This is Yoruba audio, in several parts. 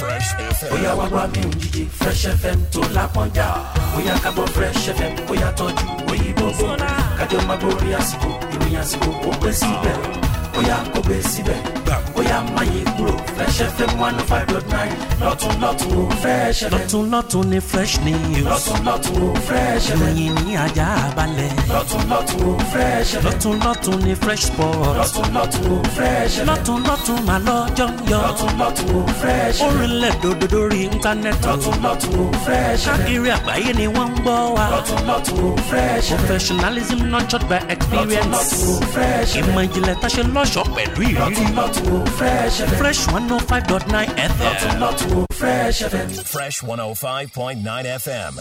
fresh fm. bóyá wá wá mi ò fresh fm tó lápọ́njà bóyá ká gbọ́ fresh fm bóyá tọ́jú òyìnbó bò kájọ máa gbórí àsìkò ìròyìn àsìkò ó gbé síbẹ̀ bóyá kò gbé síbẹ̀ program. bóyá mayi kúrò Fresh FM one oh five dot nine lọ́tún lọ́tún ó Fresh FM. lọ́tún ni fresh news. lọ́tún lọ́tún ó Fresh FM. ìròyìn ní ajá balẹ̀. lọ́tún lọ́tún ó Fresh ni fresh sport. lọ́tún lọ́tún ó Fresh FM. lọ́tún lọ́tún mà lọ́jọ́ yọ. lọ́tún lọ́tún ó Fresh FM. orílẹ̀ dòdò lórí íńtánẹ́ẹ̀tì. lọ́tún lọ́tún ó Fresh FM. káàkiri àgbáyé ni wọ́n ń gbọ́ wa. lọ́tún lọ́tún ó Fresh professionalism nurtured by experience. lọ́tún lọ́tún Fresh FM. ìmọ̀ ìjìnlẹ̀ tá a Fresh oh FM. Fresh 105.9 FM. Not to, not to Fresh FM. Fresh 105.9 FM.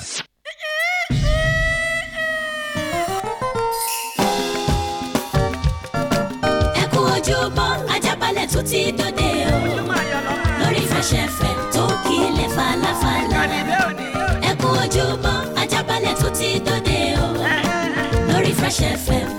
ẹkún ojúbọ ajábalẹ̀ tún ti dòde o lórí Fresh FM tó kílẹ̀ falafala ẹkún ojúbọ ajábalẹ̀ tún ti dòde o lórí Fresh FM.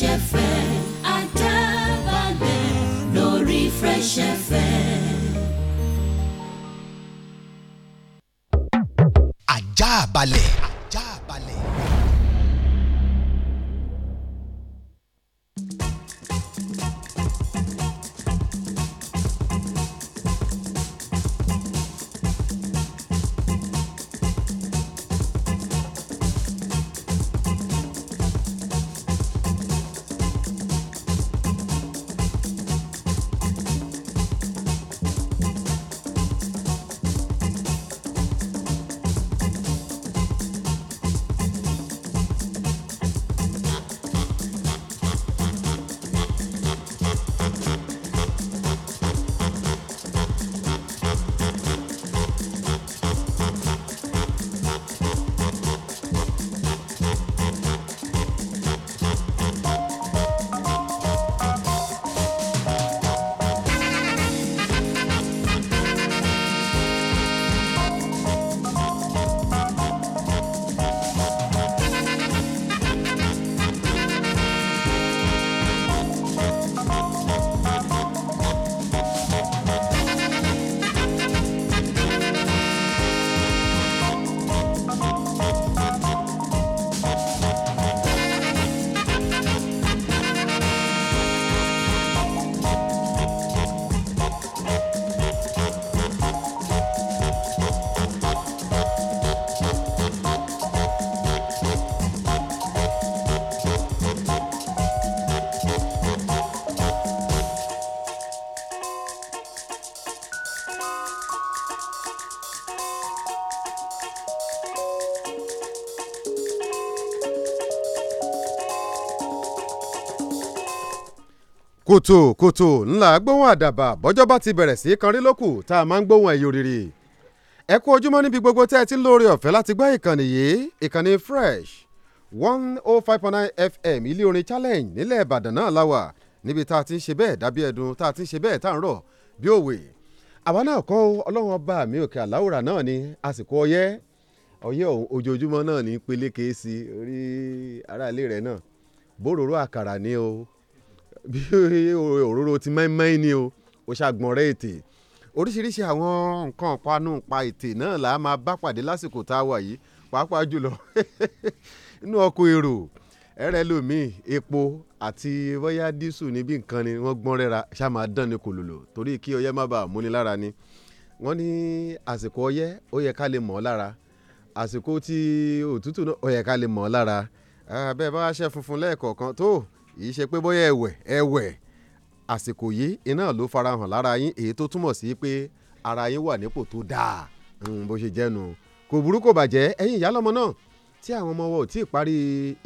się kùtùkùtù ńlá gbóhùn àdàbà bọ́jọ́ bá ti bẹ̀rẹ̀ sí í kanrí lókù tá a máa ń gbóhùn ẹ̀yọ́ rírì. ẹ kú ojúmọ́ níbi gbogbo tẹ́ ẹ ti lóore ọ̀fẹ́ láti gbọ́ ìkànnì yìí ìkànnì fresh one oh five point nine fm ilé orin challenge nílẹ̀ ìbàdàn náà láwà níbi tá a ti ń ṣe bẹ́ẹ̀ dábí ẹ̀dùn tá a ti ń ṣe bẹ́ẹ̀ tá à ń rọ̀ bí òwe. àwa náà kọ́ ọlọ́run ọba mi òkè àláwòrà náà ni àsìkò ọyẹ́ ọyẹ́ ojoojúmọ́ náà ní peléke sí orí aráalé rẹ̀ náà bóròró àkàrà ni o bí òróró ti mẹ́ẹ́mẹ́ẹ́ ni o ò ṣàgbọ̀nrẹ́ ètè oríṣiríṣi àwọn nǹkan panu pa ètè náà là á máa bá pàdé lásìkò tá a wà yìí pàápàá jùlọ inú ọkọ̀ èrò ẹ̀rẹ́ lomi epo àti bóyá dísù níbi nǹkan ni wọ́n gbọ́n rẹ́ra ṣá máa dán ni kò lòlò torí kí ọyẹ́ má bàa múni lára ni wọ́n ní àsìkò ọyẹ́ ó yẹ ká lè mọ̀ ọ́ lára àsìkò tí òtútù náà ó yẹ ká lè mọ̀ ọ́ lára bẹ́ẹ̀ bá wá ṣe funfun lẹ́ẹ̀kọ̀ọ̀kan tó yìí ṣe pé bóyá ẹ̀wẹ̀ ẹ̀wẹ̀ àsìkò yìí iná ló farahàn lára yín èyí tó túmọ̀ sí pé ara yín wà nípò tó dáa bó ṣe jẹ́nu kò burú kò bàjẹ́ ẹ̀yin ìyálọ́mọ náà tí àwọn ọmọ wa ò tí ì parí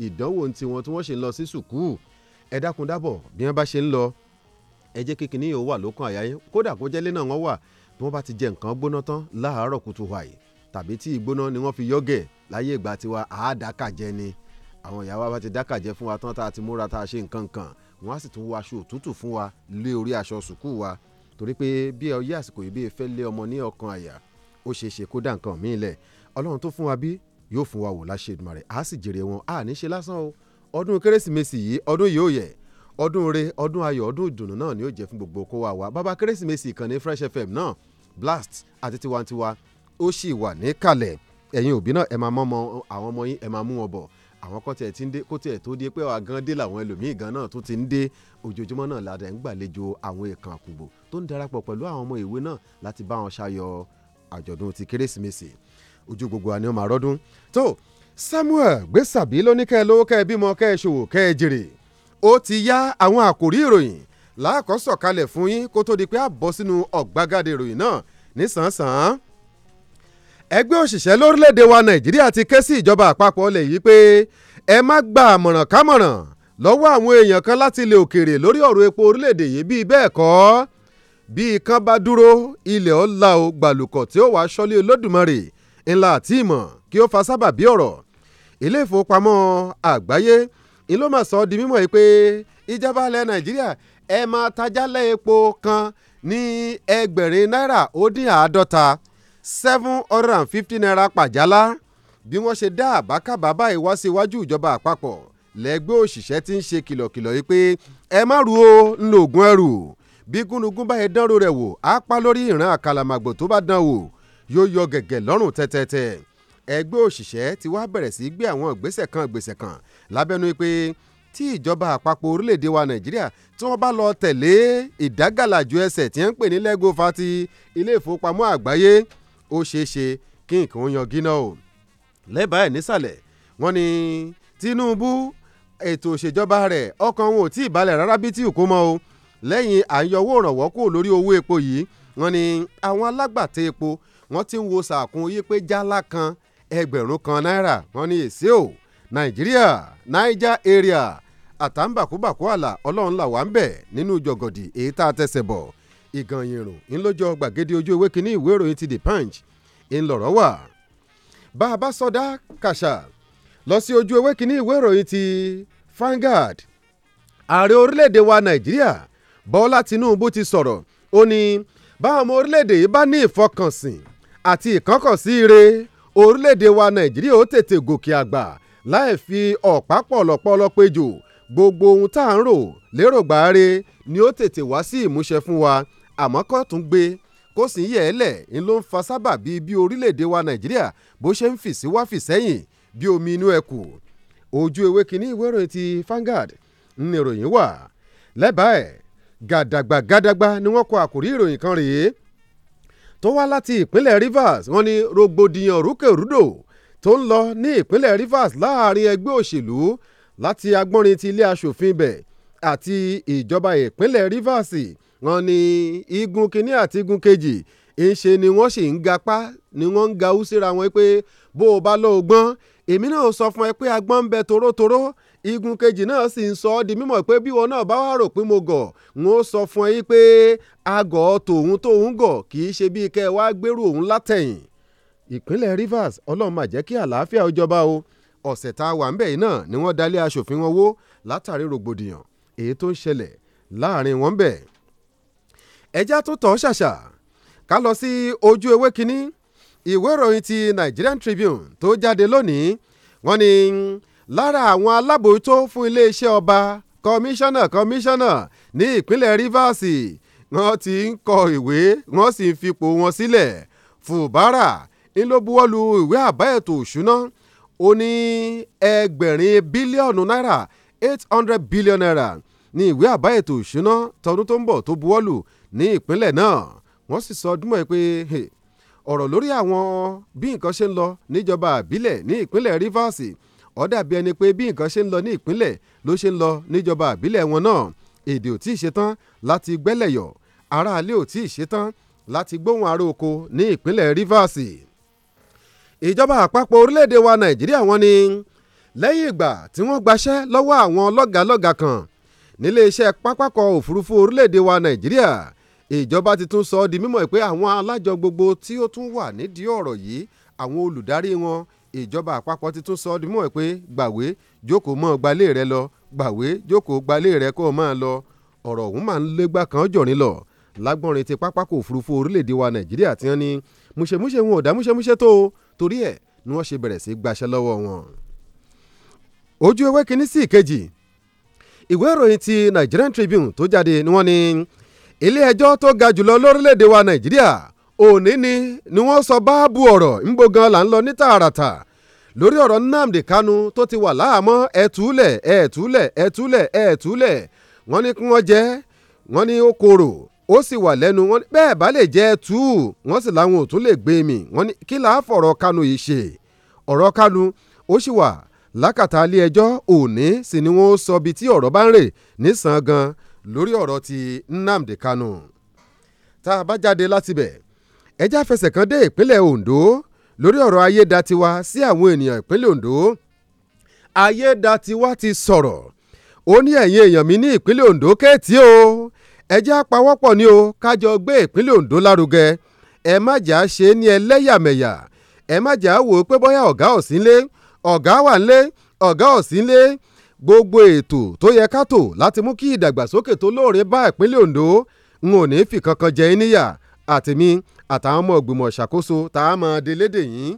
ìdánwò tiwọn tí wọ́n ṣe ń lọ sí sùkúù ẹ dákun dábọ̀ bí wọ́n bá ṣe ń lọ ẹ jẹ́ kí kinní yìí wà lókàn àyà yín kódà kó jẹ́lé náà wọ́n wà bí wọ́n bá ti jẹ nǹkan gbóná tán láàárọ̀ kùtù wàyí tàbí tí ìgbóná ni wọ́n fi yọ́gẹ̀ láyé ìgbà tiwa àádákàjẹ ni àwọn ìyá wa bá ti dákàjẹ́ fún wa tán tá a ti múra tá a ṣe nǹkan kan wọ́n á sì tún wọ aṣọ òtútù fún wa lé orí aṣọ sùkú wa torí pé bí ọyẹ àsìkò yìí bí ẹ fẹ́ lé ọmọ ní ọkàn àyà ó ṣeé ṣe kó dá nǹkan míì lẹ̀ ọlọ́run tó fún wa bí yóò fún wa wò láṣẹ Èdùmàrè á sì jèrè wọn á ní ṣe lásán o ọdún kérésìmesì yìí ọdún yìí ò yẹ ọdún re ọdún ayọ̀ ọdún ìdùnnú náà ni yóò jẹ́ fún gbogbo kó wa wá bàbá kérésìmesì ìkànnì Fresh FM náà blast àti tiwantiwa ó sì wà níkàlẹ̀ ẹ̀yin òbí náà ẹ máa mọ́ ọmọ àwọn ọmọ yín ẹ máa mú wọn bọ̀ àwọn kan tiẹ̀ ti ń dé kó tiẹ̀ tó di pé wàá gan dé làwọn ẹlòmíì gan náà tó ti ń dé ojoojúmọ́ náà ládàá ń gbàlejò àwọn èèkàn àkùbò tó ń darapọ̀ pẹ̀lú àwọn ọmọ ìwé náà láti bá wọn ṣayọ àjọ̀dún ti kérésìmesì ojú gbogbo àni ọmọ àrọ́dún tó Samuel gbèsàbí ló lówó kẹ́ ẹ bímọ kẹ́ ẹ ṣòwò kẹ́ ẹ jèrè ó ti yá àwọn àkòrí ìròyìn láàkọ́sọ̀kalẹ̀ fún yín kó tó di pé a sínú ọ̀gbagadé ìròyìn náà nísànsàn ẹgbẹ́ òṣìṣẹ́ lórílẹ̀‐èdè wa nàìjíríà ti ké sí ìjọba àpapọ̀ lè yí pé ẹ má gba àmọ̀ràn kámọ̀ràn lọ́wọ́ àwọn èèyàn kan láti ilẹ̀ òkèèrè lórí ọ̀rọ̀ epo orílẹ̀‐èdè yìí bíi bẹ́ẹ̀ kọ́ bí ikán bá dúró ilẹ̀ ọ̀la o gbàlùkọ̀ tí ó wàá sọ́lé olódùmarè ńlá àti ìmọ̀ kí ó fa sábàbí ọ̀rọ̀ ilé ìfowópamọ́ àgbáyé ìlú di mímọ̀ yìí pé ìjọba ilẹ̀ nàìjíríà ẹ máa tajálẹ̀ epo kan ní ẹgbẹ̀rin náírà ó dín àádọ́ta seven hundred and fifty naira pàjálá bí wọ́n ṣe dá àbákàbá báyìí wá sí iwájú ìjọba àpapọ̀ lẹ́gbẹ́ òṣìṣẹ́ ti ń ṣe kìlọ̀kìlọ̀ yìí pé ẹ má ru o ń lo oògùn ẹrù bí gúnugún báyìí dánrò rẹ̀ wò á pa lórí ìran àkàlàmàgbò tó bá dán wò yóò yọ gẹ̀gẹ̀ lọ́rùn tẹ́tẹ́tẹ́ ẹgbẹ́ òṣìṣẹ́ ti wá bẹ̀rẹ̀ sí gbé àwọn ìgbésẹ̀ kan ìgbésẹ̀ kan lábẹ́nu pé tí ìjọba àpapọ̀ orílẹ̀-èdè wa nàìjíríà tí wọ́n bá lọ tẹ̀lé ìdágàlàjù ẹsẹ̀ tí ń pè ní lẹ́gọ́fà ti ilé ìfowópamọ́ àgbáyé ó ṣeé ṣe kí nǹkan ó yan gíná o lẹ́bàá ẹ̀ nísàlẹ̀ wọ́n ní Tinubu ètò òṣèjọba rẹ̀ ọkàn wọn ò tí ì balẹ̀ rárá bí tí ò kó mọ́ o lẹ́yìn àyọwó òrànwọ́ kúrò lórí owó epo yìí wọ́n ní àwọn alágbàtà epo wọ́n ti ń wo sàkún yí pé jálá kan ẹgbẹ̀rún kan náírà wọ́n ní èsì o Nàìjíríà Niger area àtàǹbàkúbàkú àlà ọlọ́run là wà ń bẹ̀ nínú jọ̀gọ̀dì èyí tá a tẹsẹ̀ bọ̀ ìgànyìnrún ńlọ́jọ́ gbàgede ojú ewé kínní ìwé ìròyìn ti the punch ńlọ̀rọ̀ wà. bá a bá sọdá kàṣà lọ sí ojú ewé kínní ìwé ìròyìn ti Vanguard ààrẹ orílẹ̀-èdè wa nàìjíríà bọ́lá tinúbú ti sọ̀rọ̀ ó ní báwọn ọmọ orílẹ̀-èdè yìí bá ní ìfọkànsìn àti ìkọ́kànsí ire orílẹ̀-èdè wa nàìjíríà ó tètè gòkè àgbà láì fi ọ̀pá pọ̀lọpọ̀lọ péjò gbogbo ohun tá à ń rò lérògbà re ni ó tètè wá sí ìmúṣẹ fún wa àmọ́ kọ́ tún gbé kó sì ń yẹ̀ ẹ́ lẹ̀ ń ló ń fa sábàbí bí orílẹ̀-èdè wa nàìjíríà bó ṣe ń fìsí wá fìsẹ́yìn bí omi inú ẹ̀kù ojú ewé kínní ìwé ìròyìn ti Vanguard ń ìròyìn wà lẹ́bàá ẹ̀ gàdàgbà gàdàgbà ni wọ́n kọ àkòrí ìròyìn kan rèé tó wá láti ìpínlẹ̀ Rivers wọ́n ní rògbòdìyàn rúkèrúdò tó ń lọ ní ìpínlẹ̀ Rivers láàrin ẹgbẹ́ òṣèlú láti agbọ́nrin ti ilé aṣòfin ibẹ̀ àti ìjọba ìpínlẹ̀ Rivers wọ́n ní igun kínní àti igun kejì ńṣe ni wọ́n sì ń gapá ni wọ́n ń ga ú síra wọn pé bó o bá lọ ọgbọ́n èmi náà sọ fún ẹ pé agbọ́n ń bẹ torótoró igun kejì náà sì ń sọ ọ́ di mímọ̀ pé bí wọn náà bá wà rò pé mo gọ̀ n ó sọ fún ẹ yí pé agọ̀ tòun tóun gọ̀ kì í ṣe bíi kẹ́ ẹ wá gbérù òun látẹ̀yìn. ìpínlẹ̀ Rivers ọlọ́run má jẹ́ kí àlàáfíà ó jọba o ọ̀sẹ̀ tá a wà ń bẹ̀ yìí náà ni wọ́n dalé aṣòfin wọn wó látàrí rògbòdìyàn èyí tó ń ṣẹlẹ̀ láàrin wọn bẹ́ẹ̀ ẹjá tó tọ̀ ṣàṣà ká lọ sí ojú ewé kínní ìwé ìròyìn ti Nigerian Tribune tó jáde lónìí wọ́n ní lára àwọn alábòójútó fún iléeṣẹ́ ọba kọmíṣánná kọmíṣánná ní ìpínlẹ̀ Rivers wọ́n ti ń kọ ìwé wọ́n sì ń fipò wọn sílẹ̀ Fubara ló buwọ́lu ìwé àbá ètò òṣùná ó ní ẹgbẹ̀rin bílíọ̀nù náírà eight hundred billion naira ní ìwé àbá ètò òṣùná tọdún tó ń bọ̀ tó buwọ́lu ní ìpínlẹ̀ náà wọ́n sì sọ ọdún mọ́ pé ọ̀rọ̀ lórí àwọn bí nǹkan ṣe ń lọ níjọba àbílẹ̀ ní ìpínlẹ̀ Rivers ó dàbí ẹni pé bí nǹkan ṣe ń lọ ní ìpínlẹ̀ ló ṣe ń lọ níjọba àbílẹ̀ wọn náà èdè ò tí ì ṣetán láti gbẹ́lẹ̀yọ̀ aráalé ò tí ì ṣetán láti gbóhùn ará oko ní ìpínlẹ̀ Rivers ìjọba àpapọ̀ orílẹ̀-èdè wa Nàìjíríà wọn ni lẹ́yìn ìgbà tí wọ́n gbaṣẹ́ lọ́wọ́ àwọn lọ́gàálọ́gàá kan nílé pápákọ̀ òfurufú orílẹ̀-èdè wa Nàìjíríà ìjọba ti tún sọ ọ́ di mímọ̀ pé àwọn alájọ gbogbo tí ó tún wà nídìí ọ̀rọ̀ yìí àwọn olùdarí wọn ìjọba àpapọ̀ ti tún sọ ọ́ di mímọ̀ pé gbàwé jókòó mọ́ gbalé rẹ lọ gbàwé jókòó gbalé rẹ kó o máa lọ ọ̀rọ̀ ọ̀hún máa ń légbá kan jọ̀rin lọ lágbọ́nrin ti pápákọ̀ òfurufú orílẹ̀‐èdè wa nàìjíríà ti hàn ní múṣemúṣe wọn ò dá múṣemúṣe tó o torí ẹ̀ ni wọ́n ṣe bẹ̀rẹ̀ sí gbaṣẹ́ lọ́wọ́ wọn. ojú ewé kínní sí ìkejì ìwé ìròyìn ti Nigerian Tribune tó jáde ni wọ́n ní ilé-ẹjọ́ tó ga jùlọ lórílẹ̀‐èdè wa nàìjíríà òní ni ni wọ́n sọ báàbù ọ̀rọ̀ ńgbọ̀ngàn là ń lọ ní tààràtà lórí ọ̀rọ̀ nnamdi kanu tó ti wà láàmọ́ ẹ̀túlẹ̀ ẹ̀túlẹ̀ ẹ̀túlẹ̀ ẹ̀túlẹ̀ wọ́n ní kí wọ́n jẹ́ wọ́n ní ó korò ó sì wà lẹ́nu wọn bẹ́ẹ̀ bá lè jẹ́ tú wọ́n sì láwọn ò tún lè gbé mi wọ́n ní kí làá fọ̀rọ̀ kanu yìí ṣe ọ̀rọ̀ kanu ó sì wà lákàtà ilé òní sì ni wọ́n sọ bí tí ọ̀rọ̀ bá ń rè nísàn gan lórí ọ̀rọ̀ ti Nnamdi Kanu tá a bá jáde látibẹ̀ ẹjẹ́ àfẹsẹ̀ kan dé ìpínlẹ̀ Ondo lórí ọ̀rọ̀ ayédatiwa sí àwọn ènìyàn ìpínlẹ̀ Ondo ayédatiwa ti sọ̀rọ̀ ó ní ẹ̀yin èèyàn mi ní ìpínlẹ̀ Ondo kéètì o ẹjẹ́ àpawọ́pọ̀ ni o kájọ gbé ìpínlẹ̀ Ondo lárugẹ ẹ má jà ṣe ní ẹlẹ́yàmẹ̀yà ẹ má jà wò ó pé bóyá ọ̀gá ò sí nílé ọ̀gá wà nílé ọ̀gá ò sí gbogbo ètò tó yẹ ká tò láti mú kí ìdàgbàsókè tó lóore bá ìpínlẹ̀ Ondo n ò ní fi kankan jẹ yín níyà àtèmi àtàwọn ọmọ ìgbìmọ̀ ìṣàkóso tá a mọ̀ délédè yín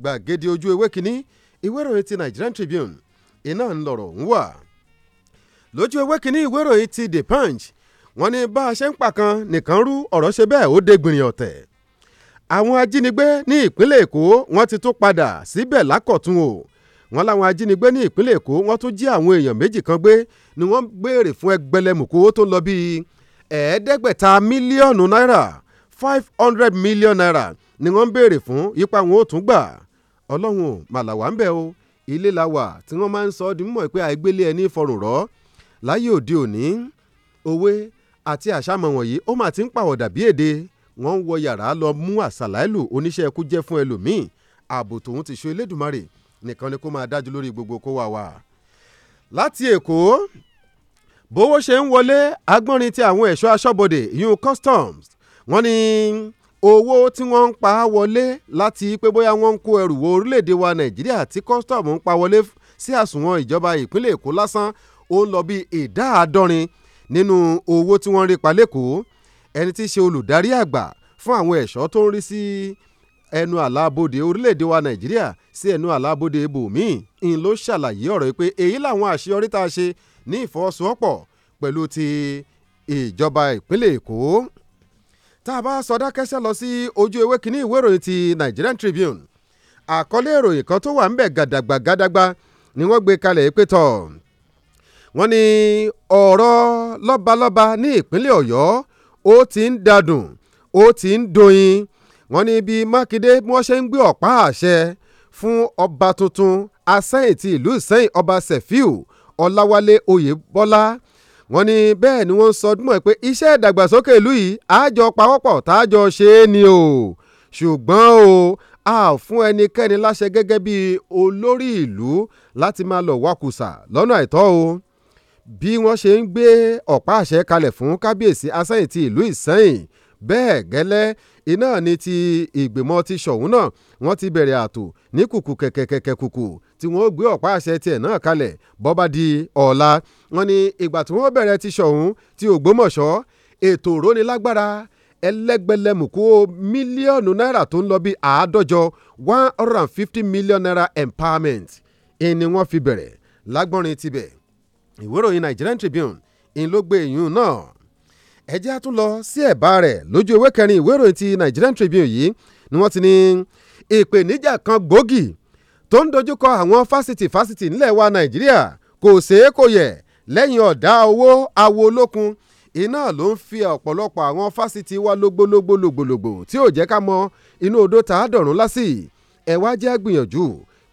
gbàgede ojú ewé kínní ìwé ìròyìn ti Nigerian Tribune iná ńlọrọ̀ ń wà lójú ewé kínní ìwé ìròyìn ti The Punch wọ́n ní bá a ṣe ń pàkan nìkan rú ọ̀rọ̀ ṣe bẹ́ẹ̀ ó dégbìnrin ọ̀tẹ̀ àwọn ajínigbé ní ìpínlẹ̀ Èkó wọ́n ti tún padà síbẹ̀ lákọ̀tún o wọ́n láwọn ajínigbé ní ìpínlẹ̀ èkó wọ́n tún jí àwọn èèyàn méjì kan gbé ni wọ́n béèrè fún ẹgbẹ̀lẹ́mùkú owó tó lọ bíi ẹ̀ẹ́dẹ́gbẹ̀ta mílíọ̀nù náírà five hundred million naira ni wọ́n ń béèrè fún ipa wọn ò tún gbà ọlọ́run màlàwà ń bẹ̀ o ilé la wà tí wọ́n máa ń sọ ọ́ di mímọ̀ pé àìgbélé ẹni fọrùn rọ́ láyé òde òní òwe àti àṣàmọ̀ wọ̀nyí ó mà ti ń pàwọ̀dà bí èdè wọ́n ń wọ yàrá lọ mú àṣàláìlù oníṣẹ́ ẹkú jẹ́ fún ẹlòmíì ààbò tòun ti ṣe elédùnmarè nìkan ni kó máa dájú lórí gbogbo kó wà wà. láti èkó bówó ṣe ń wọlé agbọ́nrin ti àwọn ẹ̀ṣọ́ aṣọ́bodè yun customs wọ́n ní owó tí wọ́n ń pa wọlé láti pé bóyá wọ́n ń kó ẹrù wo orílẹ̀-èdè wa nàìjíríà tí customs ń pa wọlé sí àsùnwọ̀n ìjọba ìpínlẹ̀ èkó lásán ó ń lọ bí ìdá àádọ́rin nínú owó tí wọ́n ń rí pa lẹ́kọ̀ọ́ ẹni tí í ṣe olùdarí àgbà fún àwọn ẹ̀ṣọ́ tó ń rí sí ẹnu àlábòde orílẹ̀-èdè wa nàìjíríà sí ẹnu àlábòde ibòmíì ń lọ ṣàlàyé ọ̀rọ̀ pé èyí làwọn àṣeyọrí tá a ṣe ní ìfọwọ́sowọ́pọ̀ pẹ̀lú ti ìjọba ìpínlẹ̀ èkó tá a bá sọdá kẹsẹ̀ lọ sí ojú ewé kínní ìwé ìròyìn ti Nigerian Tribune àkọlé ìròyìn kan tó wà ń bẹ̀ gàdàgbà gàdàgbà ni wọ́n gbé kalẹ̀ pé tọ̀ wọ́n ní ọ̀rọ̀ lọ́balọ́ba ní ìpínlẹ̀ ọ̀yọ́ ó ti ń dadùn ó ti ń doyin wọ́n ní bí mákindé bí wọ́n ṣe ń gbé ọ̀pá àṣẹ fún ọba tuntun asẹ́yìn ti ìlú ìsẹ́yìn ọba sefiu ọláwálé oyèbọ́lá wọ́n ní bẹ́ẹ̀ ni wọ́n ń sọ dúnmọ̀ pé iṣẹ́ ìdàgbàsókè ìlú yìí àjọ pawọ́pọ̀ tájọ ṣe é ni o ṣùgbọ́n o a fún ẹnikẹ́ni láṣẹ gẹ́gẹ́ bí olórí ìlú láti máa lọ wákùsà lọ́nà àìtọ́ o bí wọ́n ṣe ń gbé ọ̀pá àṣẹ kalẹ̀ fún kábíyèsí asẹ́yìn ti ìlú ìsẹ́yìn bẹ́ẹ̀ gẹ́lẹ́ iná ní ti ìgbìmọ̀ ti sọ̀hún náà wọ́n ti bẹ̀rẹ̀ ààtò ní kùkù kẹ̀kẹ̀kẹ̀kẹ̀ kùkù tí wọ́n gbé ọ̀pá àṣẹ tiẹ̀ náà kalẹ̀ bọ́ba di ọ̀la wọ́n ní ìgbà tí wọ́n bẹ̀rẹ̀ ti sọ̀hún ti Ògbómọ̀ṣọ́ ètò ìrónilágbára ẹlẹ́gbẹ̀lẹ́mùkú mílíọ̀nù náírà tó ń lọ bí àádọ́jọ one hundred and fifty million naira empowerment ìní wọ́n fi bẹ̀rẹ̀ lágbọ́nrin tibẹ̀ ìwé ìròyìn Nigerian Tribune in ìlógbè ìyún náà ẹ jẹ́ á tún lọ sí ẹ̀bá rẹ̀ lójú ewé kẹrin ìwé ìròyìn ti Nigerian Tribune yìí ni wọ́n ti ní ìpèníjà kan gbòógì tó ń dojúkọ àwọn fásitì fásitì nílẹ̀ wa Nàìjíríà kò ṣeé kò yẹ lẹ́yìn ọ̀dá owó awo olókun iná ló ń fi ọ̀pọ̀lọpọ̀ àwọn fásitì wa lógbólógbó lògbòlògbò tí ò jẹ́ ká mọ inú odò tá a dọ̀rùn lásì ẹ̀ wá jẹ́ gbìyànjú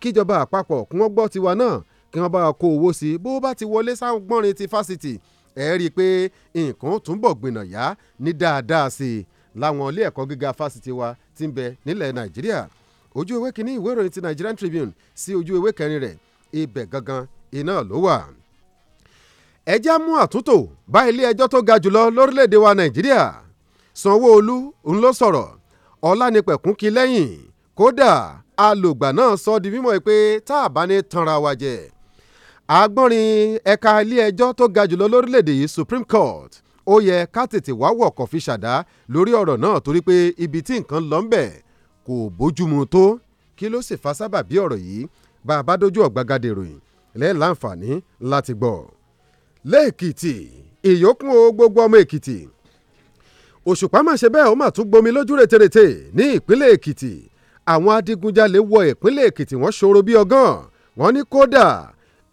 kíjọba àpapọ̀ kí wọ́n gbọ́ tiwa náà kí wọ́n bá kó owó sí bó bá ti wọlé sáwọn gbọ́nrin ti fásitì ẹ rí i pé nǹkan túnbọ̀ gbìnà yá ní dáadáa sí i láwọn ilé ẹ̀kọ́ gíga fásitì wa ti ń bẹ nílẹ̀ nàìjíríà ojú ewé kínní ìwé ìròyìn ti Nigerian Tribune sí ojú ewé kẹrin rẹ̀ ibẹ̀ gangan iná ló wà ẹjá mú àtúntò bá ilé ẹjọ́ tó ga jùlọ lórílẹ̀‐èdè wa nàìjíríà sanwó-olu ń ló sọ̀rọ̀ ọ̀lànípẹ̀kún kí lẹ́yìn kódà alògbà náà sọ di mímọ́ pé tá a bá ní tanra wa jẹ́ agbọ́nrin ẹ̀ka ilé-ẹjọ́ tó ga jùlọ lórílẹ̀‐èdè yìí Supreme Court ó yẹ ká tètè wá wọ̀kọ̀ fi ṣàdá lórí ọ̀rọ̀ náà torí pé ibi tí nǹkan lọ ń bẹ̀ kò bójúmu tó kí ló sì fa sábàbí ọ̀rọ̀ yìí bá a bá dojú ọ̀gbagadè ròyìn lẹ́yìn láǹfààní láti gbọ́. lẹ́ẹ̀kìtì ìyókùn o gbogbo ọmọ èkìtì òṣùpá mà ṣe bẹ́ẹ̀ ó mà tún gbomi lójú reterete ní ìpínlẹ̀ èkìtì àwọn adigunjalè wọ ìpínlẹ̀ èkìtì wọ́n ṣòro bí ọgán wọ́n ní kódà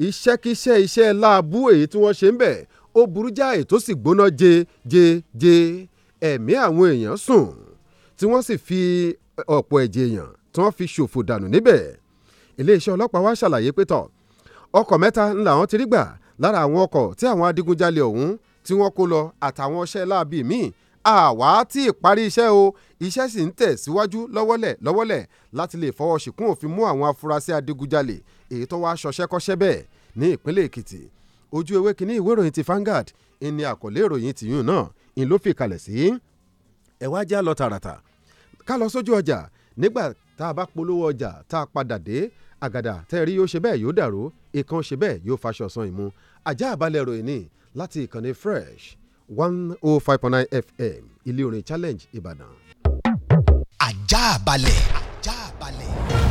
iṣẹ́kíṣẹ́ iṣẹ́ láàbù èyí tí wọ́n ṣe ń bẹ̀ ó burú jáì tó sì gbóná je je je ẹ̀mí àwọn èèyàn sùn tí wọ́n sì fi ọ̀pọ̀ ẹ̀jẹ̀ èèyàn tí wọ́n fi ṣòfò dànù níbẹ̀ iléeṣẹ́ ọlọ́pàá wa ṣàlàyé pé tọ̀ ọkọ̀ mẹ́ta ńlá wọn ti rí gbà lára àwọn ọkọ̀ tí àwọn adigunjalè ọ̀hún tí wọ́n kó lọ àtàwọn ọṣẹ́ láabi míì àwa tí ìparí iṣẹ́ o iṣẹ́ sì ń tẹ̀ síwájú lọ́wọ́lẹ̀ lọ́wọ́lẹ̀ láti lè fọwọ́ ṣìkún òfin mú àwọn afurasí adigunjalè èyí tó wá ṣọṣẹ́kọ́ṣẹ́ bẹ́ẹ̀ ní ìpínlẹ̀ èkìtì ojú ewé kínní ìwé ìròyìn ti Vanguard ìní àkọlé ìròyìn tìyún náà ìní ló fi kalẹ̀ sí ẹ̀wá já lọ tààràtà ká lọ sójú ọjà nígbà tá a bá polówó ọjà tá a padà dé àgàdà tẹ́ rí yóò ṣe bẹ́ẹ̀ yóò dàrú ìkan ṣe bẹ́ẹ̀ yóò faṣọ ọ̀sán ìmú ajá àbálẹ̀ ìròyìn ní láti ìkànnì fresh one oh five point nine fm ilé orin challenge ìbàdàn. ajá àbálẹ̀ ajá àbálẹ̀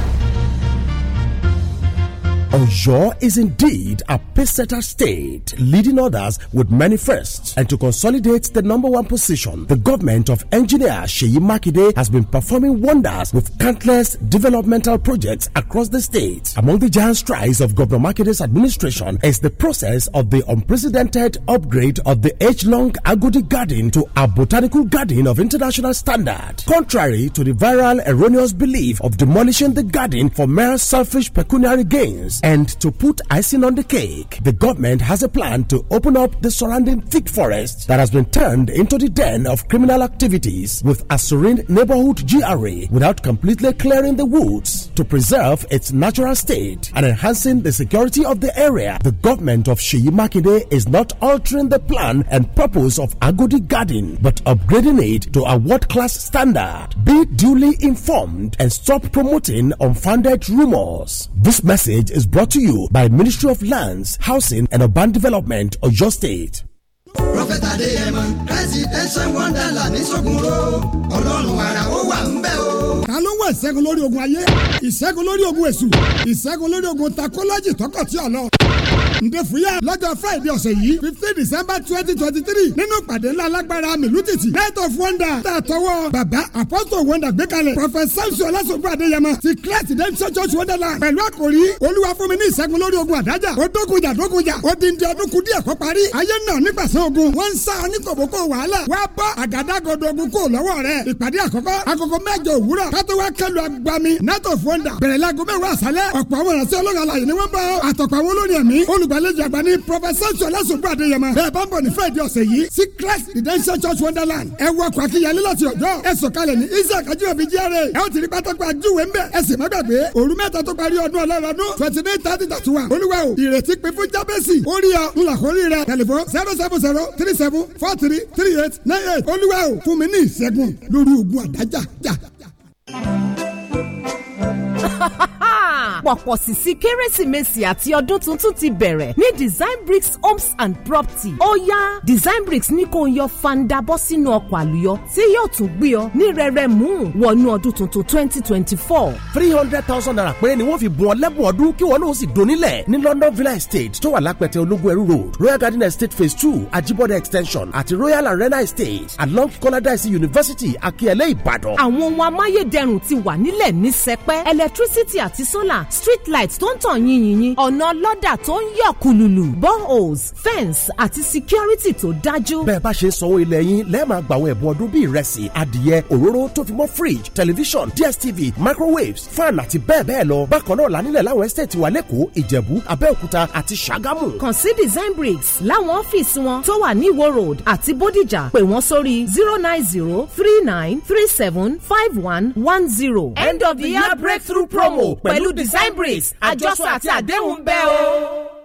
Oyo is indeed a pacesetter state, leading others with many firsts. And to consolidate the number one position, the government of engineer Sheyi Makide has been performing wonders with countless developmental projects across the state. Among the giant strides of Governor Makide's administration is the process of the unprecedented upgrade of the age-long Agodi Garden to a botanical garden of international standard. Contrary to the viral erroneous belief of demolishing the garden for mere selfish pecuniary gains, and to put icing on the cake, the government has a plan to open up the surrounding thick forest that has been turned into the den of criminal activities with a serene neighborhood GRA without completely clearing the woods to preserve its natural state and enhancing the security of the area. The government of Sheyi is not altering the plan and purpose of Agodi Garden but upgrading it to a world class standard. Be duly informed and stop promoting unfounded rumors. This message is brought to you by Ministry of Lands, Housing and Urban Development, of your State. prọfẹ̀tà adéyẹmọ presidential wonderland nísògùnrò ọlọ́run ara ó wà ń bẹ̀ o. ta ló wà ìṣẹ́gun lórí ogun ayé ìṣẹ́gun lórí ogun èṣù ìṣẹ́gun lórí ogun takọ́lọ́jì tọkọ̀tì ọ̀lọ́ ǹdẹ fúyà lọ́jọ́ friday ọ̀sẹ̀ yìí fifteen december twenty twenty three nínú pàdé ńlá alágbára mìlútìtì night of wonder tá a tọwọ́ bàbá apostle wonder gbé kalẹ̀ professor samson ọlásùnfún adéyẹmọ ti christ redemption church wonderland pẹ̀lú àkòrí olúwa fún mi ní ìṣẹ́gun lórí ogun àdájà ó dógunjà dógunjà ó di ndí ọdún kúdí ẹ̀kọ́ parí ayé náà nípasẹ̀ ogun wọ́n ń sá oníkòbókò wàhálà wá bọ́ àgádágodo ogun kò lọ́wọ́ rẹ̀ ìpàdé àkọ́kọ́ agogo mẹ́jọ òwúrọ̀ kátó wá kẹlu agbami night of wonder bẹ̀rẹ̀ láago mẹ́wàá àṣálẹ́ ọ̀pọ̀ àwọn ìránṣẹ́ ọlọ́run alàyè ni wọ́n bá àtọ̀pọ̀ àwọn olórin ẹ̀mí olùgbàlejò àgbà ní pọfẹsọ sọlá sọgbọ adéyẹmọ bẹẹ bá ń bọ̀ ní friday ọ̀sẹ̀ yìí sí christ redemption church wonderland ẹ wọ ọkọ̀ akínyẹlé láti ọ̀dọ́ ẹ sọ̀kalẹ̀ ní isaac ajínrẹ́bí jíáre ẹ ó ti rí pátákó ajúwe ńbẹ ẹ sì má gbàgbé òru mẹ́ta tó parí ọdún ọlọ́rọ̀ọ́dún twenty nine thirty thirty one olúwa o ìrètí pé fún jábẹ́sì orí ọ ńlá kórì rẹ tẹlifon zero seven zero three seven four three three eight nine eight olúwa o fún mi ní ìṣẹ́gun lórí ogun àdájà jà. pọ̀pọ̀ sísí kérésìmesì àti ọdún tuntun ti bẹ̀rẹ̀ ní design bricks homes and property ó yá design bricks ní kò ń yọ fanda bọ́ sínú ọkọ̀ àlùyọ tí yóò tún gbé ọ ní rẹ̀rẹ̀ mú wọnú ọdún tuntun twenty twenty four. three hundred thousand naira péré ni wọ́n fi bùn ọ lẹ́bùn ọdún kí wọ́n náà sì donílẹ̀ ní London Villa Estate tó wà lápẹ̀tẹ̀ ológun ẹrú road Royal Garden Estate phase two Ajibode extension àti Royal Arena Estate along Kọ́ládàísí University Akíẹ̀lẹ̀ Ìbàdàn. àwọn ohun amáyédẹrùn ti wà nílẹ̀ ní sẹpẹ́ ẹlẹ́ electricity àti solar street light tó ń tàn yìnyín ọ̀nà lọ́dà tó ń yọ̀ kùlùlù boreholes fence àti security tó dájú. bẹ́ẹ̀ bá ṣe sanwó ilẹ̀ yín lẹ́ẹ̀ máa gbàwọ̀ ẹ̀bùn ọdún bíi ìrẹsì adìyẹ òróró tó fi mọ́ fridge television dstv microwaves fan àti bẹ́ẹ̀ bẹ́ẹ̀ lọ bákan náà lánílẹ̀ láwọn ẹ́sítẹ̀tì wà lẹ́kọ̀ọ́ ìjẹ̀bú abẹ́òkúta àti ṣàgámù. kàn sí design bricks láwọn ọ́fíìsì wọn tó wà ní ìwó road àti bódìjà pè wọ́n sórí zero nine zero three nine three seven five one one zero. end of the year breakthrough promo pẹ̀lú design breaks àjọsọ àti àdéhùn bẹ́ẹ̀ o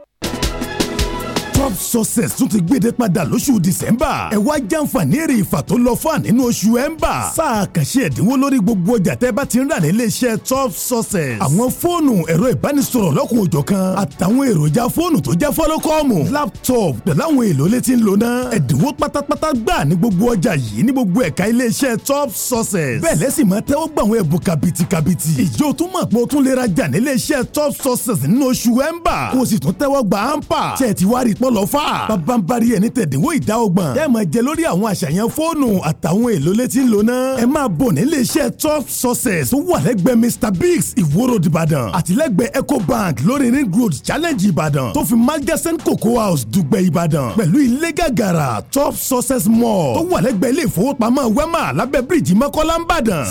top success tún ti gbéde padà lóṣù december ẹ wá jàǹfààní èrè ìfà tó lọ fún ànínú oṣù ember sáà kàṣe ẹ̀dínwó lórí gbogbo ọjà tẹ́ bá ti ń rà nílé iṣẹ́ top success àwọn fóònù ẹ̀rọ ìbánisọ̀rọ̀ lọ́kùn òjọ̀ kan àtàwọn èròjà fóònù tó jẹ́ fọ́lọ́kọ́ọ̀mù laptop pẹ̀lú àwọn èlò létí ń lò náà ẹ̀dínwó pátápátá gbà ní gbogbo ọjà yìí ní gbogbo ẹ̀ka ilé iṣẹ́ top success bẹ́ẹ̀ lẹ́sìn máa tẹ́wọ́ gbà ember kó o sì ampa tẹ̀ tí wá lọ fà. babambari ẹni tẹ̀dínwó ìdá ọgbọ̀n. ẹ máa jẹ lórí àwọn àṣàyàn fóònù àtàwọn èlò létí lónà. ẹ máa bọ̀ nílé iṣẹ́ top success wà lẹ́gbẹ̀ẹ́ mr biggs ìwó ìbàdàn àtìlẹ́gbẹ̀ẹ́ ecobank lórí ring road challenge ìbàdàn tó fi margesson cocoa house dùgbẹ̀ ìbàdàn pẹ̀lú ilé gàgàrà top success mall tó wà lẹ́gbẹ̀ẹ́ ilé ìfowópamọ́ wema lábẹ́ bíríìjì mọ́kọ́lá ńbàdàn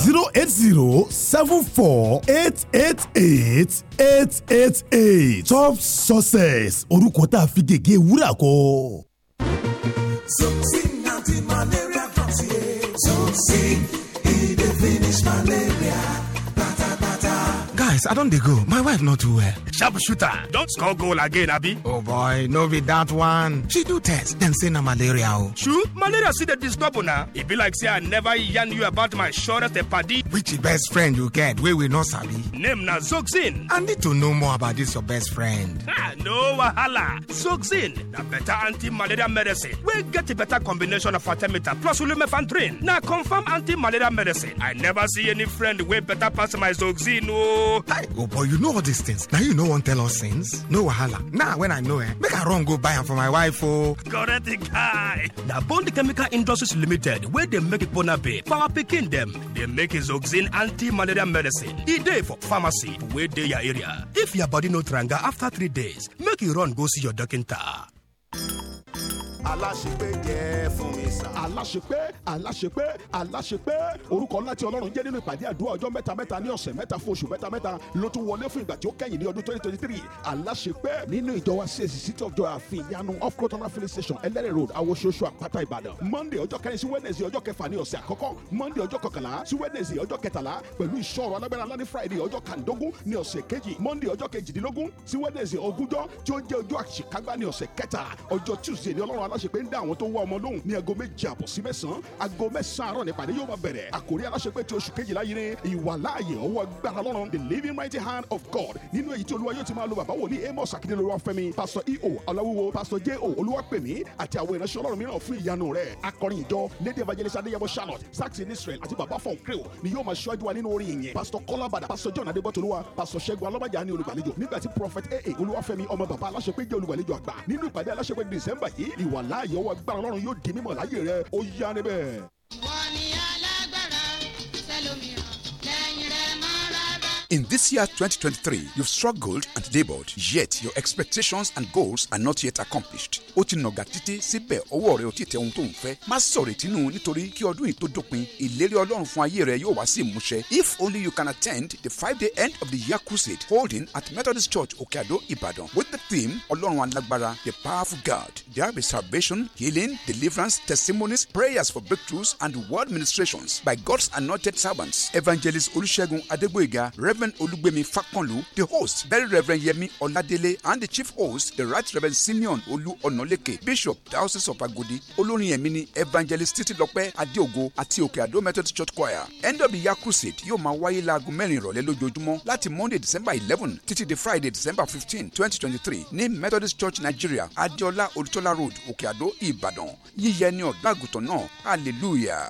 seven four eight eight eight eight eight eight top success orúkọ tá a fi gègé wú àkúrẹ́ àkó. Zoxyn anti-malaria drops yẹn Zoxyn e dey finish malaria. guys i not dey go my wife not too well sharp shooter Don't score goal again Abby. oh boy no be that one she do test then say na malaria o oh. true malaria see the disturb una e be like say i never yarn you about my shortest party. which best friend you get We we not, sabi name na zoxin i need to know more about this your best friend ah no wahala zoxin The better anti-malaria medicine We get a better combination of artemeter plus ulumefantrin. Now confirm anti-malaria medicine i never see any friend wey better pass my zoxin ooo oh oh boy you know all these things now you no wan tell us things. no wahala now when i know eh make i run go buy him for my wife o oh. correct guy Now bond chemical industries limited where they make ipona bay for our pikin dem dey make isoxin anti-malaria medicine e day for pharmacy Where dey your area if your body no tranga after three days make you run go see your doctor. aláṣepé jẹ́ fún mi sà. aláṣepé aláṣepé aláṣepé orúkọ ńlá tí ọlọ́run jẹ́ nínú ìpàdé àdúrà ọjọ́ mẹ́ta mẹ́ta ní ọ̀sẹ̀ mẹ́ta fún oṣù mẹ́ta mẹ́ta ló tún wọlé fún ìgbà tí ó kẹ́yìn ní ọdún twenty twenty three aláṣepé nínú ìjọ wa csc city of joy àfin ìyanu off crotona filling station ẹlẹ́rìn road awososo àpáta ìbàdàn monday ọjọ́ kẹrin sí wednesday ọjọ́ kẹfà ní ọ̀sẹ̀ àkọ́kọ́ monday ọjọ́ kọkànlá sí wednesday ọjọ́ kẹtàlá pẹ̀lú ìṣòro alágbára ńlá ní friday ọjọ́ kàndógún ní ọ̀sẹ̀ kejì monday ọjọ́ kejìdínlógún sí wednesday ogúnjọ́ tí ó jẹ́ ọjọ́ àṣekágbá ní ọ̀sẹ̀ kẹta ọjọ́ tuesday ni ọlọ́run alá aláṣepé ń dá àwọn tó wá ọmọ lóhùn ní aago méje àbọ̀ sí mẹ́sàn-án aago mẹ́sàn-án àárọ̀ nípàdé yóò máa bẹ̀rẹ̀ àkórí aláṣepé ti oṣù kejìlá yìí ni ìwàláàyè ọwọ́ agbára lọ́rùn the living mighty hand of God nínú èyí tí olúwa yóò ti máa lo bàbá wòlíì Amos akíndélé olúwafẹ́mi pásọ eo ọláwúwo Pastor JO o olúwapẹ̀mí àti àwọn ìránṣẹ́ ọlọ́run mìíràn fún ìyanu rẹ̀ akọrin ìjọ lady evangelist adéyẹmọ charlotte saxi nisrael àti bàbá fọn kreo ni yóò máa ṣíwájú wa nínú orin ìyẹn pásọ kọ́lábàdà pásọ john adébọ́tolúwa Pastor ṣẹ́gun alọ́bàjá ní olùgbàlejò nígbà tí prophet aa olúwafẹ́mi ọmọ bàbá aláṣepé jẹ́ olùgbàlejò àgbà nínú ìpàdé aláṣepé december yìí ìw wà láàyè ọwọ́ agbára ọlọ́run yóò di mímọ̀ láyé rẹ ó yá níbẹ̀. wọ́n ní In this year 2023, you've struggled and labored, yet your expectations and goals are not yet accomplished. Ó ti nàgà títí síbẹ̀ ọwọ́ rẹ̀ ò tí tẹ ohun tó ń fẹ́. Má sọ̀rọ̀ ìtinú nítorí kí ọdún yìí tó dópin, ìlérí Ọlọ́run fún ayé rẹ̀ yóò wá sí ìmúṣẹ. If only you can attend the five-day end of the year crusade holding at Methodist Church Okeado, Ibadan with the theme Ọlọ́run alágbára the powerful God. There will be salvation, healing, deliverance, testimonies, prayers for breakthroughs and word ministrations by God's anointed servants. Evangelist Olusegun Adegboyega, Rev. Reverend Olugbemi Fakanlu, the host, Very Reverend Yemi Oladele, and the chief host, the Right Reverend Simeon Olu Onoleke, Bishop, Diocese of Agodi, Olórin Yemi Evangelist Titi Titilope Adiogo, ati Oke Ado Methodist Church Choir. End of the year crusade yóò máa wáyé láago mẹ́rin ìrọ̀lẹ́ lójoojúmọ́ láti Monday December eleven títí di Friday December fifteen twenty twenty three ní Methodist Church Nigeria, Adeola Olùtọ́lá Road, Òkè Àdó, Ìbàdàn. Yíyẹ ni ọ̀gbàgùtàn náà, hallelujah.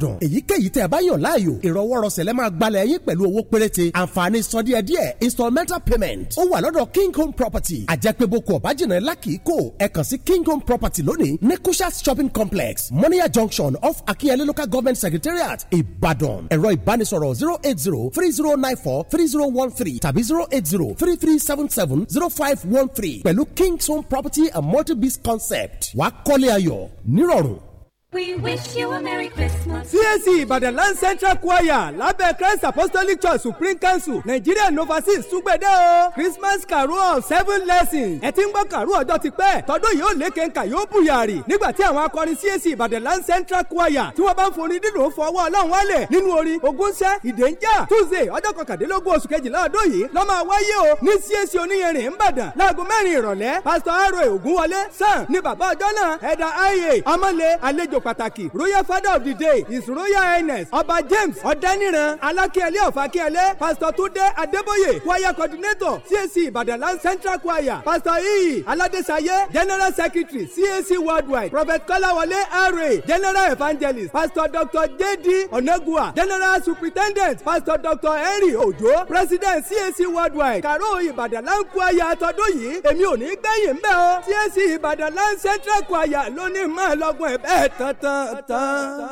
ìbàdàn èyíkéyìí tẹ́ ẹ bá yàn láàyò ìrọwọ́rọsẹ̀ lẹ́ máa gbalẹ̀ ẹ̀yìn pẹ̀lú owó péréte àǹfààní sọdíẹ̀díẹ̀ installmental payment ó wà lọ́dọ̀ king home property àjẹpéboko ọ̀bájìnà lákì kò ẹ kàn sí king home property lónìí ní kushas shopping complex moniya junction off akinyele local government secretariat ìbàdàn ẹ̀rọ ìbánisọ̀rọ̀ zero eight zero three zero nine four three zero one three tàbí zero eight zero three three seven seven zero five one three pẹ̀lú king home property and multi-biz concept wàá kọ́lé ayọ̀ nírọ̀rùn We wish you a Merry Christmas. CAC Ìbàdàn Land Central Choir lábẹ́ Christ Apostolic Church Supreme Council Nigerian Overseas Súgbẹ́dẹ́ o. Christmas Carol Seven Lessons. Ẹ ti ń gbọ́ kàrú ọjọ́ ti pẹ́. Tọ́dún yìí ó lékè nkà yóò bùyàrì. Nígbà tí àwọn akọrin CAC Ìbàdàn Land Central Choir tí wọ́n bá ń forin dídùn fọwọ́ ọlọ́run wálẹ̀ nínú orin Ogúnṣẹ́ Ìdẹ́njà Tuesday ọjọ́ kọkàndínlógún oṣù kejìlá ọdún yìí ló máa wáyé o ní CAC Oníyẹrin Ìbàdàn láago mẹ́rin ìrọ̀lẹ́ Pásítọ̀ Aroe Ògúnwọlé Sam ni bàbá ọjọ́ náà ẹ̀dà IA Amọ́lé pàtàkì royal father of the day is royal highness ọba james ọ̀dẹ́nìran alákíẹ̀lẹ́ ọ̀fàkíẹ̀lẹ́ pastor túndé adébóyè choir coordinator cac ìbàdàn central choir pastor iyì e. aládésáyé general secretary cac worldwide prophet kọ́láwọlé ra general evangelist pastor dr jd onegua general superintendent pastor dr henry ojo president cac worldwide karo ìbàdàn choir tọdún yìí èmi ò ní gbẹ̀yìn mbẹ́ o cac ìbàdàn central choir lónìí mọ́ ọlọ́gbọ̀n ẹ̀ bẹ́ẹ̀ tán أتأتى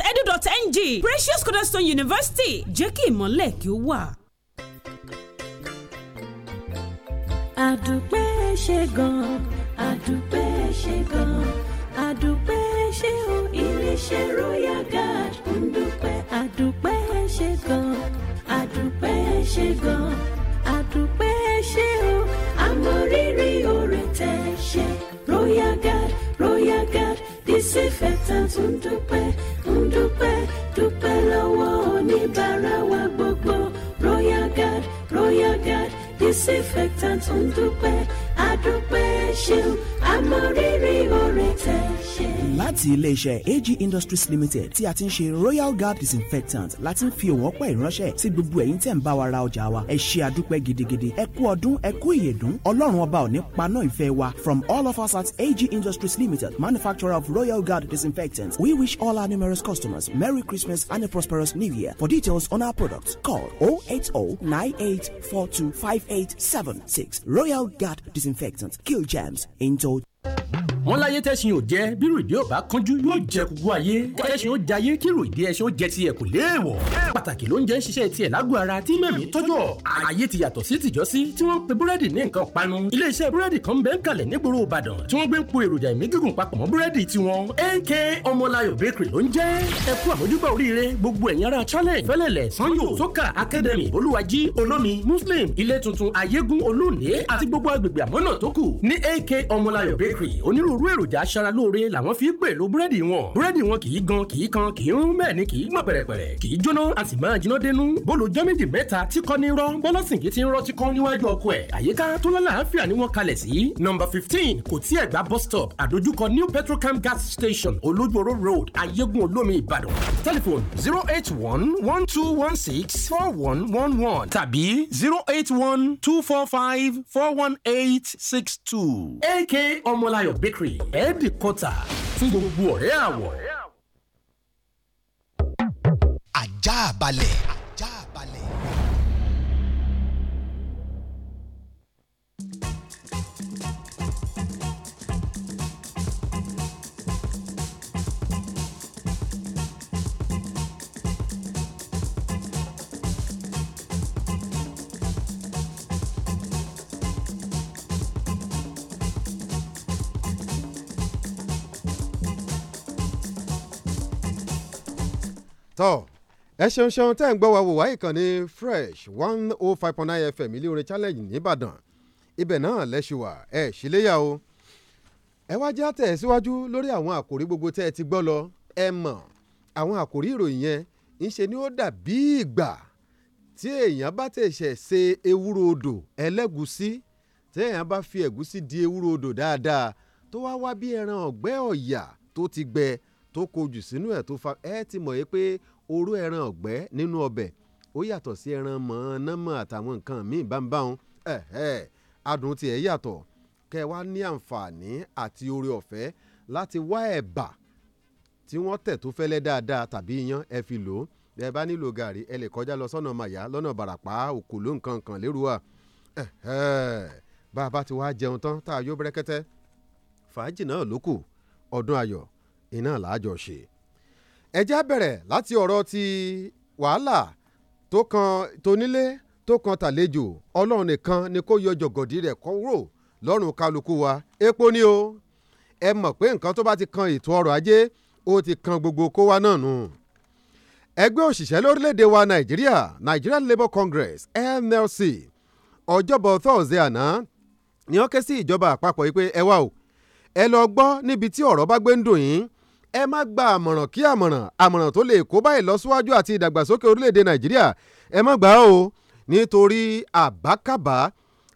edu.ng Precious Cornerstone University jẹ́ kí ìmọ̀lẹ̀ kí ó wà. àdùpẹ́ ṣe gan-an àdùpẹ́ ṣe gan-an àdùpẹ́ ṣe o iléeṣẹ́ royal guard ń dúpẹ́ àdùpẹ́ ṣe gan-an àdùpẹ́ ṣe gan-an àdùpẹ́ ṣe o àmọ̀rírì oore tẹ̀ ṣe royal guard royal guard disinfectant ń dúpẹ́. 从头。ti iléeṣẹ́ AG Industries Limited tí a ti ń ṣe Royal Guard disinfectant láti ń fi in Russia. ìránṣẹ́ sí gbogbo ẹ̀yin tẹ̀ ń bá wa ra ọjà wa ẹ ṣe àdúpẹ́ gidigidi ẹ kú ọdún ẹ kú ìyèdún ọlọ́run ọba ò paná ìfẹ́ wa from all of us at AG Industries Limited manufacturer of Royal Guard disinfectant we wish all our numerous customers Merry Christmas and a prosperous New Year for details on our products call 08098425876 Royal Guard disinfectant kill germs in total. wọn láyé tẹ̀sìn ò jẹ́ bí ròdì ò bá kánjú yóò jẹ kúkú ayé kẹ̀sìn ò jayé kí ròdì ẹ̀sìn ò jẹ tiẹ̀ kò léèwọ̀. pàtàkì ló ń jẹ́ ń ṣiṣẹ́ tiẹ̀ lágbo ara tí mẹ́mí tọ́jọ́ ayé ti yàtọ̀ sí tìjọ́sí tí wọ́n pe búrẹ́dì ní nǹkan panu iléeṣẹ́ búrẹ́dì kan bẹ́ẹ̀ kalẹ̀ nígboro ìbàdàn tí wọ́n gbé ń po èròjà ìmí gígùn papọ̀ mọ́ búrẹ́dì tiwọn AK ọmọláyọ̀ bakery ló ń jẹ́ ẹ kú àmójúbà oríire gbogbo ẹ̀yin ará challenge fẹ́lẹ̀lẹ̀ sanyo soka academy olúwají olómi muslim ilé tuntun ayégún olóòní àti gbogbo agbègbè àmọ́nà tó kù ní AK ọmọláyọ̀ bakery onírú onírúurú èròjà aṣaralóore làwọn fi pèlò búrẹ́dì wọn búrẹ́dì wọn kì í gan kì í kan kì í rún bẹ́ẹ̀ ni kì í gbọ̀n pẹ̀rẹ̀pẹ̀rẹ̀ kì í jóná a sì máa jiná dénú bólú jọ́ mẹ́ta tí kọ́ ní rọ́ bọ́lọ́sìnkì ti ń rọ́ ti kọ́ níwájú ọkọ ẹ̀ àyíká tó lálàáfíà ni wọ́n kalẹ̀ sí nọ́mbà fifteen kò tí ẹ̀gbá bus stop àdójúkọ new petrocam gas station olójúoró road ayégun olómi ìbàdàn telephone zero eight one one two one six four one one one tàbí zero eight one two four five four one eight six two. AK Ọmọláyọ̀ bakery bakery ẹ̀ẹ́dìkọ́tà fún gbogbo ọ̀rẹ́ àwọ̀. ajá balẹ̀. tọ́ ẹ ṣeun ṣeun tẹ́ ń gbọ́ wa wò wá ìkànnì fresh one oh five point nine fm ilé orin challenge nìbàdàn ibẹ̀ náà lẹ́ṣù wà ẹ̀ ṣíléyà o ẹ wá já tẹ̀ síwájú lórí àwọn àkòrí gbogbo tẹ́ ẹ ti gbọ́ lọ ẹ mọ̀ àwọn àkòrí ìròyìn yẹn ń ṣe ni ó dàbí ìgbà tí èèyàn bá tẹ̀sẹ̀ ṣe ewúro odò ẹlẹ́gùsí tí èèyàn bá fi ẹ̀gúsí di ewúro odò dáadáa tó wá wá bí ẹran ọ̀gbẹ́ ọ̀yà tó ti gbẹ tó kojù sínú ẹ̀ tó fa ẹ ti mọ̀ yé pé oró ẹran ọ̀gbẹ́ nínú ọbẹ̀ ó yàtọ̀ sí ẹran mọ̀ọ́nàmọ́ àtàwọn nǹkan míì bámbáwọn ẹ̀ẹ́ adùn tiẹ̀ yàtọ̀ kẹ́ ẹ wá ní àǹfààní àti oore ọ̀fẹ́ láti wá ẹ̀bà tí wọ́n tẹ̀ tó fẹ́lẹ́ dáadáa tàbí iyán ẹ fi lò ó ẹ bá nílò gàrí ẹ lè kọjá lọ sọ́nà màyá lọ́nà bàràpá òkú ló nǹkan kan lérúwà bá a bá ti wá jẹun tán tá a yó brẹ́kẹ́tẹ́ fàájì náà ló ọdún ayọ̀ iná làájọ ṣe. ẹ já bẹ̀rẹ̀ láti ọ̀rọ̀ ti wàhálà tó kan tónílé tó kan tàlejò ọlọ́run nìkan ni kó yọ jọ̀gọ̀dì rẹ̀ kúrò lọ́rùn kálukú wa epo ni o ẹ mọ̀ pé nǹkan tó bá ti kan ètò ọrọ̀ ajé ó ti kan gbogbo kó wa náà nù. ẹgbẹ́ òṣìṣẹ́ lórílẹ̀‐èdè wa nàìjíríà Nigeria Labour Congress NLC ọjọ́bọ̀ thursday àná ni wọ́n ké sí ìjọba àpapọ̀ yìí pé ẹ wá o ẹ lọ gbọ́ níbi tí ọ̀rọ̀ bá gbé ń dùn yín ẹ má gba àmọ̀ràn kí àmọ̀ràn àmọ̀ràn tó lè kó bá ìlọsíwájú àti ìdàgbàsókè orílẹ̀-èdè nàìjíríà ẹ má gbà á o nítorí àbákàbá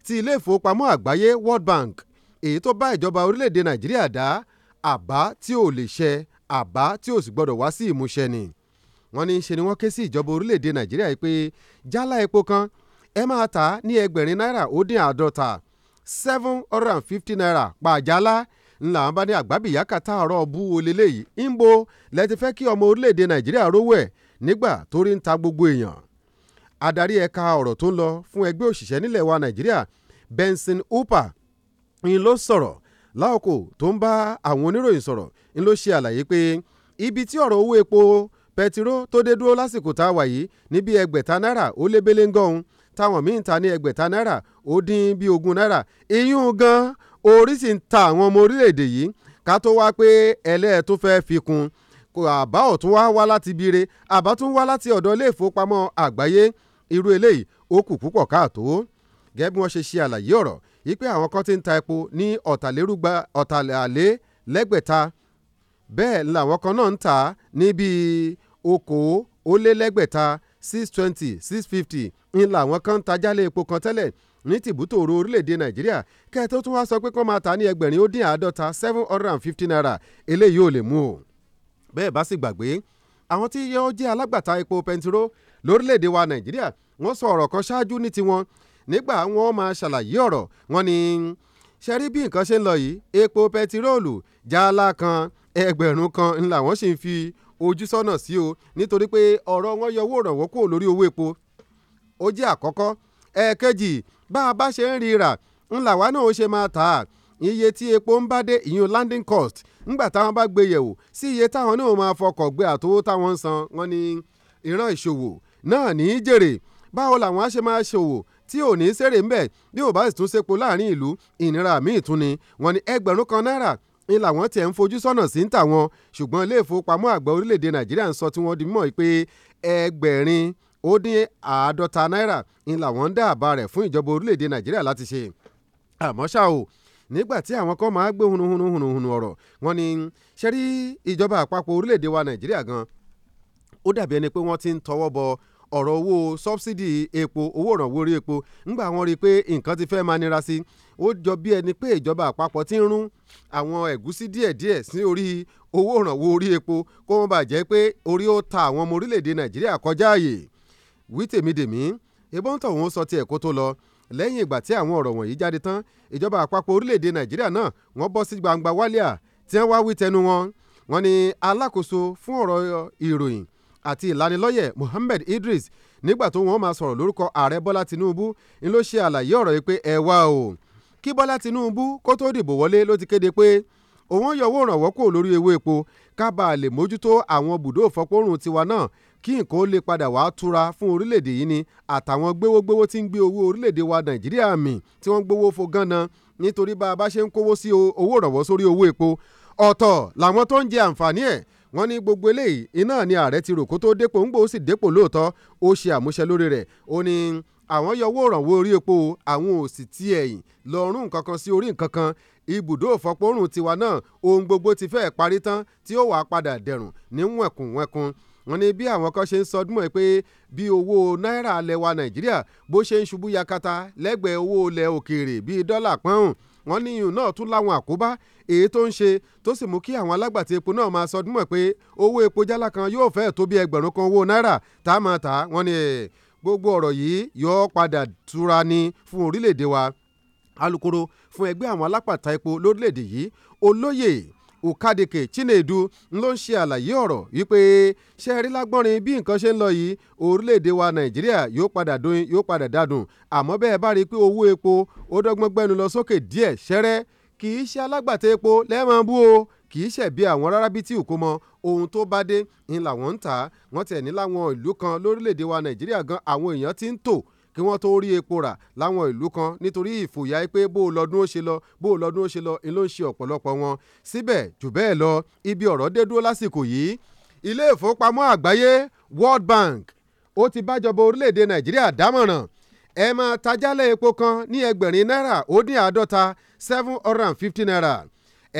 ti ilé ìfowópamọ́ àgbáyé world bank èyí tó bá ìjọba orílẹ̀-èdè nàìjíríà dá àbá tí ò lè ṣẹ àbá tí ò sì gbọdọ̀ wá sí ìmúṣẹ ni wọ́n ní ṣe ni wọ́n ké sí ìjọba orílẹ̀-èdè nàìjíríà yìí pé jálá epo kan ẹ máa tà ní ẹgbẹ̀rin náírà ó dín àádọ́ta seven hundred and fifty naira pàjálá ńlá àwọn bá ní àgbábìyáká táàrọ̀ bú olélẹ́yìí ńbo lẹ ti fẹ́ kí ọmọ orílẹ̀-èdè nàìjíríà rówó ẹ̀ nígbà torí ń ta gbogbo èèyàn adarí ẹ̀ka ọ̀rọ̀ tó ń lọ fún ẹgbẹ́ òṣìṣẹ́ nílẹ̀ wa nàìjíríà Benson Upah ń ló sọ̀rọ̀ láòkò tó ń bá àwọn oníròyìn sọ̀rọ̀ ń ló ṣe àlàyé pé ibi tí ọ̀rọ̀ owó epo pẹtiró tó dé dúró lásìkò tá a wà yìí ní bí ẹgbẹ̀ta náírà ó lé belengọ́hún táwọn míì ń ta ní ẹgbẹ̀ta náírà ó dín bí ogún náírà ìyún gan orí sì ń ta àwọn ọmọ orílẹ̀-èdè yìí ká tó wá pé ẹlẹ́ẹ̀ tó fẹ́ fi kún àbá ọ̀tún wá wá láti bire àbá tún wá láti ọ̀dọ̀ ilé ìfowópamọ́ àgbáyé irú eléyìí ó kù púpọ̀ káàtó gẹ́gẹ́ bí wọ́n ṣe ṣe àlàyé ọ̀rọ̀ yìí àwọn kan ti ń ta epo ní ọ̀tàlérúgba ọ̀tàlélẹ́gbẹ̀ta bẹ́ẹ̀ làwọn kan náà ń tà ní bíi okòó ó six twenty six fifty ń làwọn kan ń ta jálẹ̀ epo kan tẹ́lẹ̀ ní tìbútò òru orílẹ̀-èdè nàìjíríà kẹ́ẹ̀tọ́ tún wá sọ pé kọ́ máa ta ní ẹgbẹ̀rin ó dín àádọ́ta seven hundred and fifty naira eléyìí ò lè mú o bẹ́ẹ̀ bá sì gbàgbé àwọn tí yóò jẹ́ alágbàtà epo pẹntiró lórílẹ̀‐èdè wa nàìjíríà wọ́n sọ ọ̀rọ̀ kan ṣáájú ní tiwọn nígbà wọn máa ṣàlàyé ọ̀rọ̀ wọn ni ṣe bí nǹkan ṣe ń lọ yìí epo pẹtiróòlù jaala kan ẹgbẹ̀rún kan ń làwọn sì ń fi ojú sọ́nà sí o nítorí pé ọ̀rọ̀ wọn yọ owó ìrànwọ́ kúrò lórí owó epo ó jẹ́ àkọ́kọ́ ẹ̀ẹ̀kejì bá a bá ṣe ń rira ńlá wa náà ó ṣe máa tà á iye tí epo ń bá dé ìyún landing cost ńgbà táwọn bá gbé yẹ̀wò sí iye táwọn náà máa fọkọ̀ gbé àtowó táwọn ń san wọn ni ìran ìṣòwò náà ní í jèrè báwo làwọn á ṣe máa ṣòwò tí ò ní sèrè ńbẹ bí ò bá sì tún sepo láàrin ìlú ìnira míì tún ni wọn ni ẹgbẹ̀rún kan náírà ń làwọn tiẹ̀ ń fojú sọ́nà sí ń tà wọn ṣùgbọ́n ilé ìfowópamọ́ àgbà orílẹ̀-èdè nàìjíríà ń sọ tí wọ́n di mímọ́ pé ẹgbẹ̀rin ó dín àádọ́ta náírà ń làwọn ń dá àbá rẹ̀ fún ìjọba orílẹ̀-èdè nàìjíríà láti ṣe àmọ́ ṣá o nígbà tí àwọn kan máa gbé hunuhunuhunuhunu ọ̀rọ̀ wọn ni ṣe rí ìjọba àpapọ̀ orílẹ̀-èdè wa nàìjíríà gan ó dàbí ẹni pé wọ́n ti ń tọwọ́ bọ ọ̀rọ̀ owó sọ́bsidì epo owó ìrànwọ́ orí epo ńgbà wọ́n rí i pé nǹkan ti fẹ́ máa nira sí i ó jọ bí ẹni pé ìjọba àpapọ̀ ti ń rún àwọn ẹ̀gúsí díẹ̀díẹ̀ sí orí owó ìrànwọ́ orí epo kó wọ́n bàa jẹ́ pé orí ó ta àwọn ọmọ orílẹ̀-èdè nàìjíríà kọjá àyè wí tèmídèmí ebó ń tọ̀hún sọ tiẹ̀ kó tó lọ lẹ́yìn ìgbà tí àwọn ọ̀rọ̀ wọ̀nyí jáde tán ìjọba àpapọ̀ orílẹ̀-èdè nàìjíríà náà wọ́n bọ́ sí gbangba wálíà tí wọ́n wá wí tẹnu wọn wọ́n ní alákòóso fún ọ̀rọ̀ ìròyìn àti ìlanilọ́yẹ̀ Mohammed Idris nígbà tó wọ́n máa sọ̀rọ̀ lórúkọ ààrẹ Bọ́lá Tinubu ń ló ṣe àlàyé ọ̀rọ̀ yìí pé ẹ wá o kí Bọ́lá Tinubu kó tó dìbò wọlé ló ti kéde pé òun yọwọ́ ìrànwọ́ kúrò lórí ewé epo ká bàa lè mójútó àwọn bùdó ìfọpọ́rùn tiwa náà kí nǹkan ó lè padà wàá tura fún orílẹ̀-èdè yìí ni àtàwọn gbéwógbéwó tí ń gbé owó orílẹ̀-èdè wa nàìjíríà mì tí wọ́n ń gbowó fo gánnan nítorí bá a bá ṣe ń kówó sí owó ìrànwọ́ sórí owó epo ọ̀tọ̀ làwọn tó ń jẹ àǹfààní ẹ̀ wọ́n ní gbogbo eléyìí iná ni ààrẹ ti rò kó tó dépò ń gbòó sì dépò lóòótọ́ ó ṣe àmúṣe lórí rẹ̀ ó ní àwọn yọwọ́ òrànwọ́ orí epo àwọn ò sì ti ẹ̀yìn lọ́rùn nǹkan sí orí nǹkan ibùdó òfọpọ́rùn tiwa náà ohun gbogbo ti fẹ́ẹ̀ parí tán tí ó wàá padà dẹ̀rùn ní wẹ̀kùnwẹ̀kùn wọ́n ní bí àwọn kan ṣe ń sọdún ẹ̀ pé bí owó náírà lẹwa nàìjíríà bó ṣe ń ṣubú yakata lẹ́gbẹ̀ẹ́ owó ilẹ̀ òkèèrè bíi dọ́là pọ́n wọ́n ní iyùn náà tún láwọn àkóbá èyí tó ń ṣe tó sì mú kí àwọn alágbàtà epo náà máa sọdún mọ̀ pé owó epo jálá kan yóò fẹ́ẹ̀ tó bí ẹgbẹ̀rún kan owó náírà tá a máa tà á wọ́n gbogbo ọ̀rọ̀ yìí yọ padà tura ni fún orílẹ̀-èdè wa alukoro fún ẹgbẹ́ àwọn alápàtà epo lórílẹ̀-èdè yìí olóyè Ukadeke chinedu ló ń ṣe àlàyé ọ̀rọ̀ wípé ṣe rí lágbọ́nrin bí nǹkan ṣe ń lọ yìí orílẹ̀-èdè wa nàìjíríà yóò padà dún yóò padà dádùn àmọ́ bẹ́ẹ̀ bá rí i pé owó epo ó dọ́gbọ́n gbẹ́nu lọ sókè díẹ̀ ṣẹ́rẹ́ kì í ṣe alágbàtà epo lẹ́ẹ̀mọ́ bú o kì í ṣẹ̀bi àwọn rárá bíi tí ò kó mọ ohun tó bá dé ń làwọn ń tà wọ́n tiẹ̀ ní láwọn ìlú kan lórílẹ̀‐èdè wa nàìjíríà gan àwọn èèyàn ti ń tò kí wọ́n tó rí epo rà láwọn ìlú kan nítorí ìfòyà pé bó o lọ́dún ó ṣe lọ bó o lọ́dún ó ṣe lọ ń ló ń ṣe ọ̀pọ̀lọpọ̀ wọn síbẹ̀ jù bẹ́ẹ̀ lọ ibi ọ̀rọ̀ dé dúró lásìkò yìí ilé ìfowópamọ́ àgbáyé World Bank ó ti bájọba orílẹ̀-èdè Nàìjíríà dámọ̀ràn ẹ máa tajálẹ̀ epo kan ní ẹgbẹ̀rin náírà ó dín àádọ́ta seven hundred and fifty naira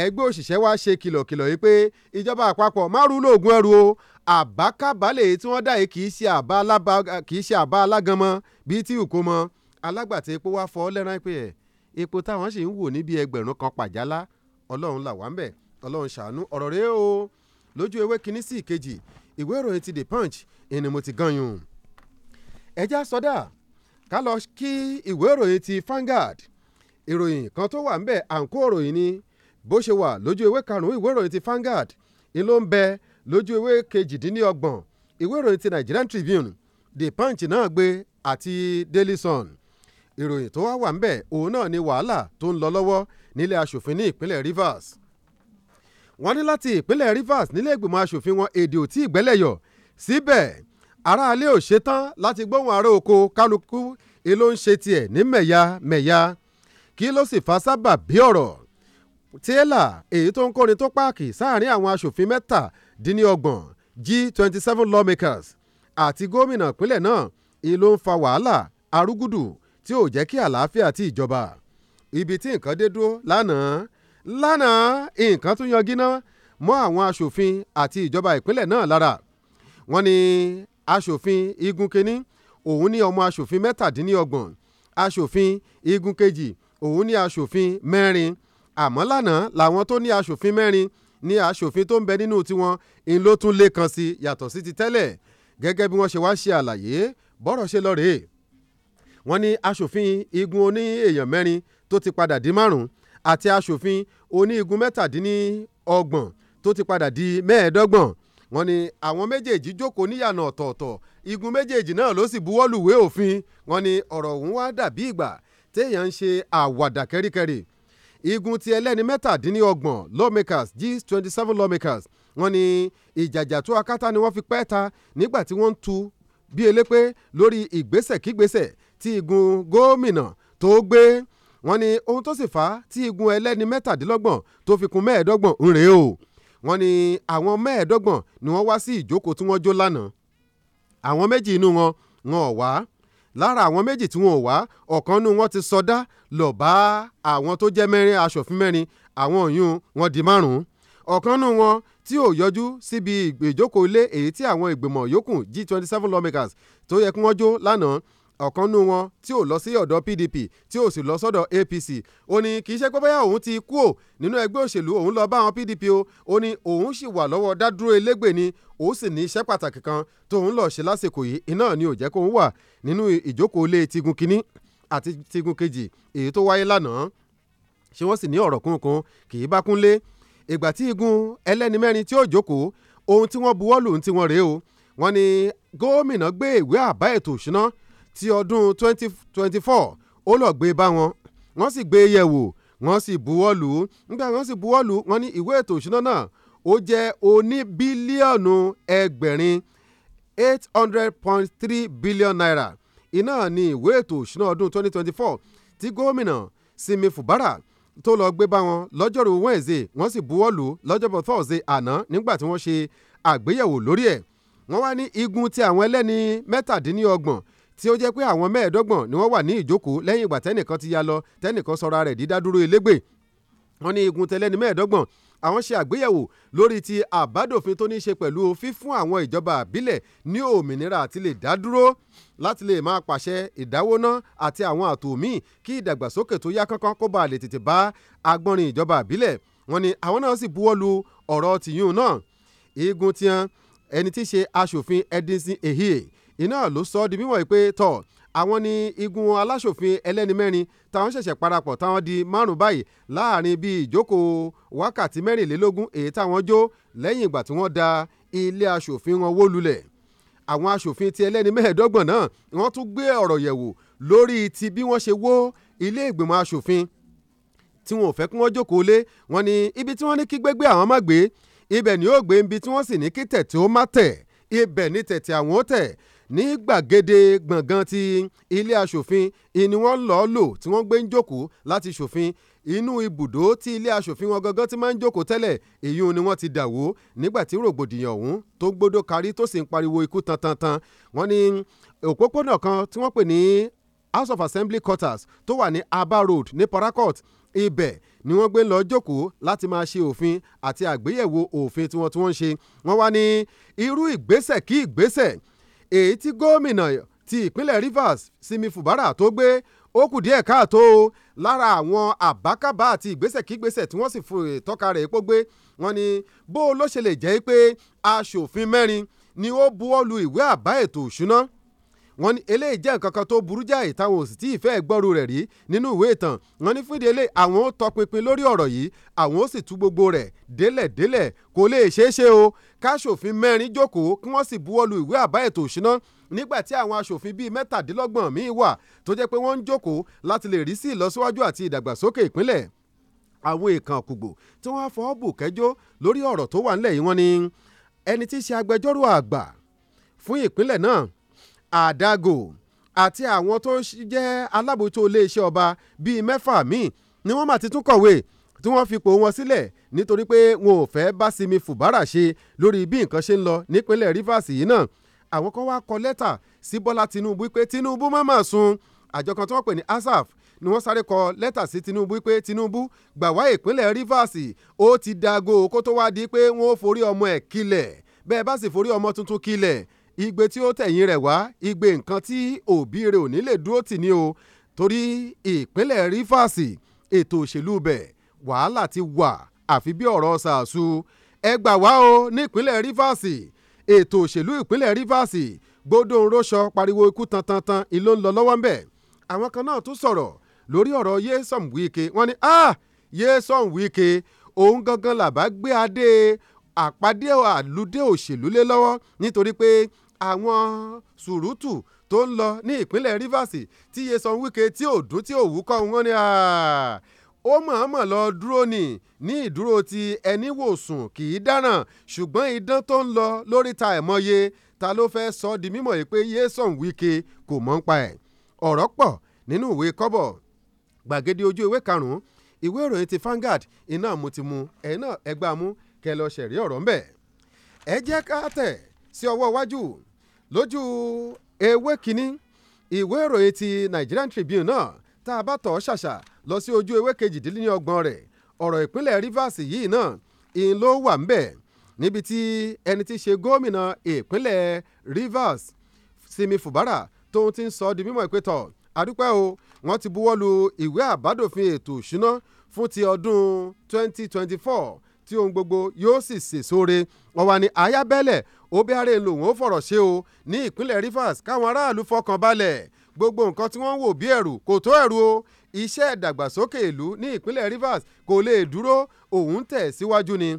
ẹgbẹ́ òṣìṣẹ́ wa ṣe kìlọ̀kìlọ̀ yìí pé ìjọba àpapọ̀ má rú lóògùn ẹrù o àbákábálẹ̀ tí wọ́n dá yìí kì í ṣe àbá alába kì í ṣe àbá alágànmọ́ bíi tí ìkó mọ́ alágbàtà epo wá fọ́ lẹ́rán pé ẹ̀ epo táwọn sì ń wò níbi ẹgbẹ̀rún kan pàjálá ọlọ́run là wá ń bẹ̀ ọlọ́run ṣàánú ọ̀rọ̀ rèé o lójú ewé kínní sí ìkejì ìwé ìròyìn ti the punch ni mo ti ganyun ẹja sọdá ká lọ kí ìwé ìròyìn ti Vanguard ìròyìn kan tó wà ń bẹ̀ àǹkó ìròyìn ni bó ṣe wà lójú ewé karùnún ìwé ìròyìn ti Vanguard ni ló ń bẹ lójú ewé kejìdínlọ́gbọ̀n ìwé ìròyìn ti Nigerian Tribune The Punch náà gbé àti Daily Sun ìròyìn tó wá wà ń bẹ̀ òun náà ni wàhálà tó ń lọ lọ́wọ́ nílé aṣòfin ní ìpínlẹ̀ Rivers wọ́n ní láti ìpínlẹ̀ Rivers nílé ìgbìmọ̀ aṣòfin wọn èdè ò tí ì gbẹ́lẹ̀yọ̀ síbẹ̀ aráalé ò ṣetán láti gbóhùn ará oko kálukú èló ń ṣe tiẹ̀ ní mẹ̀yà mẹ̀yà kí ló sì fa sábà bí ọ̀rọ̀ tẹ́lá èyí tó ń kórin tó páàkì sáàrin àwọn aṣòfin mẹ́ta dín ní ọgbọ̀n G27 lawmakers àti gómìnà ìpínlẹ̀ náà ìlú ń fa wàhálà arúgúdù tí ò jẹ́ kí àlàáfíà ti ìjọba ibi tí nǹkan dé dúró lánàá lánàá nǹkan tún yanjú ná mọ́ àwọn aṣòfin àti ìjọba ìpínlẹ̀ náà lára wọ́n ní aṣòfin igun kínní òun ní ọmọ aṣòfin mẹ́tàdínlọ́gbọ̀n aṣòfin igun kejì òun ní aṣòfin mẹ́rin àmọ́ lánàá làwọn tó ní aṣòfin mẹ́rin ní aṣòfin tó ń bẹ nínú tiwọn ń ló tún lé kan sí yàtọ̀ sí ti tẹ́lẹ̀ gẹ́gẹ́ bí wọ́n ṣe wá ṣe àlàyé bọ́rọ̀ ṣe lọ rèé wọ́n ní aṣòfin igun oní èèyàn mẹ́rin tó ti padà di márùn-ún àti aṣòfin oní igun mẹ́tàdínlọ́gbọ̀n tó ti padà di mẹ́ẹ̀ẹ́dọ́gbọ̀n wọ́n ní àwọn méjèèjì jókòó níyànà ọ̀tọ̀ọ̀tọ̀ igun méjèèjì náà ló sì buwọ́lùwé òfin wọ́n ní ọ̀rọ̀ ọ̀hún wá dàbí ìgbà téèyàn ń ṣe àwàdà kẹ́ríkẹ́rí igun ti ẹlẹ́ni mẹ́tàdínlọ́gbọ̀n lawmakers gs twenty seven lawmakers wọ́n ní ìjàjà tó akátá ni wọ́n fi pẹ́ ta nígbà tí wọ́n ń tu bí elépé lórí ìgbésẹ̀ kígbésẹ̀ tí igun gómìnà tó gbé wọ́n ní ohun tó sì fà á tí igun ẹlẹ́ni mẹ́tàdínlọ́gbọ̀n tó fi kún mẹ́ẹ̀ẹ́dọ́gbọ̀n ń rèé o wọ́n ní àwọn mẹ́ẹ̀ẹ́dọ́gbọ̀n ni wọ́n wá sí ìjókòó tí wọ́n jó lánàá àwọn méjì inú wọn wọn ò wá lára àwọn méjì tí wọn ò wá ọ̀kan nínú wọn ti sọdá lọ bá àwọn tó jẹ́ mẹ́rin aṣòfin mẹ́rin àwọn òyìn wọn di márùn-ún ọ̀kan nínú wọn tí ò yọjú síbi ìjókòó ilé èyí tí àwọn ìgbìmọ̀ yòókù g twenty seven lawmakers tó yẹ kí wọ́n jó lánàá ọ̀kan nínú wọn tí ò lọ sí ọ̀dọ̀ PDP tí ò sì lọ sọ́dọ̀ APC ó ní kì í ṣe pé bóyá òun ti kú ò nínú ẹgbẹ́ òṣèlú òun lọ bá àwọn PDP o ó ní òun sì wà lọ́wọ́ dádúró elégbè ni òun sì ní iṣẹ́ pàtàkì kan tóun lọ ṣe lásìkò yìí iná ni ò jẹ́ kóun wà nínú ìjókòó ilé tigun kínní àti tigun kejì èyí tó wáyé lánàá ṣé wọ́n sì ní ọ̀rọ̀ kúnkún kì í bá kúnlé ìgbà tí igun ẹlẹ́ni tí ti ọdún 2024 ó lọ gbé bá wọn wọ́n sì gbé yẹ̀ wò wọ́n sì buwọ́ lù ú nígbà wọ́n sì buwọ́ lù ú wọ́n ní ìwé ètò ìṣúná náà ó jẹ́ oní bílíọ̀nù ẹgbẹ̀rin eight hundred point three billion naira iná ní ìwé ètò ìṣúná ọdún 2024 tí gómìnà Simi Fubara tó lọ gbé bá wọn lọ́jọ́rú Wednesday wọ́n sì buwọ́ lù ú lọ́jọ́bọ̀ Thursday àná nígbà tí wọ́n ṣe àgbéyẹ̀wò lórí ẹ̀ wọ́n wá ní igun ti àwọn ẹlẹ́ni mẹ́tàdínlọ́gbọ̀n tí ó jẹ́ pé àwọn mẹ́ẹ̀ẹ́dọ́gbọ̀n ni wọ́n wà ní ìjókòó lẹ́yìn ìgbà tẹ́nìkan ti ya lọ tẹ́nìkan sọra rẹ̀ dídádúró elégbè wọ́n ní igun tẹlẹ́ni mẹ́ẹ̀ẹ́dọ́gbọ̀n àwọn ṣe àgbéyẹ̀wò lórí ti àbádòfin tó ní í ṣe pẹ̀lú fífún àwọn ìjọba àbílẹ̀ ní òmìnira àti lè dá dúró láti lè máa pàṣẹ ìdáwóná àti àwọn àtò míì kí ìdàgbàsókè tó yá kánkán kó bàa lè tètè bá agbọ́nrin ìjọba àbílẹ̀ wọ́n ní àwọn náà sì buwọ́ lu ọ̀rọ̀ tìyún náà igun tiẹn ẹni tí í ṣe aṣòfin Edison Ehie iná ló sọ ọ́ di mímọ̀ pé tọ̀ àwọn ni igun aláṣòfin ẹlẹ́nimẹ́rin táwọn ṣẹ̀ṣẹ̀ parapọ̀ táwọn di márùn báyìí láàrin bíi ìjókòó wákàtí mẹ́rìnlélógún èyí táwọn jó lẹ́yìn ìgbà tí wọ́n da ilé aṣòfin wọn wó lulẹ̀ àwọn aṣòfin ti ẹlẹ́ni mẹ́ẹ̀ẹ́dọ́gbọ̀n náà wọ́n tún gbé ọ̀rọ̀ yẹ̀wò lórí ti bí wọ́n ṣe wó ilé ìgbìmọ̀ aṣòfin tí wọn ò fẹ́ kí wọ́n jókòó lé wọn ni ibi tí wọ́n ní kí gbégbé àwọn má gbé ibẹ̀ ni yóò gbé ibi tí wọ́n sì ní kí tẹ̀tẹ̀ ó má tẹ̀ ibẹ̀ ni tẹ̀tẹ̀ àwọn ó tẹ̀ ní gbàgede gbọ̀ngàn ti ilé asòfin ni wọ́n lọ́ọ́ lò tí wọ́n gbé ń jókòó láti ṣòfin inú ibùdó tí ilé asòfin wọn gangan ti máa ń jókòó tẹ́lẹ̀ èyí ni wọ́n ti dà wó nígbà tí rògbòdìyàn ọ̀hún tó gbódò kárí tó sì ń pariwo ikú tantantan wọ́n ní òpópónà kan tí wọ́n pè ní House of Assembly quarters tó wà ní Aba Road ní Port Harcourt ibẹ̀ ni wọ́n gbé lọ jókòó láti máa ṣe òfin àti àgbéyẹ̀wò òfin tí wọ́n ti wọ́n ṣe wọ́n wá ní irú ìgbésẹ̀ kí ìgbésẹ̀ èyí tí gómìnà ti ìpínlẹ̀ Rivers Simi Fubara tó gbé ó kù díẹ̀ káàtó o lára àwọn àbákábá àti ìgbésẹ̀kígbésẹ̀ tí wọ́n sì fún ìtọ́ka rẹ̀ pé gbé wọn ni bó ló ṣe lè jẹ́ pé aṣòfin mẹ́rin ni ó buwọ́ lu ìwé àbá ètò òṣùná wọ́n ní eléyìí jẹ́ nǹkan kan tó burú jáì táwọn ò sì tí ì fẹ́ gbọ́rú rẹ̀ rí nínú ìwé ìtàn wọ́n ní fìdí eléyìí àwọn ó tọpinpin lórí ọ̀rọ̀ yìí àwọn ó sì tú gbogbo rẹ̀ délẹ̀délẹ̀ kò lè ṣeé ṣe o káṣòfin mẹ́rin jókòó kí wọ́n sì buwọ́lu ìwé àbá ètò òṣìná nígbà tí àwọn aṣòfin bíi mẹ́tàdínlọ́gbọ̀n míì wà tó jẹ́ pé wọ́n ń jókòó láti lè rí sí ìlọsíwájú àti ìdàgbàsókè ìpínlẹ̀ àwọn èèkàn kùgbò tí wọ́n á fọwọ́ bù lórí ọ̀rọ̀ tó wà ńlẹ̀ yìí wọ́n ní ẹni tí í ṣe agbẹjọ́rò àgbà fún ìpínlẹ̀ náà àdágò àti àwọn tó jẹ́ alábòójútó iléeṣẹ́ ọba bíi mẹ́fà míì ni wọ́n mà ti tún kọ̀wé tí wọ́n fipò wọn sílẹ̀ nítorí pé wọn ò fẹ́ bá Simi Fubara ṣe lórí bí nǹkan ṣe ń lọ nípínlẹ̀ Rivers yìí náà àwọn kan wá kọ lẹ́tà sí Bọ́lá Tinubu pé Tinubu má mà sun àjọ kan tí wọ́n pè ní ASAF ni wọ́n sáré kọ lẹ́tà sí Tinubu pé Tinubu gbà wá ìpínlẹ̀ Rivers ó ti dago kó tó wá di pé wọ́n ó forí ọmọ ẹ̀ kilẹ̀ bẹ́ẹ̀ bá sì forí ọmọ tuntun kilẹ̀ igbe tí ó tẹ̀yìn rẹ̀ wá igbe nǹkan tí òbí rẹ̀ ò ní lè dúró tì ní o torí ìpínlẹ̀ rífàsì ètò òṣèlú bẹ̀ wàhálà ti wà àfi bí ọ̀rọ̀ ṣàṣù ẹ gbà wá o nípínlẹ̀ rífàsì ètò òṣèlú ìpínlẹ̀ rífàsì gbódò ńrọ́ṣọ pariwo ikú tantantan ìlú ń lọ lọ́wọ́ ń bẹ̀ àwọn kan náà tún sọ̀rọ̀ lórí ọ̀rọ̀ yéésàn wíkè wọ́n ní ah yéésàn wíkè òun gangan làbá gbé adé àpàdé àlùdé òṣèlú lé lọ́wọ́ nítorí pé àwọn sùrùtù tó ń lọ ní ìpínlẹ̀ Rivers tí Nyesom Wike tí ò dún tí ò wúkọ́ wọn ni ó mọ̀ọ́mọ̀ lọ dúró nì ní ìdúró ti ẹni wòsùn kì í dáràn ṣùgbọ́n idán tó ń lọ lóríta ẹ̀mọye ta ló fẹ́ sọ di mímọ̀ yìí pé Nyesom Wike kò mọ̀ ń pa ẹ̀ ọ̀rọ̀ pọ̀ nínú ìwé kọ́bọ̀ gbàgede ojú ìwé karùn-ún ìwé ìròyìn ti Vanguard iná mo ti mu ẹ̀ náà ẹgbàá mú kẹ lọ ṣẹ̀rí ọ̀rọ̀ ńbẹ̀ ẹ jẹ́ ká tẹ̀ sí ọwọ́ iwájú lójú ewé kínní ìwé ìròyìn ti Nigerian Tribune náà tá a bá tọ̀ ọ́ ṣàṣà lọ sí ojú ewé kejìdínlọ́gbọ̀n rẹ̀ ọ̀rọ̀ ìpínlẹ̀ Rivers yìí náà ìn ló wà ń bẹ̀ níbi tí ẹni tí í ṣe gómìnà ìpínlẹ̀ Rivers Simi Fubara tóun ti ń sọ di mímọ̀ ìpè tọ̀ àdúpẹ́ o wọ́n ti buwọ́ lu ìwé àbádòfin ètò ìṣúná fún ti ọdún 2024 tí ohun gbogbo yóò sì sèso re wọ́n wá ní àyábẹ́lẹ̀ obiare lòun ó fọ̀rọ̀ ṣe o ní ìpínlẹ̀ Rivers káwọn aráàlú fọkàn balẹ̀ gbogbo nǹkan tí wọ́n ń wò bí ẹ̀rù kò tó ẹ̀rù o iṣẹ́ ìdàgbàsókè ìlú ní ìpínlẹ̀ Rivers kò lè dúró òun tẹ̀ síwájú ni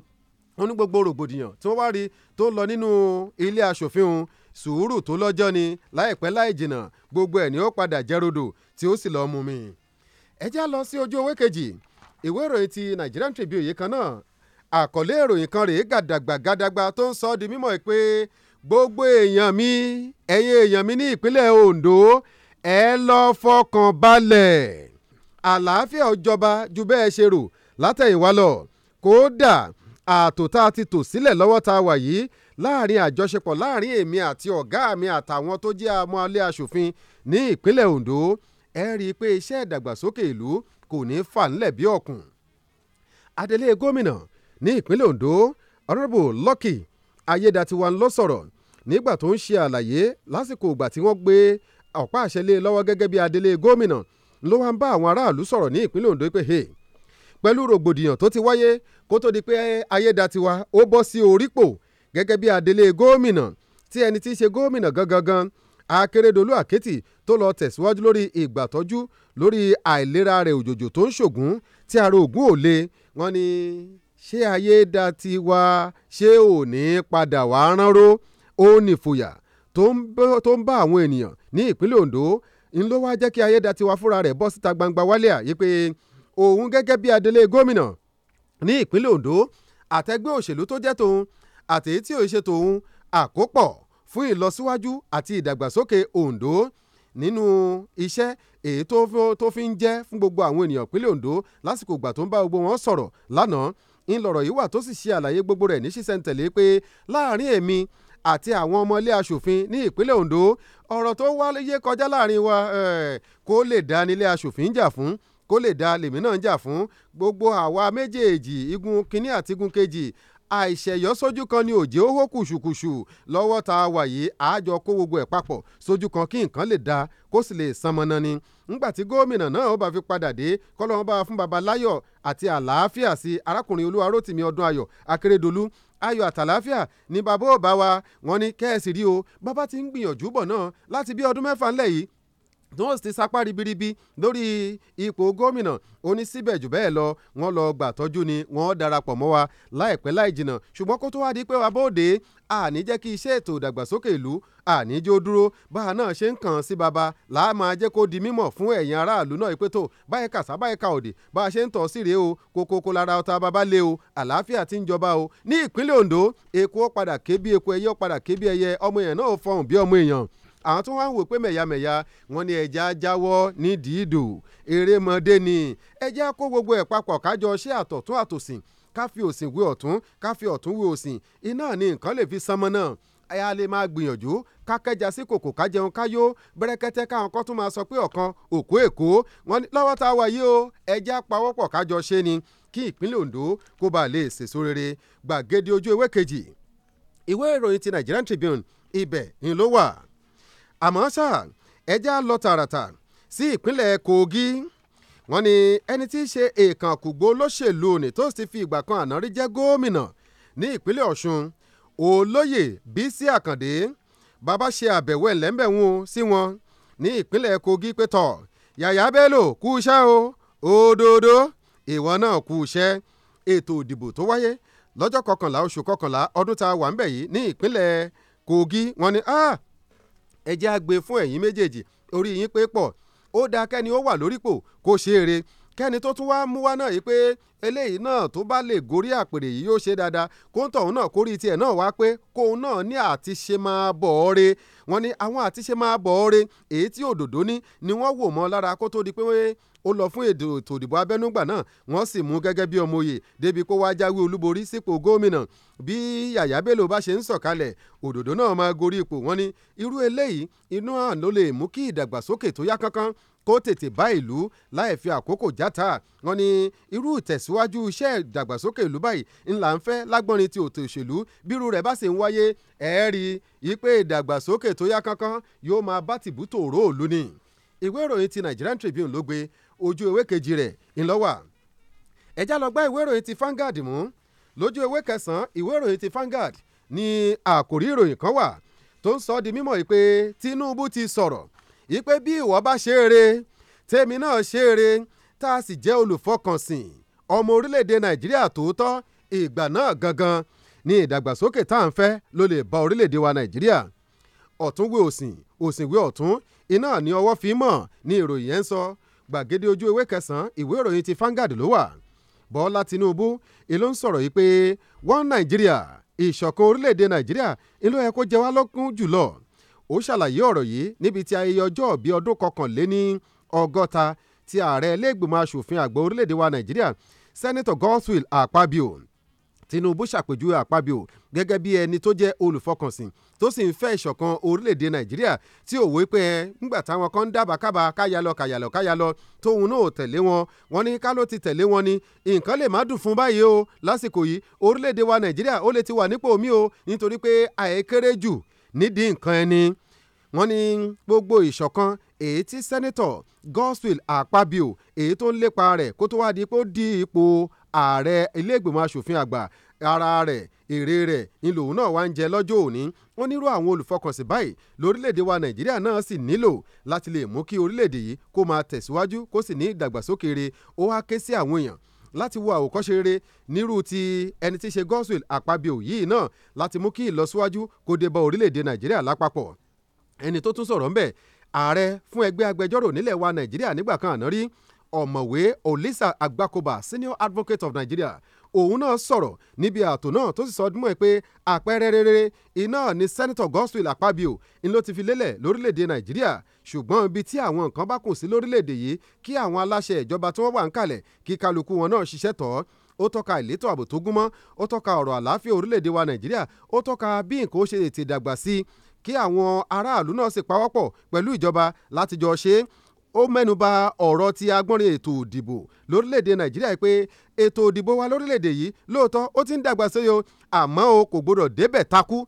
wọn ní gbogbo rògbòdìyàn tí wọ́n wá rí tó lọ nínú ilé aṣòfin òun sùúrù tó lọ́jọ́ ni láìpẹ́ láì jìnnà gbogbo ẹ̀ ni ó padà jẹ́rọ̀dò tí ó sì lọ́ọ́ mú mi. ẹ já lọ sí ojú ewé kejì ìwé ìròyìn ti Nigerian Tribune yìí kan náà àkọlé ìròyìn kan rèé gàdàgbà gàdàgbà tó ń sọ ọ́ di mímọ̀ pé gbogbo èèyàn mi ẹ̀yin èèyàn mi ní ìpínlẹ̀ Ondo ẹ lọ fọkàn balẹ̀ àlàáfíà ó jọba ju bẹ́ẹ̀ ṣe rò látẹ̀yìnwá lọ kódà ààtò tá a ti tò sílẹ̀ lọ́wọ́ tá a wà yìí láàrin àjọṣepọ̀ láàrin èmi àti ọ̀gá mi àtàwọn tó jẹ́ amọ̀lé aṣòfin ní ìpínlẹ̀ Ondo ẹ rí i pé iṣẹ́ ìdàgbàsókè ìlú kò ní fà ńlẹ̀ bí ọ̀kùn adelé gómìnà ní ìpínlẹ̀ Ondo ọ̀rẹ́bù Lucky Ayédatiwa ló sọ̀rọ̀ nígbà tó ń ṣe àlàyé lásìkò ìgbà tí wọ́n gbé ọ̀pá àṣẹ lé e lọ́wọ́ gẹ́gẹ́ bí adelé gómìnà ló wá ń bá àwọn aráàlú sọ̀rọ̀ ní ìpínlẹ̀ Ondo pé hey, pẹ̀lú rògbòdìyàn tó ti wáyé kó tó di pé Ayédatiwa ó bọ́ sí orípò gẹ́gẹ́ bí adelé gómìnà tí ẹni tí í ṣe gómìnà gangan gan Akérédolú Àkẹ́tì tó lọ tẹ̀síwájú lórí ìgbàtọ́jú lórí àìlera rẹ̀ òjòjò tó ń ṣògùn tí ara ògùn ò le wọ́n ní ṣé ayé dá tiwa ṣé ò ní padà wá ránró ó nìfòyà tó ń bá àwọn ènìyàn ní ìpínlẹ̀ Ondo ń ló wá jẹ́ kí ayédatiwa fúnra rẹ̀ bọ́ síta gbangba wálé à yìí pé òun gẹ́gẹ́ bí adelé gómìnà ní ìpínlẹ̀ Ondo àtẹgbẹ́ òṣèlú tó jẹ́ tòun àtẹ̀yí tí ò ṣe tòun àkópọ̀ fún ìlọsíwájú àti ìdàgbàsókè Ondo nínú iṣẹ́ èyí tó fi ń jẹ́ fún gbogbo àwọn ènìyàn ìpínlẹ̀ Ondo lásìkò ìgbà tó ń bá gbogbo wọn sọ̀rọ̀ lánàá ńlọrọ̀ yìí wà tó sì ṣe àlàyé gbogbo rẹ̀ ní ṣísẹ̀ntẹ̀lé pé láàrin èmi àti àwọn ọmọ ilé aṣòfin ní ìpínlẹ̀ Ondo ọ̀rọ̀ tó wáyé kọjá láàrin wa kó lè dá nílé aṣòfin jà fún kó lè dá lèmi náà jà fún gbogbo àwa méjèèjì igun kínní àti igun kejì àìṣẹ̀yọ́ sójú kan ni òjé ó hó kùṣùkùṣù lọ́wọ́ tá a wà yìí àájọ kó gbogbo ẹ̀ papọ̀ sójú kan kí nǹkan lè dáa kó sì lè san mọ́nà ni ńgbà tí gómìnà náà ó bá fi padà dé kọ́lọ́wọ́n bá fún babaláyọ̀ àti àlàáfíà sí arákùnrin olúwarótìmí ọdún ayọ̀ akérèdọ́lù ayọ̀ àtàláfíà ní bàbá ò bá wa wọ́n ní kẹ́ẹ̀sì rí o bàbá ti ń gbìyànjú bọ̀ náà láti bí ọdún mẹ́fà ńlẹ̀ yìí wọ́n ti sapá ribiribi lórí ipò gómìnà ó ní síbẹ̀ jù bẹ́ẹ̀ lọ wọ́n lọ gbàtọ́jú ni wọ́n darapọ̀ mọ́ wa láìpẹ́ láì jìnnà ṣùgbọ́n kó tó wá di pé wa bóde àní jẹ́ kí iṣẹ́ ètò ìdàgbàsókè ìlú àní jó dúró báà náà ṣe ń kàn sí baba là á máa jẹ́ kó di mímọ̀ fún ẹ̀yin aráàlú náà pé tó báyìí kàṣá báyìí ka òdì bá a ṣe ń tọ̀ sí rèé o kókókó lára ọta baba lé o àlàáfíà ti ń jọba o ní ìpínlẹ̀ Ondo èkó padà ké èkó ẹyẹ padà ké ẹyẹ ọmọ èèyàn náà fọhùn bí ọmọ èèyàn àwọn tó wá ń wò pé mẹ̀yàmẹ̀yà wọn ni ẹja jáwọ́ nídìí ìdò erémọdé ni ẹja kó gbogbo ẹ̀ papọ̀ kájọ ṣé àtọ̀tún àtòsìn ká fi òsìn wé ọ̀tún ká fi ọ̀tún wé òsìn iná ni nǹkan lè fi sánmọ́ náà a lè máa gbìyànjú kákẹ́já sí kòkò kájẹun káyó bẹ́rẹ́kẹ́tẹ́ káwọn kan tún máa sọ pé ọ̀kan òkú èkó wọn lọ́wọ́ tá a wà o ẹja pawọ́pọ̀ kájọ ṣe ni kí ìpínlẹ̀ Ondo kó ba lè sèso rere gbàgede ojú ewé kejì ìwé ìròyìn ti Nigerian Tribune ibẹ̀ ni ló wà àmọ́ ṣá ẹjẹ́ á lọ tààràtà sí ìpínlẹ̀ Kogi wọ́n ní ẹni tí í ṣe èèkànkùgbó olóṣèlú ni tó ti fi ìgbà kan àná rí jẹ́ gómìnà ní ìpínlẹ̀ Ọ̀ṣun olóyè Bísí Àkàndé bàbá ṣe àbẹ̀wò ẹ̀lẹ́mbẹ̀wọ̀n sí wọn ní ìpínlẹ̀ Kogi pé tọ̀ Yàyà Bello kú iṣẹ́ o òdodo ìwọ náà kú iṣẹ́ ètò ìdìbò tó wáyé lọ́jọ́ kọkànlá oṣù kọkànlá ọdún tá a wà ń bẹ̀ yìí ní ìpínlẹ̀ Kogi wọ́n ní ah ẹ jẹ́ àgbè e fún ẹ̀yin méjèèjì orí yín pé pọ̀ ó dáa kẹ́ni ó wà lórípò kó ṣe é re kẹ́ni tó tún wá mú wá náà yìí pé eléyìí náà tó bá lè gorí àpèrè yìí yóò ṣe dáadáa kóńtọ̀ òun náà kórìí tiẹ̀ náà wá pé kóun náà ní àti ṣe máa bọ̀ ọ́ re wọ́n ní àwọn àti ṣe máa bọ̀ ọ́ re èyí tí òdòdó ní ni wọ́n wò mọ́ lára kó tó di pé ó lọ fún ètò ìdìbò abẹ́núgbà náà wọ́n sì mú gẹ́gẹ́ bí ọmọ òye débi kó wá jáwé olúborí sípò gómìnà bí Yàyà Bello bá ṣe ń sọ̀kalẹ̀ òdòdó náà máa gorí ipò wọn ní irú eléyìí inú hàn ló lè mú kí ìdàgbàsókè tó yá kánkán kó tètè bá ìlú láì fi àkókò játa wọn ni irú ìtẹ̀síwájú iṣẹ́ ìdàgbàsókè ìlú báyìí ńlá ń fẹ́ lágbọ́nrin ti òtò ìṣèlú bírú rẹ̀ bá sì ń wáyé ẹ̀ẹ́rì ìpè ìdàgbàsókè tó yá kánkán yóò máa bá tìbútò òró ni ìwé ìròyìn ti Nigerian Tribune ló gbé ojú ewé kejì rẹ̀ ńlọ́wà ẹ̀já lọ gbá ìwé ìròyìn ti Vanguard mú lójú ewé kẹsàn-án ìwé ìròyìn ti Vanguard ni àkòrí ìròyìn kan wà tó ń sọ di mímọ̀ yìí pé Tinubu ti sọ̀rọ̀ yìí pé bí ìwọ bá ṣe é re tèmi náà ṣe é re tá a sì jẹ́ olùfọkànsìn ọmọ orílẹ̀-èdè Nàìjíríà tòótọ́ ìgbà náà gangan ni ìdàgbàsókè tá à ń fẹ́ ló lè bá orílẹ̀-èdè wa Nàìjíríà ọ̀tún wé òsìn òsìn ọ̀tún iná ni ọwọ́ fi mọ̀ ni ìròyìn yẹn ń sọ gbàgede ojú ewé kẹsàn-án ìwé ìròyìn ti Vanguard ló wà Bọ́lá Tinubu ìlú ń sọ̀rọ̀ yìí pé one Nigeria ìṣọ̀kan orílẹ̀-èdè Nàìjíríà ìlú ẹ̀kọ́ jẹ wá lọ́kùn jùlọ ó ṣàlàyé ọ̀rọ̀ yìí níbi tí ayẹyẹ ọjọ́ ìbí ọdún kọkànléní ọgọ́ta ti ààrẹ ilé-ìgbìmọ̀ asòfin àgbà orílẹ̀-èdè wa Nàìjíríà sẹ́nitọ̀ Godswill Akpabio Tinubu ṣàpèjúwe Akpabio gẹ́gẹ́ bí ẹni tó jẹ́ olùfọkànsìn tó sì ń fẹ́ ìṣọ̀kan orílẹ̀-èdè nàìjíríà tí ò wí pé ẹ ńgbà táwọn kan ń dábàákábà káyalọ káyalọ káyalọ tóun náà tẹ̀lé wọn wọn ní ká ló ti tẹ̀lé wọn ni nǹkan lè má dùn fún báyìí o lásìkò yìí orílẹ̀-èdè wa nàìjíríà ó lè ti wà nípò mi o nítorí pé àìkéré jù nídìí nǹkan ẹni wọ́n ní gbogbo ìṣọ̀kan èyí tí sẹ́nẹ́tọ̀ Godswill Akpabio èyí tó ń lépa rẹ̀ kó tó wá di pé ó di ipò ààrẹ ilé ìgbìmọ̀ asòfin àgbà ara rẹ̀ èrè rẹ̀ ni lòun náà wá ń jẹ lọ́jọ́ òní ó nírú àwọn olùfọkànsìn báyìí lórílẹ̀‐èdè wa nàìjíríà náà sì nílò láti lè mú kí orílẹ̀‐èdè yìí kó máa tẹ̀síwájú kó sì ní ìdàgbàsókè re ó wá ké sí àwọn èèyàn láti wo àwòkọ́ṣe rere nírú ti ẹni tí í ṣe Godswill Akpabio yìí náà láti mú kí ìlọsíwájú kó dé bá orílẹ̀‐èdè nàìjíríà lápapọ̀ ẹni tó tún sọ̀rọ̀ ńbẹ̀ ààrẹ fún ẹgbẹ́ agbẹjọ́rò nílẹ̀ wa nàìjíríà nígbà kan àná rí ọ̀mọ̀wé Olisa Agbakoba senior advocate of Nigeria òun náà sọ̀rọ̀ níbi ààtò náà tó sì sọ ọdún mọ́ ẹ pé àpẹẹrẹ rere iná ni sẹ́nitọ̀ Godswill Akpabio ni ló ti fi lélẹ̀ lórílẹ̀‐èdè Nàìjíríà ṣùgbọ́n ibi tí àwọn nǹkan bá kù sí lórílẹ̀‐èdè yìí kí àwọn aláṣẹ ìjọba tí wọ́n wà ń kalẹ̀ kí kálukú wọn náà ṣiṣẹ́ tọ́ ó tọ́ka ìlétò ààbò tó gúnmọ́ ó tọ́ka ọ̀rọ̀ àlàáfíà orílẹ̀‐èdè wa Nàìjíríà ó tọ́ka bí nǹkan ó ṣe lè ti dàgbà sí kí àwọn aráàlú náà sì pawọ́pọ̀ pẹ̀lú ìjọba láti ṣe é ó mẹ́nuba ọ̀rọ̀ ti agbọ́nrin ètò òdìbò lórílẹ̀‐èdè nàìjíríà pé ètò òdìbò wa lórílẹ̀‐èdè yìí lóòótọ́ ó ti ń dàgbà sí o àmọ́ o kò gbọdọ̀ débẹ̀ takú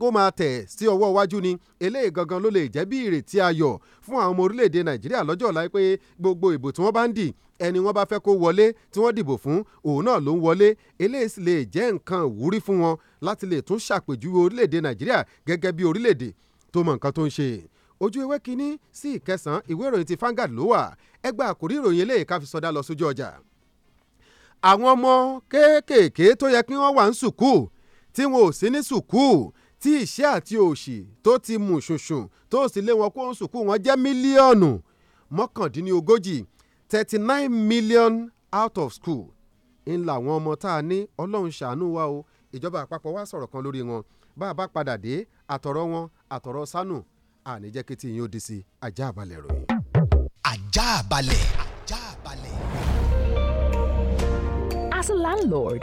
kó máa tẹ̀ sí ọwọ́ iwájú ni eléyìí gangan ló lè jẹ́ bí ìrètí ayọ̀ fún àwọn ọmọ orílẹ̀‐èdè nàìjíríà lọ́jọ́ ọ̀la pé gbogbo ìbò tí wọ́n bá ń dì ẹni wọ́n bá fẹ́ kó wọlé tí wọ́n dìbò fún òun náà ló ń wọlé eléyìí lè jẹ́ nǹkan ìwúrí fún wọn láti lè tún ṣàpèjúwe orílẹ̀‐èdè nàìjíríà gẹ́gẹ́ bí orílẹ̀‐èdè tó mọ nǹkan tó ń ṣe ojú ewé kínní sí ìkẹsàn-án ìwé ìròyìn ti Vanguard ló wà ẹgbẹ́ àkórí ìròyìn eléyìí ká fi sọdá lọ sójú ọjà. àwọn ọmọ kéékèèké tó yẹ kí wọ́n wà ń sùkúù tí wọn ò sí ní sùkúù tí ìṣẹ́ àti òṣì tó ti mú ṣùnṣùn tó sì lé wọn kó ń sùkúù wọn jẹ́ mílíọ̀nù mọ́kàndínlógójì thirty nine million out of school ń làwọn ọmọ tá a ní ọlọ́run ṣàánú wa o ìjọba àpapọ̀ wa sọ̀rọ̀ kan lórí wọn bá a bá padà dé àtọ̀rọ̀ wọn àtọ̀rọ̀ sánú àní kí tí yín ó di sí ajá balẹ̀ ròyìn. ajá balẹ̀. ajá balẹ̀. As a landlord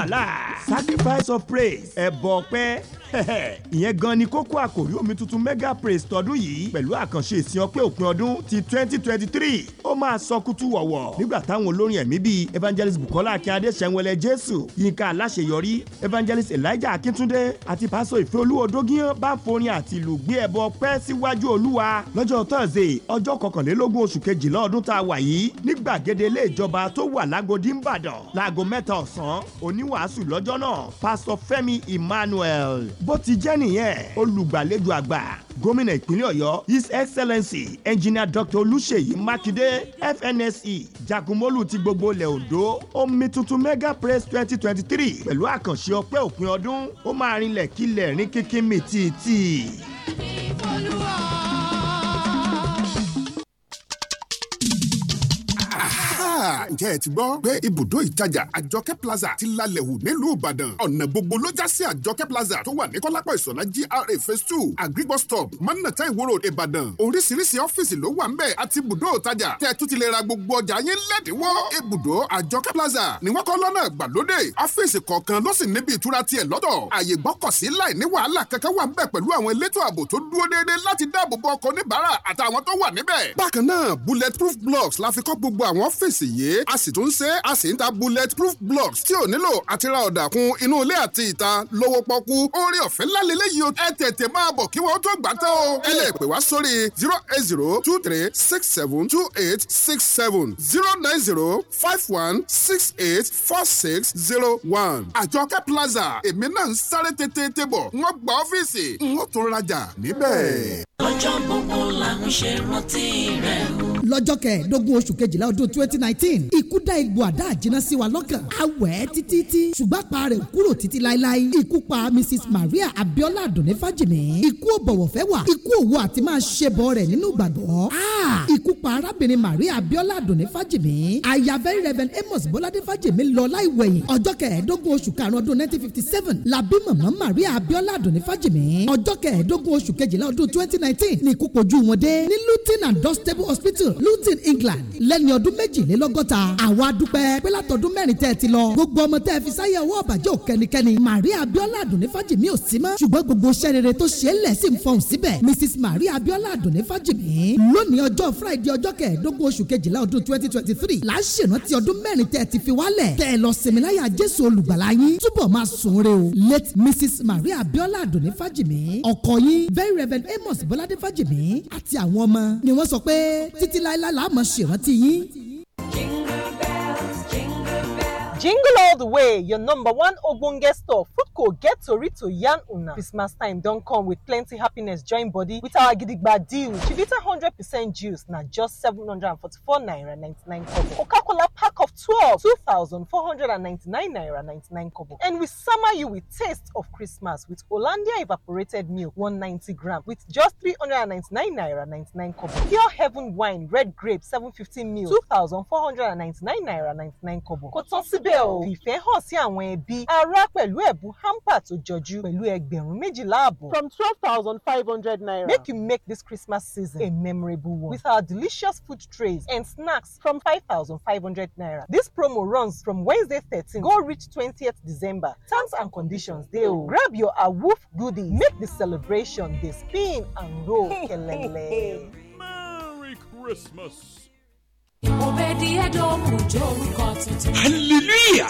Banda Live. sacrifice of praise ẹ̀bọ̀ ọpẹ́ ìyẹn gan ni kókó àkòrí omi tuntun mega praise tọdún yìí pẹ̀lú àkànṣe ìsìn ọpẹ́ òpin ọdún ti twenty twenty three ó máa sọ kútú wọ̀wọ̀ nígbà táwọn olórin ẹ̀mí bíi evangelist bukola akínyadé sẹ́wọ̀lẹ̀ jésù yínká aláṣeyọrí evangelist elijah akíntúndé àti pásọ ìfẹ́ olúwo dógíyàn bá forin àti ìlú gbé ẹ̀bọ pẹ́ síwájú olúwa lọ́jọ́ thursday ọjọ́ kọkànlélógún oṣù kejìlá ọdún tá a wà yìí ní gbàgede ilé ìjọba tó wà lágodi ọjọ́ náà pásítọ̀ Fẹ́mi Emmanuel bó ti jẹ́ nìyẹn olùgbàlejò àgbà gómìnà ìpínlẹ̀ ọ̀yọ́ his excellency engineer dr olùṣèyí mákindé fnse jagunmólú ti gbogbo ilẹ̀ ondo omi tuntun mega press twenty twenty three pẹ̀lú àkànṣe ọpẹ́ òpin ọdún ó máa rinlẹ̀ kílẹ̀ rin kíkí mi tìtì. olúwa. ǹjẹ́ ẹ ti gbọ́ pé ibùdó ìtajà àjọkẹ́ plaza ti lalẹ̀ wù nílùú ìbàdàn ọ̀nà gbogbo ló já sí àjọkẹ́ plaza tó wà ní kọ́lápọ̀ ìsọ̀lá GRA phase two àgrígbọ́ stop mọ́nàtà ìwòrò ìbàdàn oríṣiríṣi ọ́fíìsì ló wà ń bẹ̀ àti ibùdó ìtajà tẹ́ tún ti lè ra gbogbo ọjà yín lẹ́dínwó ibùdó àjọkẹ́ plaza ni wọ́n kọ́ lọ́nà ìgbàlódé ọ́fíìsì kọ̀ọ̀kan ló sì níbi ìtura tiẹ̀ lọ́dọ̀ àyè gbọ́kọ̀sí láì ní wàhálà kankan wà ń bẹ̀ pẹ̀lú àwọn elétò ààbò tó dúró déédéé láti dáàbò bo ọkọ̀ oníbàárà àtàwọn tó wà níbẹ̀. bákan náà bulletproof blocks la fi kọ́ gbogbo àwọn ọ́fíìsì yé a sì tún ṣe a sì ń ta bullet blocks tí ò nílò àti ra ọ̀dà kun inú ilé àti ìta lówó pọ́kú orí ọ̀fẹ́ lálẹ́lẹ́ yìí o ẹ tètè máa bọ̀ kí wọ́n tó gbà tán o ẹ lè pè wá sórí zero eight zero two three six seven two eight six seven zero nine zero five one six eight four six zero one àjọkẹ́ plaza èmi náà ń sáré tètè tébọ̀ wọ́n gba ọ́fíìsì n ó tún rajà níbẹ̀. ọjọ́ gbogbo làwọn ṣe rántí rẹ̀ o lọ́jọ́ kẹẹ̀ẹ́dógún oṣù kejìlá ọdún twenty nineteen ikú dá egbò àdá àjìnà sí wa lọ́kàn awẹ́ títí tí ṣùgbọ́n pa rẹ̀ kúrò títí láéláé ikú pa mrs maria abiola adùnní fájìmí ikú ò bọ̀wọ̀ fẹ́ wà ikú òwò àti máa ṣe bọ̀ rẹ̀ nínú ìgbàgbọ́ ikú pa arábìnrin maria abiola adùnní fájìmí aya very reverend amos bọ́ládé fájìmí lọ láìwẹ̀yìn ọjọ́ kẹẹ̀ẹ́dógún oṣù karùn-ún ọdún nineteen fifty seven làbí màmá maria abiola adùnní fájìmí ọjọ́ kẹẹ̀ẹ́dógún oṣù kejìlá ọdún twenty nineteen ni ikú kojú wọn dé ní luton and dunstable hospital Luton England lẹ́ni ọdún méjìlélọ́gọ́ta àwa dúpẹ́ pé látọdún mẹ́rin tẹ́ ẹ ti lọ gbogbo ọmọ tẹ́ ẹ fi sáyé ọwọ́ ọ̀bàjẹ́ òkẹ́nikẹ́ni Maria Abiola Adùnní Fájìmí ò sí mọ́ ṣùgbọ́n gbogbo iṣẹ́ rere tó ṣe é lẹ̀ sí ń fọhùn síbẹ̀ Mrs Maria Abiola Adùnní Fájìmí lónìí ọjọ́ Friday ọjọ́ kẹẹ̀ẹ́dógún oṣù kejìlá ọdún twenty twenty three là ń ṣèrántí ọdún mẹ́rin tẹ́ ẹ ti fi wálẹ̀ tẹ́ ẹ lọ sinmi láyà Jésù olùgbàlà yín túbọ̀ Mrs Maria Abiola Adùnní Fájìmí ọkọ very reverend Amos Bọ́ládé Fájìmí àti àwọn ọmọ ni wọ́n sọ pé títí láéláé láàmú ṣèrántí yín jingle all the way your number one ogbonge store foodco get tori to yarn una christmas time don't come with plenty happiness join body with our gidigba deal chivita hundred percent juice now, just 744 naira 99 nine kobo coca-cola pack of 12, 2,499 naira 99 kobo and we summer you with taste of christmas with olandia evaporated milk 190 gram with just 399 naira 99 kobo pure heaven wine red grape 750 fifty mil two naira 99 kobo kò tán síbẹ̀ ò fìfẹ́ hàn sí àwọn ẹbí ará pẹ̀lú ẹ̀bùn hamper tó jọjú pẹ̀lú ẹgbẹ̀rún méjìlá àbọ̀. from twelve thousand five hundred naira. make you make this Christmas season a memorable one with our delicious food trays and snacks from five thousand five hundred naira. this promo runs from Wednesday thirteen go reach twentieth December terms and conditions dey o. grab your awoof goodies make the celebration dey spin and roll kelele. Merry Christmas hallelujah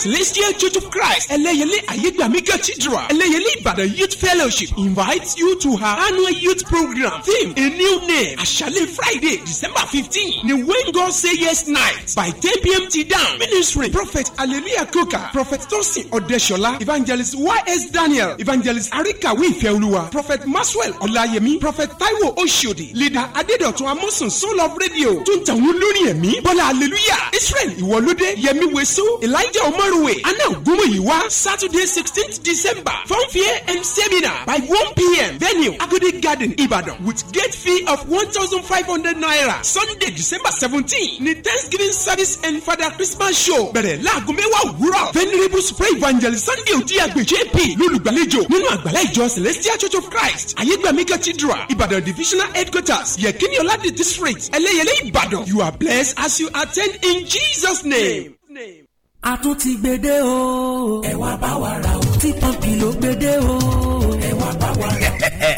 celestial church of christ ẹlẹ́yẹlé ayégbàmí cathedral ẹlẹ́yẹlé ìbàdàn youth fellowship invites you to her annual youth program theme a new name Ashale friday december fifteen The when god say yes night by 10 pm till dawn ministry prophet hallelujah koka prophet tosin Odeshola, evangelist ys daniel evangelist Arika ìfẹ́olúwa prophet maxwell ọláyẹmí prophet taiwo Oshodi, leader adédọ̀tun Amoson soul of radio tó ń tàwọn lórí mi bọ́lá aleluya israel ìwọlódé yẹmi wesu elijah omoruwe anna ogunmoyiwa saturday sixteenth december four fair and seminar by one pm venue agodi garden ibadan with gate fee of one thousand five hundred naira sunday december seventeen ni thanksgiving service and father christmas show bẹ̀rẹ̀ láago mẹ́wàá òwúrọ̀ venerable supreme evangelist sunday ojúyàgbé jp lólùgbàlejò nínú àgbàlá ìjọ celestial church of christ ayégbàmí cathedral ibadan divisional headquarters yẹkínní ọládé district ẹlẹ́yẹlé ibadan you are blessed as as you attend in Jesus' name. name. a tún ti gbede o. ẹ bá wa ra o. tí pọ́ǹpì ló gbede o. ẹ wá bá wa ra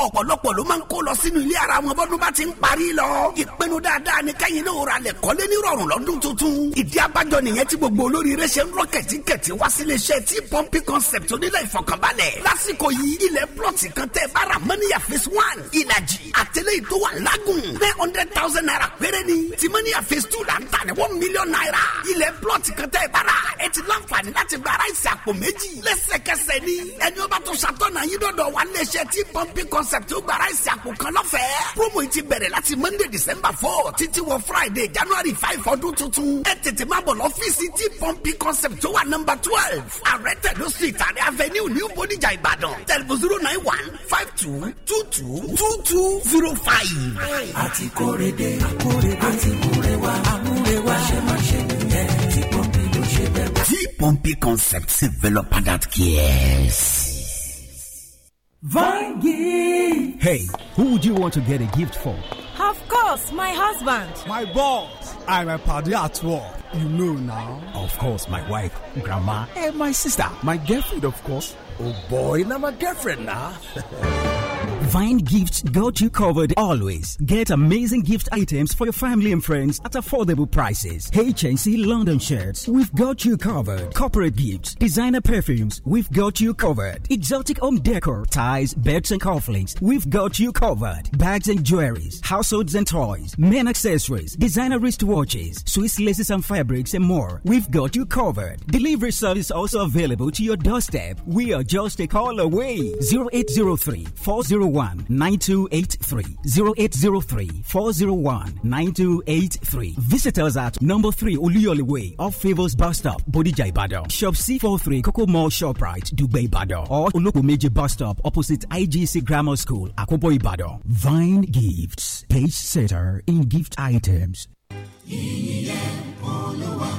o. ọ̀pọ̀lọpọ̀ ló máa ń kó lọ sínú ilé ara wọn bọ́dún bá ti ń parí lọ. ìpinnu dáadáa ni kẹ́yìn náà ra lẹ̀ kọ́lé ní rọrùn lọ́dún tuntun. ìdí abájọ nìyẹn tí gbogbo olóríire ṣe ń rọ kẹ̀tíkẹ̀tí wá sílé iṣẹ́ tí pọ́ǹpì concept onílẹ̀ ìfọ̀kànbalẹ̀. lásìkò yìí one ìlàjì àtẹlẹ́ ìtò wà lágùn hundred thousand naira péré ni ti mọ́níyà phase two là ń one million naira ilẹ̀ plọ̀tì kan tẹ bára ẹ ti láǹfààní láti gba ráìsì àpò méjì. lẹ́sẹ̀kẹsẹ̀ ni ẹni ó bá tún ṣàtọ̀nà yín dọ̀dọ̀ wa níléeṣẹ́ tí pọ́ńpì concept ó gba ráìsì àpò kan lọ́fẹ̀ẹ́. promo yìí ti bẹ̀rẹ̀ láti monday december four títí wọ friday january five ọdún tuntun. ẹ tètè máa bọ̀ lọ́fíìsì tí pọ́ńpì concept tó wà number twelve ààrẹ tẹ̀lé street àrẹ avenue new bodijà ìbàdàn tẹlifù zero nine one five two two two two two zero five. àti kórede àkórede àti múrewa àmúrewa ṣe máa ṣe ní. pompe konsept se velo padat kyes. Hey, who would you want to get a gift for? Of course, my husband. My boss. I'm a party at work. You know now. Of course, my wife, grandma, and my sister. My girlfriend, of course. Oh boy, now my girlfriend now. Vine Gifts got you covered always. Get amazing gift items for your family and friends at affordable prices. HNC London shirts, we've got you covered. Corporate gifts, designer perfumes, we've got you covered. Exotic home decor, ties, beds and cufflinks, we've got you covered. Bags and jewelries, households and toys, men accessories, designer wristwatches, Swiss laces and fabrics and more. We've got you covered. Delivery service also available to your doorstep. We are just a call away. 0803 40 001 9283 0803 401 9283. Visitors at number 3 Uliyoli Way off Favors Bus Stop, Bodija Ibadan. Shop C43 Coco Mall Shoprite, Dugbe Ibadan. Or Olokumeji Bus Stop opposite IGC Grammar School, Akobo Ibadan. Vine Gifts, page setter in gift items. Ìyẹn olúwa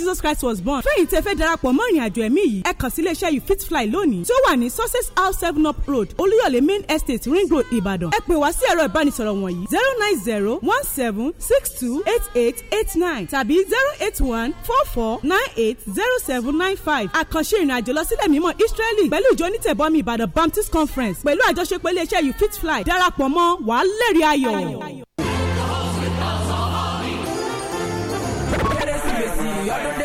Jesus Christ was born fẹ́yìn tẹ́ fẹ́ darapọ̀ mọ́ ìrìn àjò ẹ̀mí yìí ẹ kàn sí you fit fly lónìí tí ó wà ní success house seven up road olúyọ̀lé main estate ring road Ìbàdàn ẹ pè wá sí ẹ̀rọ ìbánisọ̀rọ̀ wọ̀nyí zero nine zero one seven six two eight eight eight nine tàbí zero eight one four four nine eight zero seven nine five àkànṣe ìrìn àjò lọ sílẹ̀ mímọ́ Israeli pẹ̀lú ìjọ onítẹ̀bọmi Ìbàdàn Baptist Conference pẹ̀lú àjọṣepọ̀ iléeṣẹ́ you fit fly darapọ̀ mọ́ wàá lẹ́rìí ayọ̀.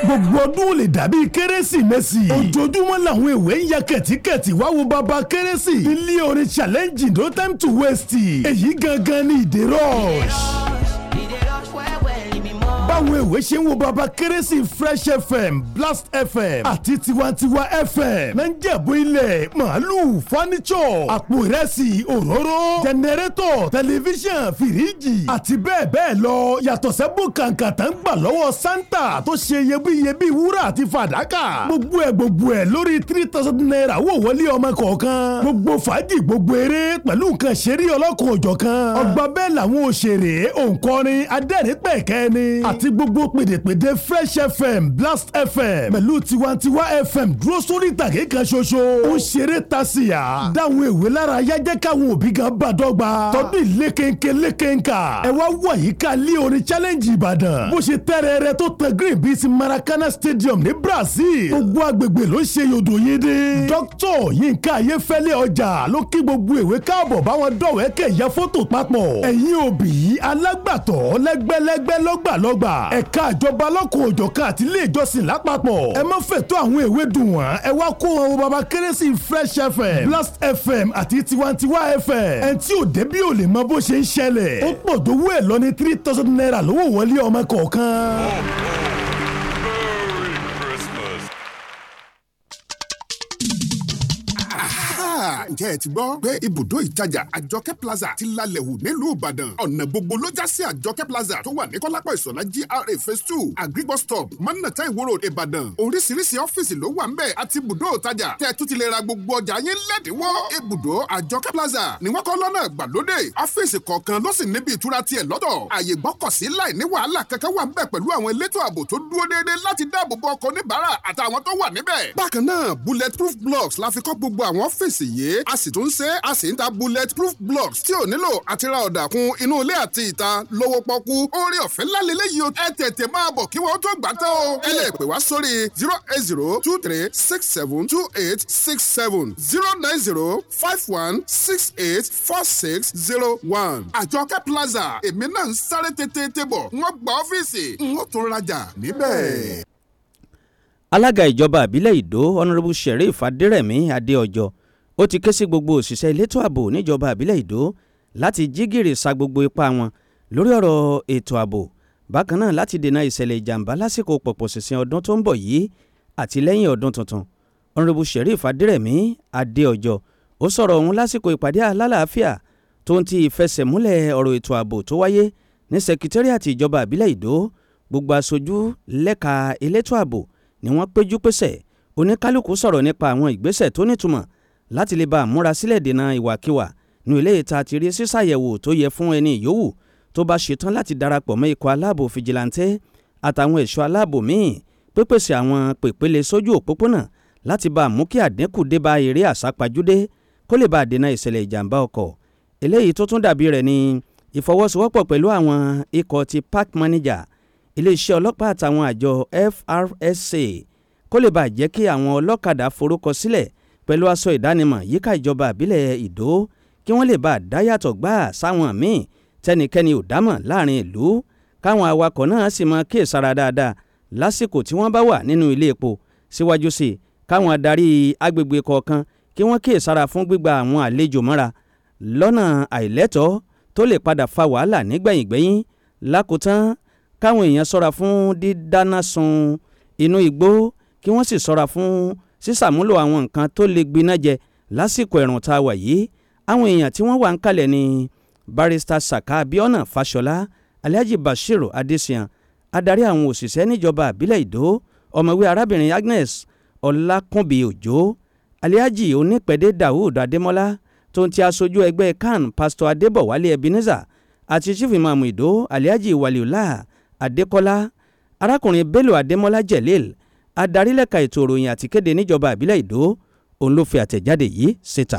gbogbo ọdún ò lè dàbí kérésìmesì. ojoojúmọ́ làwọn èwe ń ya kẹ̀tíkẹ̀tì wá wo baba kérésì. ilé orin challenge no time to waste. èyí gangan ni ìdè rush báwọn èwe ṣe ń wo baba kérésì fresh fm blast fm àti tiwantiwa fm nàìjẹ̀bú ilẹ̀ màálù fánítsọ̀ àpò ìrẹsì òróró jẹnẹrétọ̀ tẹlifíṣàn fìríjì àti bẹ́ẹ̀ bẹ́ẹ̀ lọ yàtọ̀ sẹ́bù kàǹkà tán gbà lọ́wọ́ santa tó ṣe iyebíye bíi wúrà àti fàdákà gbogbo ẹ̀ gbogbo ẹ̀ lórí three thousand naira wò wọlé ọmọ kọ̀ọ̀kan gbogbo fàájì gbogbo eré pẹ̀lú nǹkan ṣeré ọlọ́kùn òjọ̀kan ọgbà bẹ́ẹ̀ làwọn òṣèré òǹkọrin adẹ́rìnpẹ̀kẹ́ ni àti àti gbogbo pèdèpèdè fresh fm blast fm pẹ̀lú tiwantiwa fm dúró sórí ìtàgé kan ṣoṣo ó ṣeré tasiya dáhùn èwe lára yájẹ́ káwọn òbí gan bá dọ́gba tọdún ìlékeńké lékeńká ẹ wá wọ̀ yìí ká lé orin challenge ìbàdàn bó ṣe tẹ́rẹ̀ẹ́rẹ́ tó tẹ green bíi ti maracana stadium ní brazil gbogbo agbègbè ló ṣe yòdò yín dé dókítọ̀ yínká ayéfẹ́lẹ́ ọjà ló kí gbogbo èwe káàbọ̀ báwọn dọ̀wẹ́kẹ̀ ya fótò papọ̀ ẹ̀yin òbí alágbàtọ́ lẹ́gbẹ́lẹ́gbẹ́ lọ́gbàlọ́gbà wà. ẹ̀ka ìjọba alákòó òjọ̀ká àti ilé ìjọsìn lápapọ̀. ẹ má fẹ̀tọ́ àwọn èwe dùn wọ́n. ẹ wá kó wọn wo baba kérésì fresh fm blast fm àti tiwantiwa fm. ẹn tí ò débí ò lè mọ bó ṣe ń ṣẹlẹ̀. ó pọ̀ tó wú ẹ̀ lọ ní three thousand naira lówó wọlé ọmọ kọ̀ọ̀kan. ǹjẹ́ ẹ ti gbọ́ pé ibùdó ìtajà àjọkẹ́ plaza ti lalẹ̀ wù nílùú ìbàdàn ọ̀nà gbogbo ló já sí àjọkẹ́ plaza tó wà ní kọ́lápọ̀ ìsọ̀lá GRA phase two agribus stop manata ìwòrò ìbàdàn oríṣiríṣi ọ́fíìsì ló wà ńbẹ̀ àti ibùdó ìtajà tẹ́ tún ti lè ra gbogbo ọjà yín lẹ́dínwó ibùdó àjọkẹ́ plaza ni wọ́n kọ́ lọ́nà ìgbàlódé ọ́fíìsì kọ̀ọ̀kan ló sì níbi ìtura tiẹ̀ lọ́dọ̀ àyè gbọ́kọ̀sí láì ní wàhálà kankan wà ńbẹ̀ pẹ̀lú àwọn elétò ààbò tó dúró déédéé láti dáàbò bo ọkọ̀ oníbàárà àtàwọn tó wà níbẹ̀. bákan náà bulletproof blocks la fi kọ́ gbogbo àwọn ọ́fíìsì yìí ṣe a sì tún ṣe a sì ń ta bulletproof blocks tí ò nílò àti ra ọ̀dà kun inú ilé àti ìta lówó pọ́kú orí ọ̀fẹ́ lálẹ́lẹ́ yìí o ẹ tètè máa bọ̀ kí wọ́n tó gbà tán o ẹ lè pè wá sórí zero eight zero two three six seven two eight six seven zero nine zero five one six eight four six zero one àjọkẹ́ plaza èmi náà ń sáré tètè bọ̀ wọ́n gba ọ́fíìsì n ó tún rajà níbẹ̀. alága ìjọba àbílẹ̀ ìdó honorable sheriff adérẹ̀mí adéọjọ́ ó ti ké sí gbogbo òṣìṣẹ́ elétò ààbò níjọba àbílẹ̀ ìdó láti jí gìrì sa gbogbo ipá wọn lórí ọ̀rọ̀ ètò ààbò bákan náà láti dènà ìṣẹ̀lẹ̀ ìjàmbá lásìkò pọ̀pọ̀ṣìnṣìn ọdún tó ń bọ̀ yìí àti lẹ́yìn ọdún tuntun ọ̀nrẹ́bù sheriff adírẹ̀mí adéọjọ́ ó sọ̀rọ̀ ọ̀hún lásìkò ìpàdé alálàáfíà tó ń ti ìfẹsẹ̀múlẹ̀ ọ̀rọ̀ ètò ààbò tó wáyé ní sẹkítẹ́rìàtì ìjọba àbílẹ̀ ìdó gbogbo aṣojú lẹ́ka elétò ààbò ni wọ́n péjú pésẹ̀ oníkálukú sọ̀rọ̀ nípa àwọn ìgbésẹ̀ tó nítumọ̀ láti lè bá àmúra sílẹ̀ dènà ìwàkiwà nu ilé ìta ti rí sísàyẹ̀wò tó yẹ fún ẹni ìyówù tó bá ṣetán láti darapọ̀ mọ́ ikọ̀ aláàbò fìjìláńtẹ́ àtàwọn ẹ̀ṣọ́ aláàbò míì pépèsè àwọn pèpele sójú òpópónà láti bá mú kí àdínkù dé bá eré àsápajúdé kó lè bá dènà ìṣẹ̀lẹ̀ ìjàmbá ọkọ̀ eléyìí tó tún dàbí rẹ̀ ni ìfọwọ́sowọ́pọ̀ pẹ̀lú àwọn ikọ̀ ti park manager iléeṣẹ́ ọlọ́pàá àtàwọn àjọ FRSA kó lè bá jẹ́ kí àwọn ọlọ́kadà forúkọ sílẹ̀ pẹ̀lú aṣọ ìdánimọ̀ yíká ìjọba ìbílẹ̀ ìdó kí wọ́n lè bá a dá yàtọ̀ gbà sáwọn míì tẹnikẹ́ni ò dámọ̀ láàrin ìlú káwọn awakọ̀ náà sì máa kíyèsára dáadáa lásìkò tí wọ́n bá wà nínú ilé epo síwájú sí i káwọn adarí agbègbè kọ̀ọ̀kan kí wọ́n kíyèsára fún gbígba àwọn àlejò mọ́ra lọ́nà àìlẹ́tọ̀ọ́ tó lè padà fa wàhálà nígbẹ̀yìngbẹ̀yìn lákòótán káwọn èèyàn ṣọ́ra fún dídáná sun inú igbó kí wọ́n sì ṣọ́ra fún sísàmúlò àwọn nǹkan tó lè gbiná jẹ lásìkò ẹ̀rùn tá a wà yìí àwọn èèyàn tí wọ́n wà ń kalẹ̀ ni barrister saka abiona fashola alhaji bashiru adesian adarí àwọn òṣìṣẹ́ níjọba àbílẹ̀ ìdó ọ̀mọ̀wé arábìnrin agnes ọlákùnbí òjó alhaji onípẹ̀dé daoud adémọ́lá tó ń ti aṣojú ẹgbẹ́ kan pastor adébọ̀wálé ebenezer àti chief imam ìdó alhaji waliula adékọ́lá arákùnrin bello adémọ́lá jelil adarí lẹ́ka ètò ìròyìn àtikéde níjọba ìbílẹ̀ Ìdó òun ló fi àtẹ̀jáde yìí síta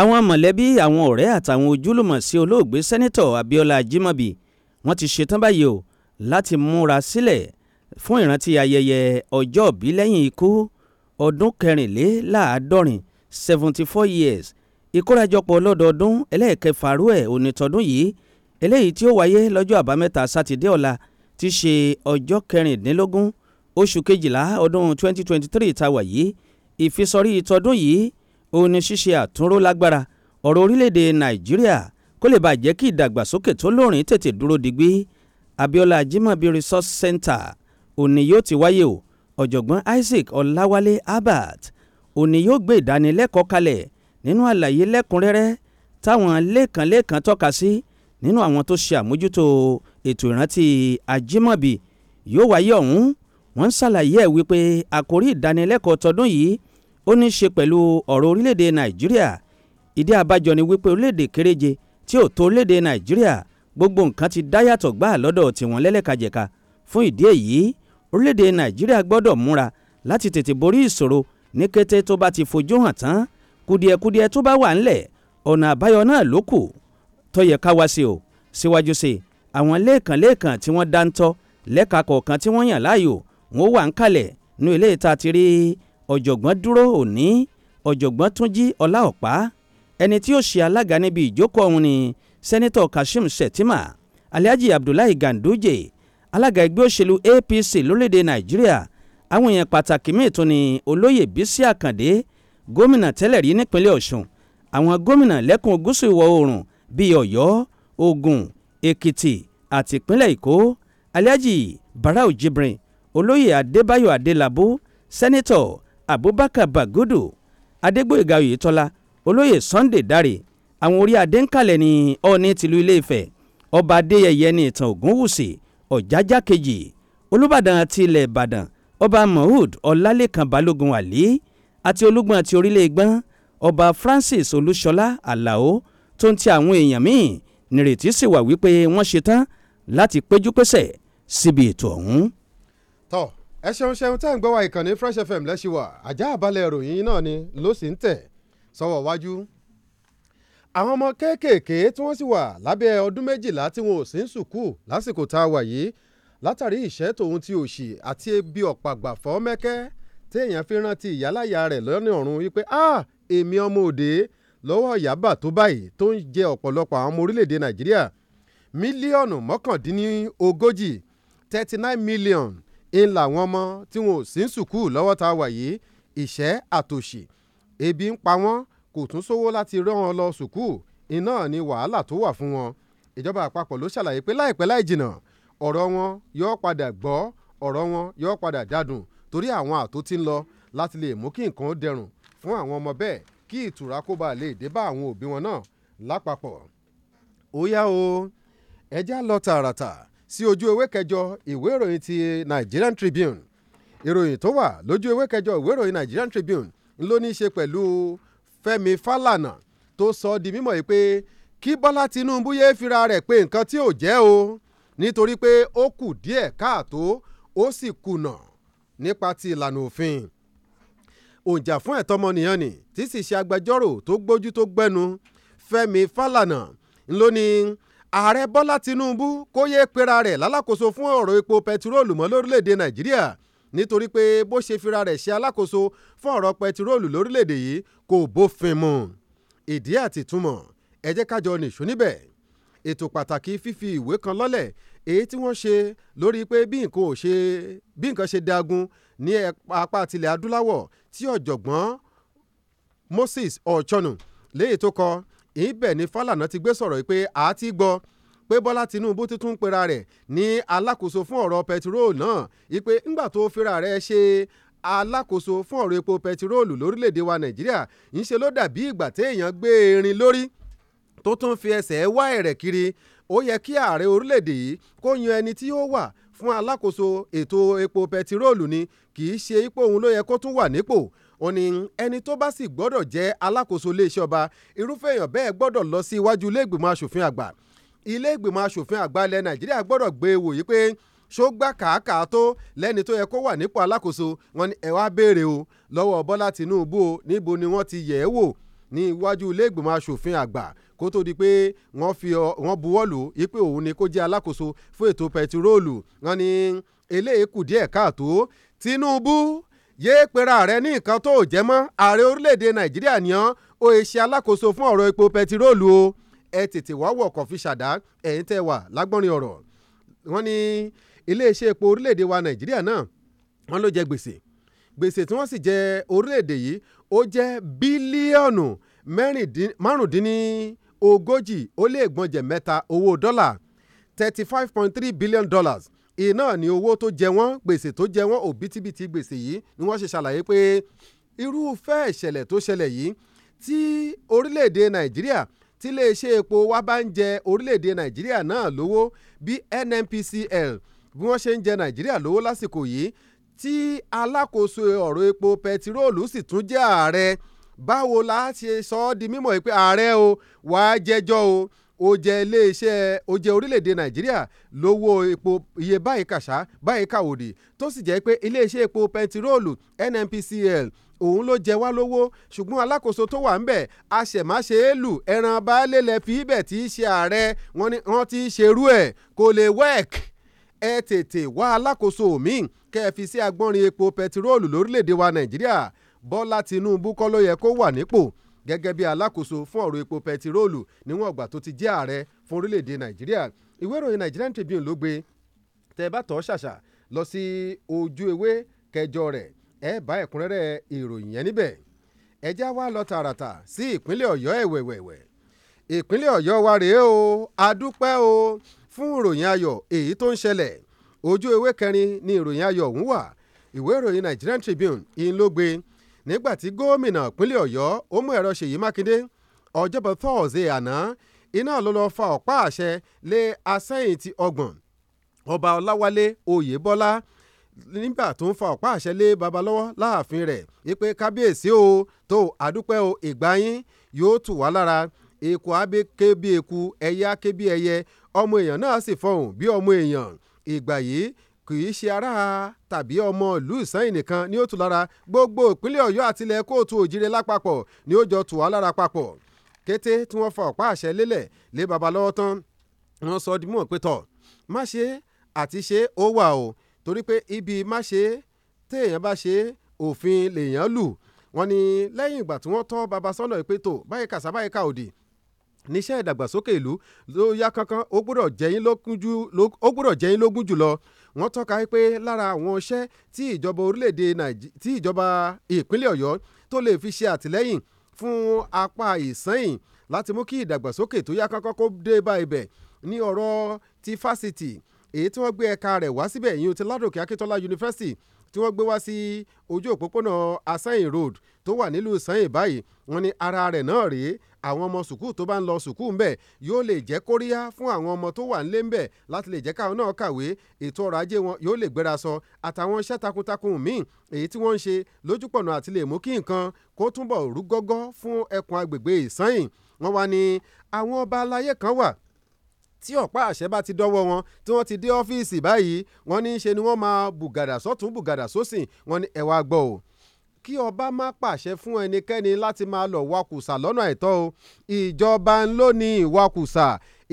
àwọn mọ̀lẹ́bí àwọn ọ̀rẹ́ àtàwọn ojúlùmọ̀ sí olóògbé sẹ́nitọ̀ Abíọ́lá Ajímọ̀bí wọ́n ti ṣetán báyìí o láti múra sílẹ̀ fún ìrántí ayẹyẹ ọjọ́ òbí lẹ́yìn ikú ọdún kẹrìnléláàádọ́rin seventy four years ìkórajọpọ̀ lọ́dọọdún ẹlẹ́ẹ̀kẹfàrú ẹ̀ onítọ̀dún yìí eléyìí tí ó wáyé lọ́jọ́ àbámẹ́ta sátidé ọ̀la ti ṣe ọjọ́ kẹrìndínlógún oṣù kejìlá ọdún twenty twenty three tá wà yìí ìfisọrí ìtọ́dún yìí òun ni ṣíṣe àtúnrò lágbára ọ̀rọ̀ orílẹ̀-èdè nàìjíríà kó lè bàa jẹ́ kí ìdàgbàsókè tó lóòrín tètè dúró digbí abiola ajimobi resource center òní yóò ti wáyé o ọ̀jọ̀gbọ́n isaac ọláwálé albert òní yóò gbé ìdánilẹ́kọ̀ọ́ kalẹ̀ nínú àlàyé lẹ́kùnrẹ́rẹ́ táwọn lẹ́ẹ̀kanlẹ́ẹ̀kan tọ́ka sí nínú àwọn tó ṣe àmójútó ètò ìrántí ajimobi yóò wáyé ọ̀hún wọ́n ń ṣàlàyé ẹ̀ wípé àkórí ìdánilẹ́kọ̀ọ́ tọdún yìí ó ní í ṣe pẹ̀lú ọ̀rọ̀ orílẹ̀-èdè nàìjíríà ìdí àbájọ ni wípé orílẹ̀-èdè kéréje tí ò tó orílẹ̀-èdè nàìjíríà gbogbo nǹkan ti dá yàtọ̀ gbáà lọ́dọ̀ tiwọn lẹ́lẹ́kajẹ̀ka fún ìdí èyí orílẹ̀-èdè nàìjíríà gbọ́dọ̀ múra láti tètè borí ìṣòro ní kété tó bá ti fojú hàn tán kùdìẹ̀kùdìẹ̀ tó bá wà ńlẹ̀ ọ̀nà àbáyọ náà ló kù tó yẹ ká sí o síwájú sí àwọn lẹ́ẹ̀kan lẹ́ẹ̀kan tí wọ́n dáńtọ́ lẹ́ka kọ̀ọ̀kan tí wọ́n yàn láàyò wọ́n wà ń kalẹ̀ ní ilé ìta ti rí ọ̀jọ̀gbọ́n dúró òní ọ̀jọ̀gbọ́n túnjí ọláọ̀pá ẹni tí ó ṣe alága níbi ìjókòó ọ̀hún ni sẹ́nitọ̀ kashim shettima alhaji abdullahi ganduje alága ẹgbẹ́ òṣèlú apc lórílẹ̀‐èdè nàìjíríà àwọn èèyàn pàtàkì míì tún ni olóyè bísí àkàndé gómìnà tẹ́lẹ̀ rí nípínlẹ̀ ọ̀ṣun àwọn gómìnà lẹ́kùn gúúsù ìwọ̀ oòrùn bíi ọ̀yọ́ ògùn èkìtì àti ìpínlẹ̀ èkó alhaji barau jibrin olóyè adébáyọ̀ adélabú sẹ́nitọ̀ abubakar bagudu adégbòyega oyètọ́lá olóyè sunday dare àwọn orí adé ń kalẹ̀ ní ọ̀ọ́ni tìlú ilé-ifẹ̀ ọba adéyẹyẹ ní ìtàn ògúnwùsì ọ̀jájá kejì olùbàdàn àti ilẹ̀ ìbàdàn ọba mahood ọlálékan balógun àlí àti olúgbọ́n àti orílẹ̀ ìgbọ́n ọba francis olúṣọlá àlàó tó ń ti àwọn èèyàn míì nírètí sì wà wípé wọ́n ṣetán láti péjú pésẹ̀ síbi ètò ọ̀hún ẹ ṣeun ṣeun tẹ́ ń gbọ́ wa ìkànnì Fresh FM lẹ́ṣiwà ajá àbálẹ̀ ìròyìn náà ni ló sì ń tẹ̀ sọ́wọ́ wájú. àwọn ọmọ kéékèèké tí wọ́n sì wà lábẹ́ ọdún méjìlá tí wọn ò sí ń sùkúù lásìkò tá a wà yìí látàrí ìṣẹ́ tòun ti òṣì àti ebi ọ̀pàgbàfọ́ mẹ́kẹ́ tí èèyàn fi rántí ìyáláyà rẹ̀ lọ́nà ọ̀run wípé ah èmi ọmọ òde lọ́wọ́ yaba tó báyìí tó ń jẹ ọ̀pọ̀lọpọ̀ àwọn ọmọ orílẹ̀-èdè Nàìjíríà mílíọ̀nù mọ́kàndínlógójì thirty nine million ń làwọn ọmọ tí wọn ò sí ń sùkúù lọ́wọ́ tá a wà yìí ìṣẹ́ àtòṣì ebi ń pa wọ́n kò tún sówó láti rán wọn lọ sùkúù iná ni wàhálà tó wà fún wọn ìjọba àpapọ̀ ló ṣàlàyé pé láìpẹ́ láì jìnnà ọ̀rọ̀ wọn yóò padà gbọ́ ọ̀rọ̀ wọn yóò padà dádùn torí àwọn àtó ti ń lọ láti lè mú kí nǹkan dẹrùn fún àwọn ọmọ bẹ́ẹ̀ kí ìtura kó ba lè dé bá àwọn òbí wọn náà lápapọ̀ ó yá o ẹja lọ tààràtà sí ojú ewé kẹjọ ìwé ìròyìn ti Nigerian Tribune ìròyìn tó wà lójú ewé kẹjọ ìwé ìròyìn Nigerian Tribune ló ní í ṣe pẹ̀lú Fẹ́mi falana tó sọ di mímọ̀ yìí pé kí Bọ́lá Tinubu yéé fira rẹ̀ pé nǹkan tí ò jẹ́ o nítorí pé ó kù díẹ̀ káàtó ó sì kùnà nípa ti ìlànà òfin òǹjà fún ẹ̀tọ́ ọmọnìyàn ni tí sì ṣe agbẹjọ́rò tó gbójú tó gbẹ́nu Fẹ́mi Fálànà ló ní ààrẹ bọ́lá tinubu kó yéé pera rẹ̀ lálákòóso fún ọ̀rọ̀ epo bẹtiróòlù mọ́ lórílẹ̀‐èdè nàìjíríà nítorí pé bó ṣe fira rẹ̀ ṣe alákòóso fún ọ̀rọ̀ bẹtiróòlù lórílẹ̀‐èdè yìí kò bófin mu ìdí àtìtúmọ̀ ẹ jẹ́ kájọ nìṣó níbẹ̀ ètò pàtàkì fífi ìwé kan lọ́lẹ̀ èyí tí wọ́n ṣe lórí pé bí nǹkan ṣe dagun ní apá tilẹ̀ adúláwọ̀ tí ọ̀jọ̀gbọ́n Moses Ọ̀chọ́nù léyìí tó kọ ibẹ̀ ni Fálànà ti gbé sọ̀rọ̀ yìí pé a ti gbọ́ pé Bọ́lá Tinubu ti tún pera rẹ̀ ní alákòóso fún ọ̀rọ̀ pẹtiróòlù náà ipe ńgbà tó fira rẹ̀ ṣe alákòóso fún ọ̀rọ̀ epo pẹtiróòlù lórílẹ̀‐èdè wa Nàìjíríà ńṣe ló dàbí ìgbà téèyàn gbé erin lórí tó tún fi ẹsẹ̀ wá ẹ̀rẹ̀ kiri ó yẹ kí ààrẹ orílẹ̀‐èdè yìí kó yan ẹni tí ó wà fún alákòóso ètò epo pẹtiróòlù ni kì í ṣe ipò òun ló yẹ kó tún wà nípò ó ní ẹni tó bá sì gbọ́dọ̀ jẹ́ alákòóso iléeṣẹ́ ọba irúfẹ́ èèyàn bẹ́ẹ̀ gbọ́dọ̀ lọ sí iwájú ilé ìgbìmọ̀ asòfin àgbà ilé ìgbìmọ̀ asòfin àgbà ilẹ̀ nàìjíríà gbọ́dọ̀ gbé e wò yí pé ṣógbà kàákàá tó lẹ́ni tó yẹ kó wà nípò alákòóso wọn ni ẹ wá béèrè o lọ́wọ́ bọ́lá tìǹbù o níbo ni wọ́n ti yẹ̀ ẹ́ wò ní iwájú ilé ìgbìmọ̀ asòfin àgbà kó tó di pé wọ́n fi wọ́n buwọ́ lù pé òun ni kó jẹ́ alákòóso fún ètò pẹtiróòlù wọn ni eléyìí kù díẹ̀ káàtó tìǹbù yéé pera rẹ ní nǹkan tó jẹ́ mọ́ ààrẹ orílẹ̀-èdè nàìjíríà ni ọ́n ó e ṣe alákòóso fún ọ̀rọ̀ epo pẹtiróòlù o ẹ tètè wá wọ̀kọ̀ fi ṣàdá ẹ̀yìn tẹ́ wà lágbọ́nrin ọ̀rọ̀ wọ́n ní iléeṣẹ́ epo orílẹ̀-èdè wa nàìjíríà náà wọ́n ló jẹ gbèsè gbèsè tí wọ́n sì jẹ orílẹ̀-èdè yìí ó jẹ́ bílíọ̀nù márùndínlógójì ó lé ègbọ̀njẹ̀ mẹ́ta owó dọ́là thirty five point three billion dollars iná ni owó tó jẹ wọ́n gbèsè tó jẹ wọ́n òbítíbitì gbèsè yìí ni wọ́n ṣe ṣàlàyé pé irúfẹ́ ìṣẹ̀lẹ̀ tó ṣẹlẹ̀ yìí tí orílẹ̀-èdè nàìjíríà tí iléeṣẹ́ epo wa bá ń jẹ orílẹ̀-èdè nàìjíríà náà lówó bí NNPCL bí wọ́n ṣe ń jẹ nàìjíríà lówó lásìkò yìí tí alákòóso ọ̀rọ̀ epo pẹtiróòlù sì tún jẹ́ ààrẹ báwo la ṣe sọ ọ́ di mímọ̀ pé ààrẹ o wàá jẹ́jọ́ o ó jẹ iléeṣẹ́ ó jẹ orílẹ̀-èdè nàìjíríà lówó epo iye báyìí kàṣá báyìí kàwòdì tó sì jẹ́ pé iléeṣẹ́ epo bẹntiróòlù nnpcl òun ló jẹ wá lówó ṣùgbọ́n alákòóso tó wà ńbẹ̀ àṣẹmáṣe é lù ẹran baálé lẹ fi ibẹ̀ tí í ṣe ààrẹ wọn ni wọ́n ti ṣerú ẹ̀ kò lè wẹ́ẹ̀kì ẹ tètè wá alákòóso míì kẹ́ ẹ fi sí agbọ́nrin epo bẹntiróòlù lórílẹ̀‐èdè wa nàìjíríà bọ́lá tinúbú kọ́ ló yẹ kó wà nípò gẹ́gẹ́ bí alákòóso fún ọ̀rọ̀ epo pẹtiróòlù níwọ̀n ìgbà tó ti jẹ́ ààrẹ fún orílẹ̀-èdè nàìjíríà ìwé ìròyìn nigerian tribune ló gbé tẹ́ ẹ bá tọ́ ṣàṣà lọ sí ojú ewé kẹjọ rẹ̀ ẹ bá ẹ̀kúnrẹ́rẹ́ ìròyìn yẹn níbẹ̀ ẹ já wá lọ tààràtà sí ìpínlẹ̀ ọ̀yọ́ ẹ̀wẹ̀wẹ̀wẹ̀ ìpínlẹ̀ ọ̀yọ́ wa rèé o adúpẹ́ o fún ìròyìn ayọ̀ èyí tó ń ṣẹlẹ̀ ojú ewé kẹrin ni ìròyìn ayọ̀ ọ̀hún wà ìwé ìròyìn nigerian tribune ìyín nígbà tí gómìnà ìpínlẹ̀ ọ̀yọ́ òmùẹ̀rọ ṣèyí mákindé ọjọ́bọ̀ thursday àná iná ló lọ́ọ́ fa ọ̀pá àṣẹ lé asẹ́yìn ti ọgbọ̀n ọba ọláwálé oyèbọ́lá nígbà tó ń fa ọ̀pá àṣẹ lé babalọ́wọ́ láàfin rẹ̀ wípé kábíyèsí o tó àdúpẹ́ o ìgbà yóò tù wá lára eku abé ké bí eku ẹyẹ á ké bí ẹyẹ ọmọ èèyàn náà sì fọhùn bí ọmọ èèyàn ìgbà yìí kì í ṣe ará tàbí ọmọ ìlú ìsẹ́yìn nìkan ni ó tù lára gbogbo ìpínlẹ̀ ọ̀yọ́ àti ilẹ̀ kóòtù òjire lápapọ̀ ni ó jọ tù wá lára papọ̀ kété tí wọ́n fa ọ̀pá àṣẹ lélẹ̀ lé baba lọ́wọ́ tán wọ́n sọ di pé tọ̀ má ṣe àti ṣe ó wà o torí pé ibi má ṣe téèyàn bá ṣe òfin lèèyàn lù wọ́n ní lẹ́yìn ìgbà tí wọ́n tọ́ baba sọ́nà ìpètò báyìí kàṣà báyìí ká òdì níṣẹ́ ìdàgbàsókè ìlú ló yá kánkán ó gbọ́dọ̀ jẹ́yìn lógún jùlọ wọ́n tọ́ka pé lára àwọn iṣẹ́ tí ìjọba orílẹ̀-èdè nàìjíríà tí ìjọba ìpínlẹ̀ ọ̀yọ́ tó lè fi ṣe àtìlẹ́yìn fún apá ìsẹ́yìn láti mú kí ìdàgbàsókè tó yá kánkán kó dé bá ibẹ̀ ní ọ̀rọ̀ ti fásitì èyí tí wọ́n gbé ẹ̀ka rẹ̀ wá síbẹ̀ yìí ti ládòkè akíntola yunifásitì tí wọ́n gbé wá sí ojú òpópónà Asayin Road tó wà nílùú Sanyìn báyìí wọ́n ní ara rẹ̀ náà rèé àwọn ọmọ sùkúù tó bá ń lọ sùkúù ńbẹ yóò lè jẹ́ kóríyá fún àwọn ọmọ tó wà ńlé ńbẹ láti lè jẹ́ káwọn náà kàwé ètò ọrọ̀ ajé wọn yóò lè gbéra sọ àtàwọn iṣẹ́ takuntakun míì èyí tí wọ́n ń ṣe lójúpọ̀nà àti lè mú kí nǹkan kó túnbọ̀ rú gọ́gọ́ fún ẹkùn agbègbè Ìsanyìn wọ́n wá ní àwọn ọba aláyé kan wà tí ọ̀pá àṣẹ bá ti dọ́wọ́ wọn tí wọ́n ti dé ọ́fíìsì báyìí wọ́n ní í ṣe ni wọ́n máa bùgàdà sọ́tún bùgàdà sósìn wọ́n ní ẹ wá gbọ́ o kí ọba má pàṣẹ fún ẹnikẹ́ni láti máa lọ wakùsà lọ́nà àìtọ́ o ìjọba ń lò ní ìwakùsà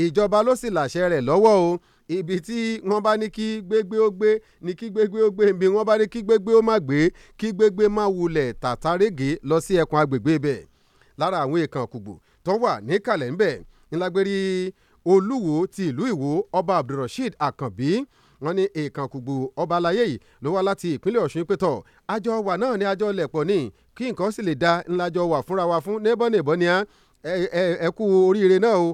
ìjọba ló sì làṣẹ rẹ̀ lọ́wọ́ o ibi tí wọ́n bá ní kí gbégbé ó gbé ní kí gbégbé ó gbé ibi wọ́n bá ní kí gbégbé ó má gbé kí gbégbé má wulẹ̀ tàtàrégé lọ sí ẹkùn agbègbè bẹ̀ lára àwọn èèkàn kùgbù tó wà níkàlẹ̀ ńbẹ̀ ńlágbérí olúwo ti ìlú ìwò ọba abdulrasheed akànbí wọ́n ní ìkànkùgbù ọba alayé yìí ló wá láti ìpínlẹ̀ ọ̀ṣun pé tọ̀ àjọ wà náà ní àjọ lẹ̀pọ̀ ní kí nǹkan sì lè da ńlájọ wà fúnra wa fún nébọ̀nébọ̀ ni ẹ kú oríire náà o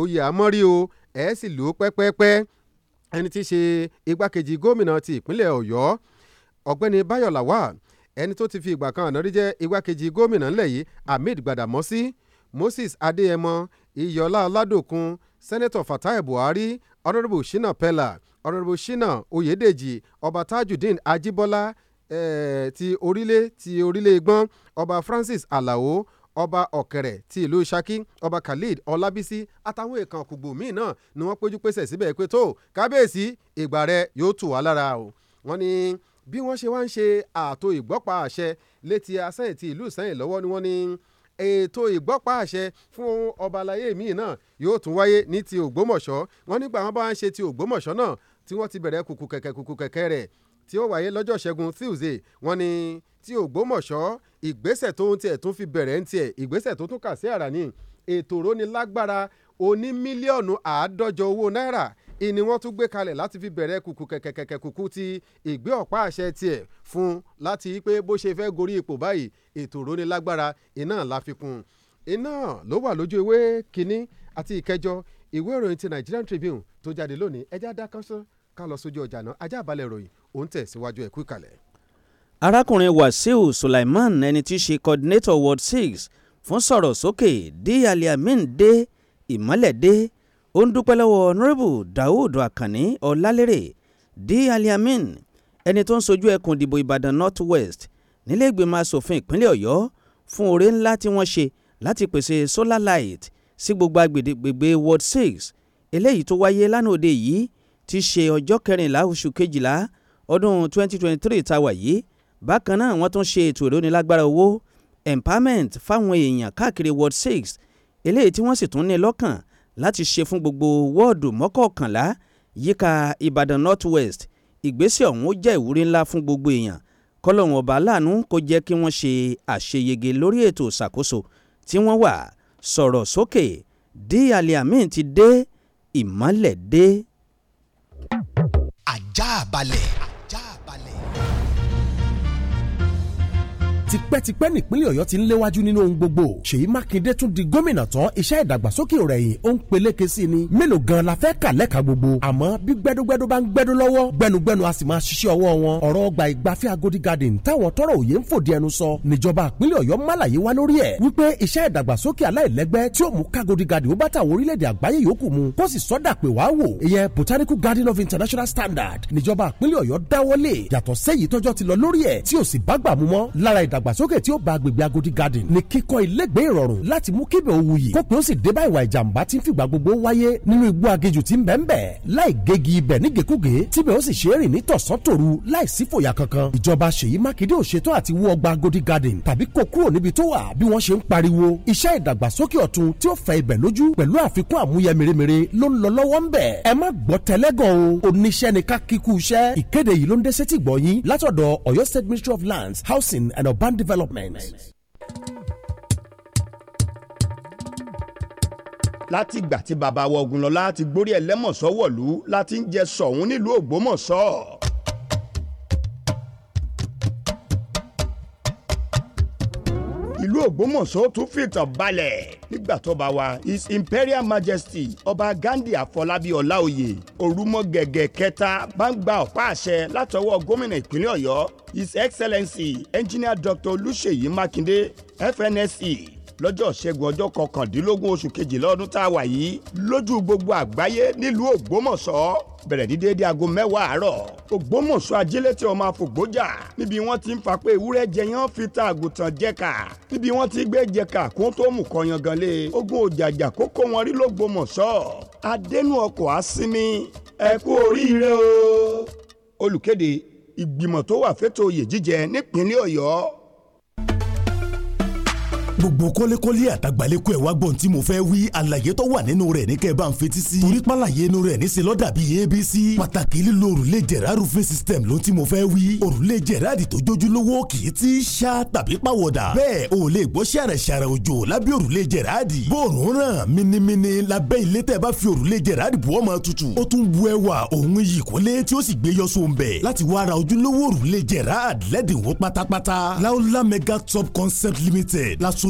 oyè àmọ́rí o ẹ sì lò ó pẹ́pẹ́pẹ́ ẹni tí í ṣe igbákejì gómìnà ti ìpínlẹ̀ ọ̀yọ́ ọ̀gbẹ́ni báyọ̀ lawal ẹni tó ti fi ìgbà kan ànárí jẹ́ igbákejì gómìnà ńlẹ̀ yìí ahmed gbadamọ́sí moses adéyẹmọ iyọlá ọládòkun sẹ́nẹ́tọ̀ fatai buhari ọ̀nàrẹ́bù shina pella ọ̀nàrẹ́bù shina oyèdèjì ọba tajudeen ajibola eh, ti orílẹ̀ ti orílẹ̀ igbọ́n ọba francis alao ọba ọ̀kẹ̀rẹ̀ ti ìlú saki ọba khalid ọlábísí àtàwọn èèkàn kùgbù míì náà ni wọ́n péjú pésẹ̀ síbẹ̀ pé tó kábíyèsí ìgbà rẹ yóò tù wá lára o wọ́n ní bí wọ́n ṣe wá ń ṣe ààtò ìgbọ́pàá àṣẹ létí asẹ́yìn ti ìlú ìsẹ́yìn lọ́wọ́ ni wọ́n ní ètò ìgbọ́pá àṣẹ fún ọba àlàyé míì náà yóò tún wáyé ní ti ògbómọ̀ṣọ́ wọn nígbà wọn bá ń ṣe ti ògbómọ̀ṣọ́ náà tí wọ́n ti bẹ̀rẹ̀ kùkù kẹ̀kẹ́ kùkù kẹ̀kẹ́ rẹ̀ tí ó wáyé lọ́jọ́ ṣẹ́gun Tuesday wọn ni tí ògbómọ̀ṣọ́ ìgbésẹ̀ tó ń tiẹ̀ tún fi bẹ̀rẹ̀ ń tiẹ̀ ìgbésẹ̀ tó tún kà sí àrà ni ètò ìrónilágbára oní mílíọ̀nù àádọ́jọ owó náírà ìní wọ́n tún gbé kalẹ̀ láti fi bẹ̀rẹ̀ kùkù kẹ̀kẹ̀kẹ̀kẹ̀ kùkù ti ìgbé ọ̀pá àṣẹ tiẹ̀ fún láti pé bó ṣe fẹ́ gorí ipò báyìí ètò ìrónilágbára iná láfikún iná ló wà lójú ewé kínní àti ìkẹjọ ìwé ìròyìn ti Nigerian Tribune tó jáde lónìí ẹjẹ adákánsán ká lọ sójú ọjà náà ajá àbálẹ̀ ìròyìn òun tẹ̀síwájú ẹ̀kú ìkàlẹ̀. arákùnrin Wasiu Sulaiman ẹni tí í ṣe coordinator Ward six. fún sọ̀rọ̀ sókè díyàlẹ̀ amin dé ìmọ́lẹ̀ ó ń dúpẹ́ lọ́wọ́ ọ̀nàrẹ́bù daoud akànní ọ̀làlérè di aliamin ẹni tó ń sojú ẹkùn ìdìbò ìbàdàn north west nílé ìgbìmọ̀ asòfin ìpínlẹ̀ ọ̀yọ́ fún oore ńlá tí wọ́n ṣe láti pèsè solar light sí gbogbo agbègbè ward six eléyìí tó wáyé lánàá òde yìí ti ṣe ọjọ́ kẹrìnlá oṣù kejìlá ọdún 2023 tá a wà yìí bákan náà wọ́n tún ṣe ètò ìrónilágbára owó empowerment fáwọn èèyàn káàkiri ward six eléyìí tí wọ́n sì tún ní lọ́kàn láti ṣe fún gbogbo wọ́ọ̀dù mọ́kọ̀ọ̀kànlá yíká Ìbàdàn North West ìgbésẹ̀ ọ̀hún ó jẹ́ ìwúrí ńlá fún gbogbo èèyàn kọ́lọ́hún ọba aláàánú kó jẹ́ kí wọ́n ṣe àṣeyege lórí ètò ìṣàkóso tí wọ́n wà sọ̀rọ̀ sókè dí Al-Amin ti dé ìmọ́lẹ̀ dé. àjàbalẹ̀. tipẹ́tipẹ́ nípínlẹ̀ ọ̀yọ́ ti ń léwájú nínú ohun gbogbo ṣèyí mákindé tún di gómìnà tán iṣẹ́ ìdàgbàsókè rẹ̀ yìí ó ń peléke sí ni mélòó gan la fẹ́ kà lẹ́ka gbogbo àmọ́ bí gbẹ́dúgbẹ́dú bá ń gbẹ́dú lọ́wọ́ gbẹnugbẹnu a sì máa ṣiṣẹ́ ọwọ́ wọn ọ̀rọ̀ ọgbà ìgbafẹ́ agodi garden táwọn tọrọ òye ń fòdì ẹnu sọ níjọba ìpínlẹ̀ ọ̀yọ́ málàyé wá garden ó bá tàwọn orílẹ̀-èdè àgbáyé yòókù mu kó sì sọ́dà garden of international standard níjọba ìpínlẹ̀ ọ̀yọ́ dáwọ́lé yàtọ̀ sẹ́yìí tọ́jọ́ ti lọ lórí ẹ̀ tí ò ìdàgbàsókè tí ó bá agbègbè Agodi Garden ní kíkọ́ ilégbèé ìrọ̀rùn láti mú kíbẹ̀ ó wuyì kópin ó sì dé bá ìwà ìjàmbá tí ń fìgbà gbogbo wáyé nínú igbó agejù tí ń bẹ̀ ń bẹ̀ láì gegi ibẹ̀ nígekúge tíbẹ̀ ó sì ṣe é rìn ní tọ̀sán-tòru láì sí fòyà kankan ìjọba Ṣèyí Mákindé ò ṣetán àti wó ọgbà Agodi Garden tàbí kó kúrò níbi tó wà bí wọ́n ṣe ń pariwo iṣẹ́ ìdàgbàsókè ọ̀tun tí ó fẹ́ ibẹ̀ lójú pẹ̀lú àfikún àmúyẹ mèremère ló ń lọ lọ́wọ́ ń bẹ̀ ẹ má gbọ́ tẹ́lẹ́gàn o oníṣẹ́ ni ká kíkú iṣẹ́ ìkéde yìí ló ń dé sétí gbọ́ látọ̀dọ̀ Ọ̀yọ́ State Ministry of Lands Housing and Urban and development. látìgbà tí bàbá wọgùnlọ́lá ti gbórí ẹlẹ́mọ̀sọ́ wọ̀lú láti ń jẹ sọ̀hún nílùú ògbómọ̀ṣọ́ ìlú Ògbómọ̀ṣọ́ tún fìtàn balẹ̀ nígbà tọ́ba wa His Imperial Majesty ọba Gandhi Àfọlábí Ọláoyè òrùmọ̀gẹ̀gẹ̀ kẹta bá ń gba ọ̀pá àṣẹ látọwọ́ gómìnà ìpínlẹ̀ Ọ̀yọ́ His Excellency Engineer Dr. Olúṣèyí Mákindé FNSE lọ́jọ́ ṣẹ́gun ọjọ́ kọkàndínlógún oṣù kejìlá ọdún tá a wà yìí lójú gbogbo àgbáyé nílùú ògbómọ̀ṣọ́ bẹ̀rẹ̀ ní déédéé aago mẹ́wàá àárọ̀ ògbómọ̀ṣọ́ ajílétẹ̀ ọmọ àfògbójà níbi wọ́n ti ń fa pé ewúrẹ́ jẹyàn fi ta àgùntàn jẹ́ka níbi wọ́n ti gbé jẹ́ka kó tó mú kọyan gan lé ogun òjàjà kó kó wọn rí lógbómọ̀ṣọ́ adẹnu ọkọ̀ á sinmi ẹ kú oríire o olùkéde ìgbìmọ̀ tó wà fétò oyè jíjẹ nípínlẹ̀ ọ̀yọ́ gbogbo kọ́lékọ́lé àtàgbàlékọ́ ẹ̀ wá gbọ́n tí mo fẹ́ wí àlàyé tó wà nínú rẹ̀ ní kẹ́ ẹ bá ń fetí sí. torí pàlàyé inú rẹ̀ níṣẹ́ lọ́dà bíi abc pàtàkì lílo òrùlé jẹ̀rá roofing system ló tí mo fẹ́ wí. òrùlé jẹ̀rá àdìtò jójúlówó kì í ti ṣá tàbí pàwọ̀dà. bẹ́ẹ̀ o lè gbọ́ ṣàrẹ̀ ṣàrẹ̀ òjò lábẹ́ òrùlé jẹ̀rá àdì. bóòrùn ràn minimini lábẹ́ ilé tẹ́ bá fi òrùlé jẹ̀rá àdì bu ọmọ tutù. ó tún bu ẹwà òun iyì kólé tí ó sì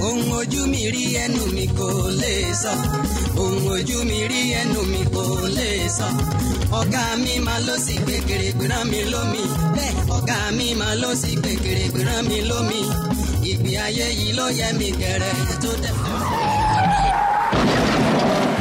ohun ojú mi rí ẹnu mi kò lè sọ ohun ojú mi rí ẹnu mi kò lè sọ ọ̀gá mi máa ló sì gbẹgẹrẹ gbẹrán mi lómi bẹ́ẹ̀ ọ̀gá mi máa ló sì gbẹgẹrẹ gbẹrán mi lómi ìgbé ayé yìí ló yẹ mi gẹ̀rẹ́ tó dẹ̀.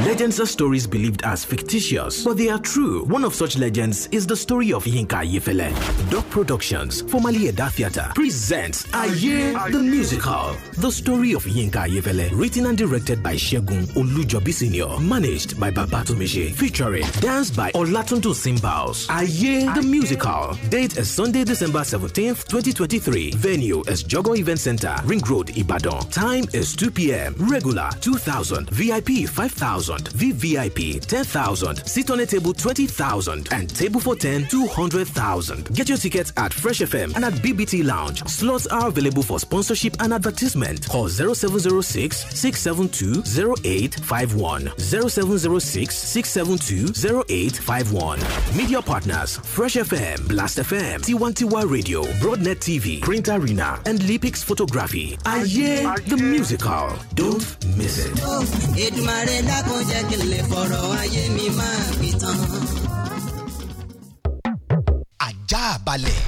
Legends are stories believed as fictitious, but they are true. One of such legends is the story of Yinka Yefele. Doc Productions, formerly Eda Theatre, presents Aye the Musical. The story of Yinka Yefele, written and directed by Shegun Olujobi Sr., managed by Babatomishi, featuring dance by Olatuntu Simbaos. Aye the Musical. Date is Sunday, December 17th, 2023. Venue is Jogo Event Center, Ring Road, Ibadan. Time is 2 p.m. Regular 2000, VIP 5000. 10,000. VVIP 10,000. Sit on a table 20,000. And table for 10 200,000. Get your tickets at Fresh FM and at BBT Lounge. Slots are available for sponsorship and advertisement. Call 0706 672 0706 672 0851. Media partners Fresh FM, Blast FM, T1T1 Radio, Broadnet TV, Print Arena, and Lipix Photography. Aye, the musical. Don't miss it. jẹ́ kí n lè fọ̀rọ̀ ayé mi máa pìtàn. ajá balẹ̀.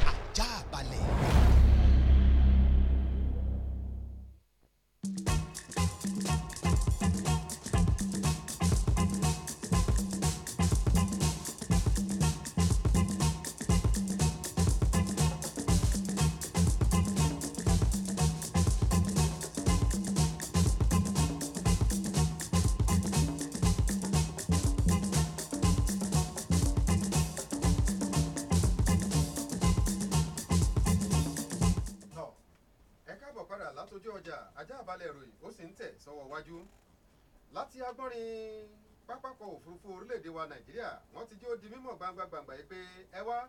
látojú ọjà ajá àbálẹ̀ ìròyìn ó sì ń tẹ̀ sọ́wọ́ iwájú láti agbọ́nrin pápákọ̀ òfurufú orílẹ̀-èdè wa nàìjíríà wọ́n ti jẹ́ ó di mímọ̀ gbangba gbangba yìí pé ẹ wá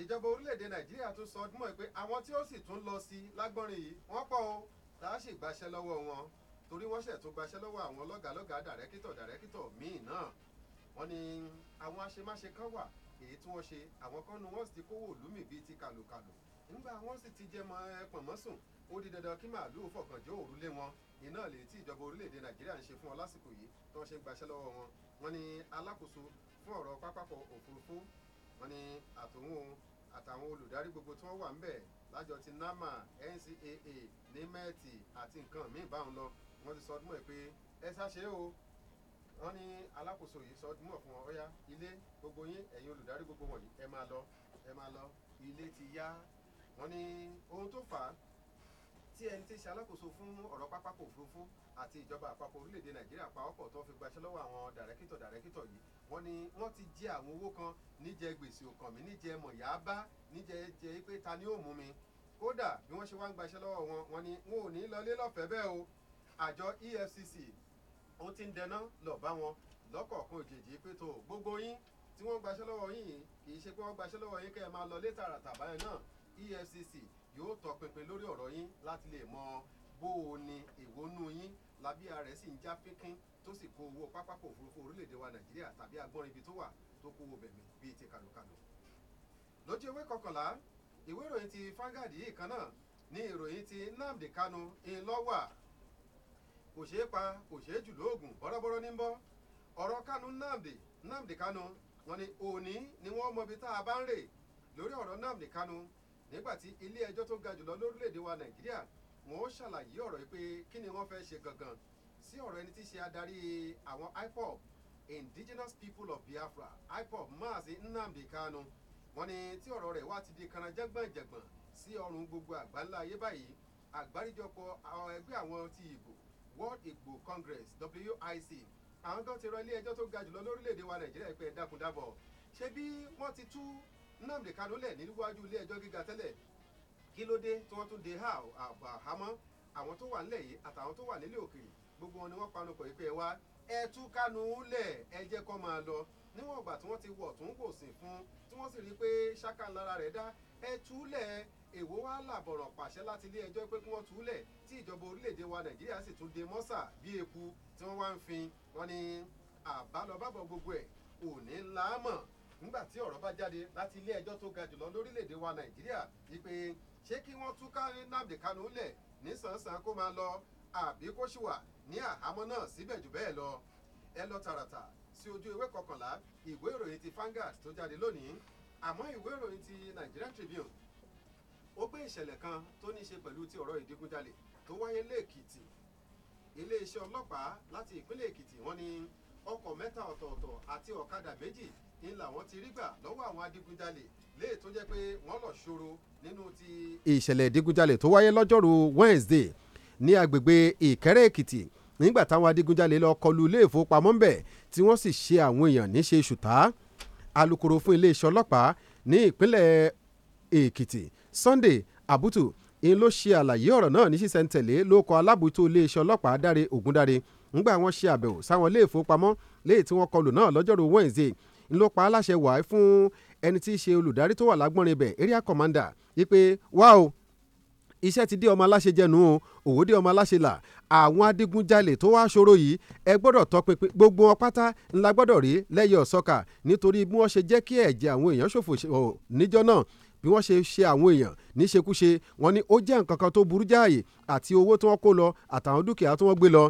ìjọba orílẹ̀-èdè nàìjíríà tún sọ ọdún mọ́ pé àwọn tí ó sì tún lọ sí lágbọ́nrin yìí wọ́n pọ̀ o tá a sì gbaṣẹ́ lọ́wọ́ wọn torí wọ́n ṣẹ̀ tún gbaṣẹ́ lọ́wọ́ àwọn lọ́gàálọ́gàá dàrẹ́kítọ̀ dàrẹ́kítọ̀ míì náà wọ́n ní àwọn aṣemáṣe kan wà èyí tí wọ́n ṣe àwọn kan nu wọ́n sì ti kówó òlùmí bíi ti kàlùkàlù nígbà wọ́n sì ti jẹ mọ́ ẹ pọ̀nmọ́sùn ó di dandan kí màálùú fọkànjọ́ òrùlé wọn iná lè tí ìjọba orílẹ̀-èdè nàìjíríà ń ṣe fún wọn lásìkò yìí tí wọ́n ṣe ń gbaṣẹ́ lọ́wọ́ wọn wọ́n ní alákòóso fún ọ̀rọ̀ pápákọ̀ òfurufú wọ́n ní àtòhún àtàwọn olùdarí gbogbo tí wọ́n wà ńbẹ̀ lájọ ti nama ncaa nimet e àti nǹkan míì báwọn lọ wọ́n ti sọ ọdún mọ́ pé ẹ ṣàṣe o wọ́n ní alákòóso yìí sọ ọdún mọ́ fún wọn ya, ilé gbogbo yín ẹ̀yin olùdarí gbogbo wọ̀nyí ẹ máa lọ ẹ máa lọ ilé ti yá wọ́n ní ohun tó fà á tí ẹni tí ń ṣe fún ọ̀rọ̀ pápákọ̀ òfurufú àti ìjọba àpapọ̀ orílẹ̀-èdè nàìjíríà pawọ́pọ̀ tó fi gbaṣẹ́ lọ́wọ́ àwọn dàrẹ́kítọ̀ dàrẹ́kítọ̀ yìí wọ́n ní wọ́n ti jẹ àwọn owó kan níjẹ gbèsè òkàn mi níjẹ mọ̀yábá níjẹ jẹ pé ta ni ó mú mi kódà bí wọ́n ṣe wá ń gbaṣẹ́ lọ́wọ́ wọn wọ́n ní wọn ò ní lọlé lọ́fẹ̀ẹ́ bẹ́ẹ̀ o àjọ EFCC ó ti ń dẹná lọ bá wọn lọ́kọ̀ọ̀kan òjèèjì pé tó gbogbo yín tí wọ́n gbaṣẹ́ lọ́wọ́ yín kì í ṣe pé wọ́n gbaṣẹ́ lọ́wọ́ yín kẹ́ ẹ máa lọ lé tààràtà báyẹn náà EFCC yóò tọpinpin lórí ọ̀rọ̀ yín láti lè mọ bó o ní ìwónú yín labíyá rẹ̀ sì ń já pínpín tó sì kó owó pápákọ̀ òfurufú orílẹ̀-èdè wa nàìjíríà tàbí agbọ́n ibi tó wà tó kó owó bẹ̀mí bíi ti kàlùkàlù. lójú ewé kọkànlá ìwé ìròyìn ti fangad yìí kan náà ní ìròyìn ti nnamdi kanu ńlọ́wà kò ṣeé pa kò ṣeé jù lóògùn bọ́rọ́bọ́rọ́ ní bọ́ ọ̀rọ̀ kanu nnamdi nnamdi kanu wọn ni òní ni wọ́n mọ ibi tá a bá ń rè lórí ọ̀rọ̀ nnamdi kanu nígbàtí ilé ẹjọ́ tó ga jùlọ lórílẹ̀‐èdè wa nàìjíríà wọn ó ṣàlàyé ọ̀rọ̀ yìí pé kí ni wọ́n fẹ́ ṣe gangan sí ọ̀rọ̀ ẹni tí ṣe adarí àwọn IPOB indigenous people of biafra IPOB Mazi Nnamdi Kanu wọ́n ní tí ọ̀rọ̀ rẹ̀ wá ti di kanajẹ́gbọ̀njẹ̀gbọ̀n sí ọrùn gbogbo àgbáńlá ayé báyìí àgbáríjọpọ̀ ẹgbẹ́ àwọn ti ìgbò World Igbo Congress WIC àwọn kan ti rọ ilé ẹjọ́ tó ga jùlọ lórílẹ̀‐èdè wa nàìjíríà pé ẹ dákun dábọ̀ ṣé wọ́n ti tú nnamdi kanu lẹ̀ níwájú ilé ẹjọ́ gíga tẹ́lẹ̀ kí ló dé tí wọ́n tún de ààbò àhámọ́ àwọn tó wà nílẹ̀ yìí àtàwọn tó wà nílé òkèèrè gbogbo wọn ni wọ́n panu pọ̀ ìpè wá ẹ tú kanu lẹ̀ ẹ jẹ́ kó máa lọ níwọ̀n ìgbà tí wọ́n ti wọ̀ tún kò sìn fún tí wọ́n sì rí i pé ṣáká ńlára rẹ̀ dá ẹ tú lẹ̀ èwo wá làbọ̀rọ̀ pàṣẹ láti ilé ẹjọ́ pé kí wọ́n tú lẹ̀ tí ìjọba orílẹ̀-èdè wa nàìjíríà sì tún de mọ́sà bí eku tí wọ́n wá ń fin wọn ni àbálọbábọ̀ gbogbo ẹ̀ òní ńlá mọ̀ nígbà tí ọ̀rọ̀ bá jáde láti ilé ẹjọ́ tó ga jùlọ lórílẹ̀‐èdè wa nàìjíríà wípé ṣé kí wọ́n tú Nnamdi Kanu lẹ̀ nísànsán kó máa lọ àbí kó ṣì wà ní àhámọ́ náà síbẹ̀ jù bẹ́ẹ̀ lọ ẹ lọ tààràtà sí ojú ewé kọkànlá ìwé ìròyìn ti Vanguard tó jáde lónìí àmọ́ ìwé ìròyìn ti Nigerian Tribune ó gbé ìṣẹ̀lẹ̀ kan tó ní í ṣe pẹ̀lú ti ọ̀rọ̀ ìdigunjalè tó wáyé lẹ́ẹ̀kìtì iléeṣẹ́ ọlọ́pàá láti ìpínlẹ̀ èkìtì wọ́n ní ọkọ̀ mẹ́ta ọ̀tọ̀ọ̀tọ̀ àti ọ̀kadà méjì ń làwọn ti rí gbà lọ́wọ́ àwọn adigunjalè léè tó jẹ́ pé wọ́n lọ ṣòro nínú ti. ìṣẹ̀lẹ̀ ìdigunjalè tó wáyé lọ́jọ́rùú Wednesday ní agbègbè ìkẹ́rẹ́ èkìtì nígbà táwọn adigunjalè lọ kọlu ilé ìfowópamọ́ ńbẹ̀ tí wọ́n sì ṣe àwọn èèyàn níṣe ṣùtá alukoro fún iléeṣẹ́ ọlọ́pàá ní ìpínlẹ̀ èkìtì Sunday Abutu ń ló ṣe àlàyé ọ̀rọ̀ náà ní sísẹ̀ntẹ̀lé ló kọ alábòójútó iléeṣẹ́ ọlọ́pàá dáre ògúndáre ńgbà wọ́n ṣe àbẹ̀wò sáwọn ilé ìfowópamọ́ léyìí tí wọ́n kọlù náà lọ́jọ́rú Wednesday ń ló pa á láṣẹ wàá fún ẹni tí í ṣe olùdarí tó wà lágbọ́nrin bẹ̀ area commander wípé wá o iṣẹ́ ti dé ọmọ aláṣẹ jẹnu o òwò dé ọmọ aláṣẹ là àwọn adigunjalè tó wáá ṣòro yìí ẹ gbọ́dọ̀ tọpinpin gbogbo wọn pátá ńlá gbọ́dọ̀ rí lẹ́yẹ ọ̀sọ́kà nítorí bí wọ́n ṣe jẹ́ kí ẹ̀jẹ̀ àwọn èèyàn ṣòfò níjọ́ náà bí wọ́n ṣe ṣe àwọn èèyàn níṣekúṣe wọ́n ní ó jẹ́ nǹkan kan tó burú jáàyè àti owó tí wọ́n kó lọ àtàwọn dúkìá tí wọ́n gbé lọ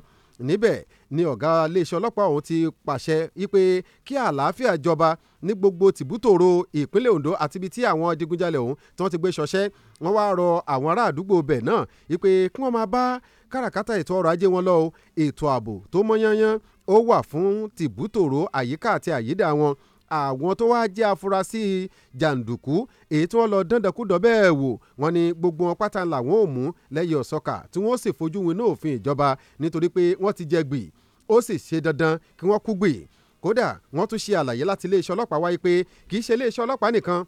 níbẹ̀ ni ọ̀gá iléeṣẹ́ ọlọ́pàá ọ̀hún ti pàṣẹ wípé kí àlàáfíà jọba ní gbogbo tìbútòrò ìpínlẹ̀ Ondo àti ibi tí àwọn adigunjalè ọ̀hún tí wọ́n ti gbé ṣọṣẹ́ wọ́n wá rọ àwọn ará àdúgbò bẹ̀ náà wípé kí wọ́n máa bá káràkátà ètò ọrọ̀ ajé wọn lọ ètò ààbò tó mọ́ yányán ó wà fún tìbútòrò àyíká àti àyídà wọn àwọn tó wáá jẹ́ afurasí jàǹdùkú èyí tí wọ́n lọ dándàkúdọ̀ bẹ́ẹ̀ wò wọ́n ní gbogbo wọn pátá làwọn ò mú lẹ́yìn ọ̀sọ́kà tí wọ́n sì fojú winá òfin ìjọba nítorí pé wọ́n ti jẹ gbì ó sì ṣe dandan kí wọ́n kú gbì kódà wọ́n tún ṣe àlàyé láti iléeṣẹ́ ọlọ́pàá wáyé pé kì í ṣe iléeṣẹ́ ọlọ́pàá nìkan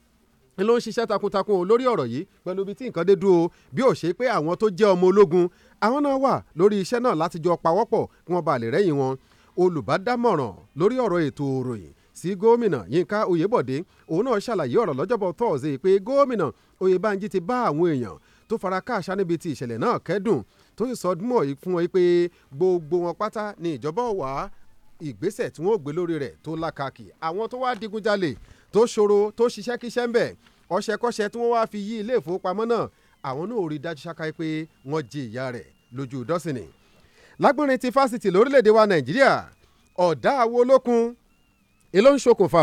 ló ń ṣiṣẹ́ takuntakun lórí ọ̀rọ̀ yìí pẹ̀lú ibi tí nǹkan dé dúró bí ó ṣe pé àwọn tó jẹ́ ọmọ ológun àwọn náà wà lórí iṣẹ́ náà láti jọ pawọ́pọ̀ kí wọ́n ba lè rẹ́yìn wọn olùbádámọ̀ràn lórí ọ̀rọ̀ ètò òròyìn sí gómìnà Yínká Oyèbọ̀dé òun náà ṣàlàyé ọ̀rọ̀ lọ́jọ́bọ̀ Thursday pé gómìnà Oyèbánjí ti bá àwọn èèyàn tó fara káàṣá níbi ti ìṣẹ̀lẹ̀ náà kẹ́dùn tó sì sọ mọ́ fún wọn pé gbogbo wọn pátá ni ìjọba wà ìgbésẹ̀ tí wọ́n gbé lórí rẹ̀ tó lákàkì àwọn tó wá digunjalè tó ṣòro tó ṣiṣẹ́ kíṣẹ́ ń bẹ̀ ọṣẹkọ́ṣẹ tí wọ́n wá fi yí ilé ìfowópamọ́ náà àwọn náà rí dájú ṣáká pé wọ́n jẹ ìyá rẹ̀ lójú dọ́sìnì lágbórin ti fásitì lórílẹ̀‐èdè wa Nàìjíríà ọ̀dà àwọn não ń ṣokùnfà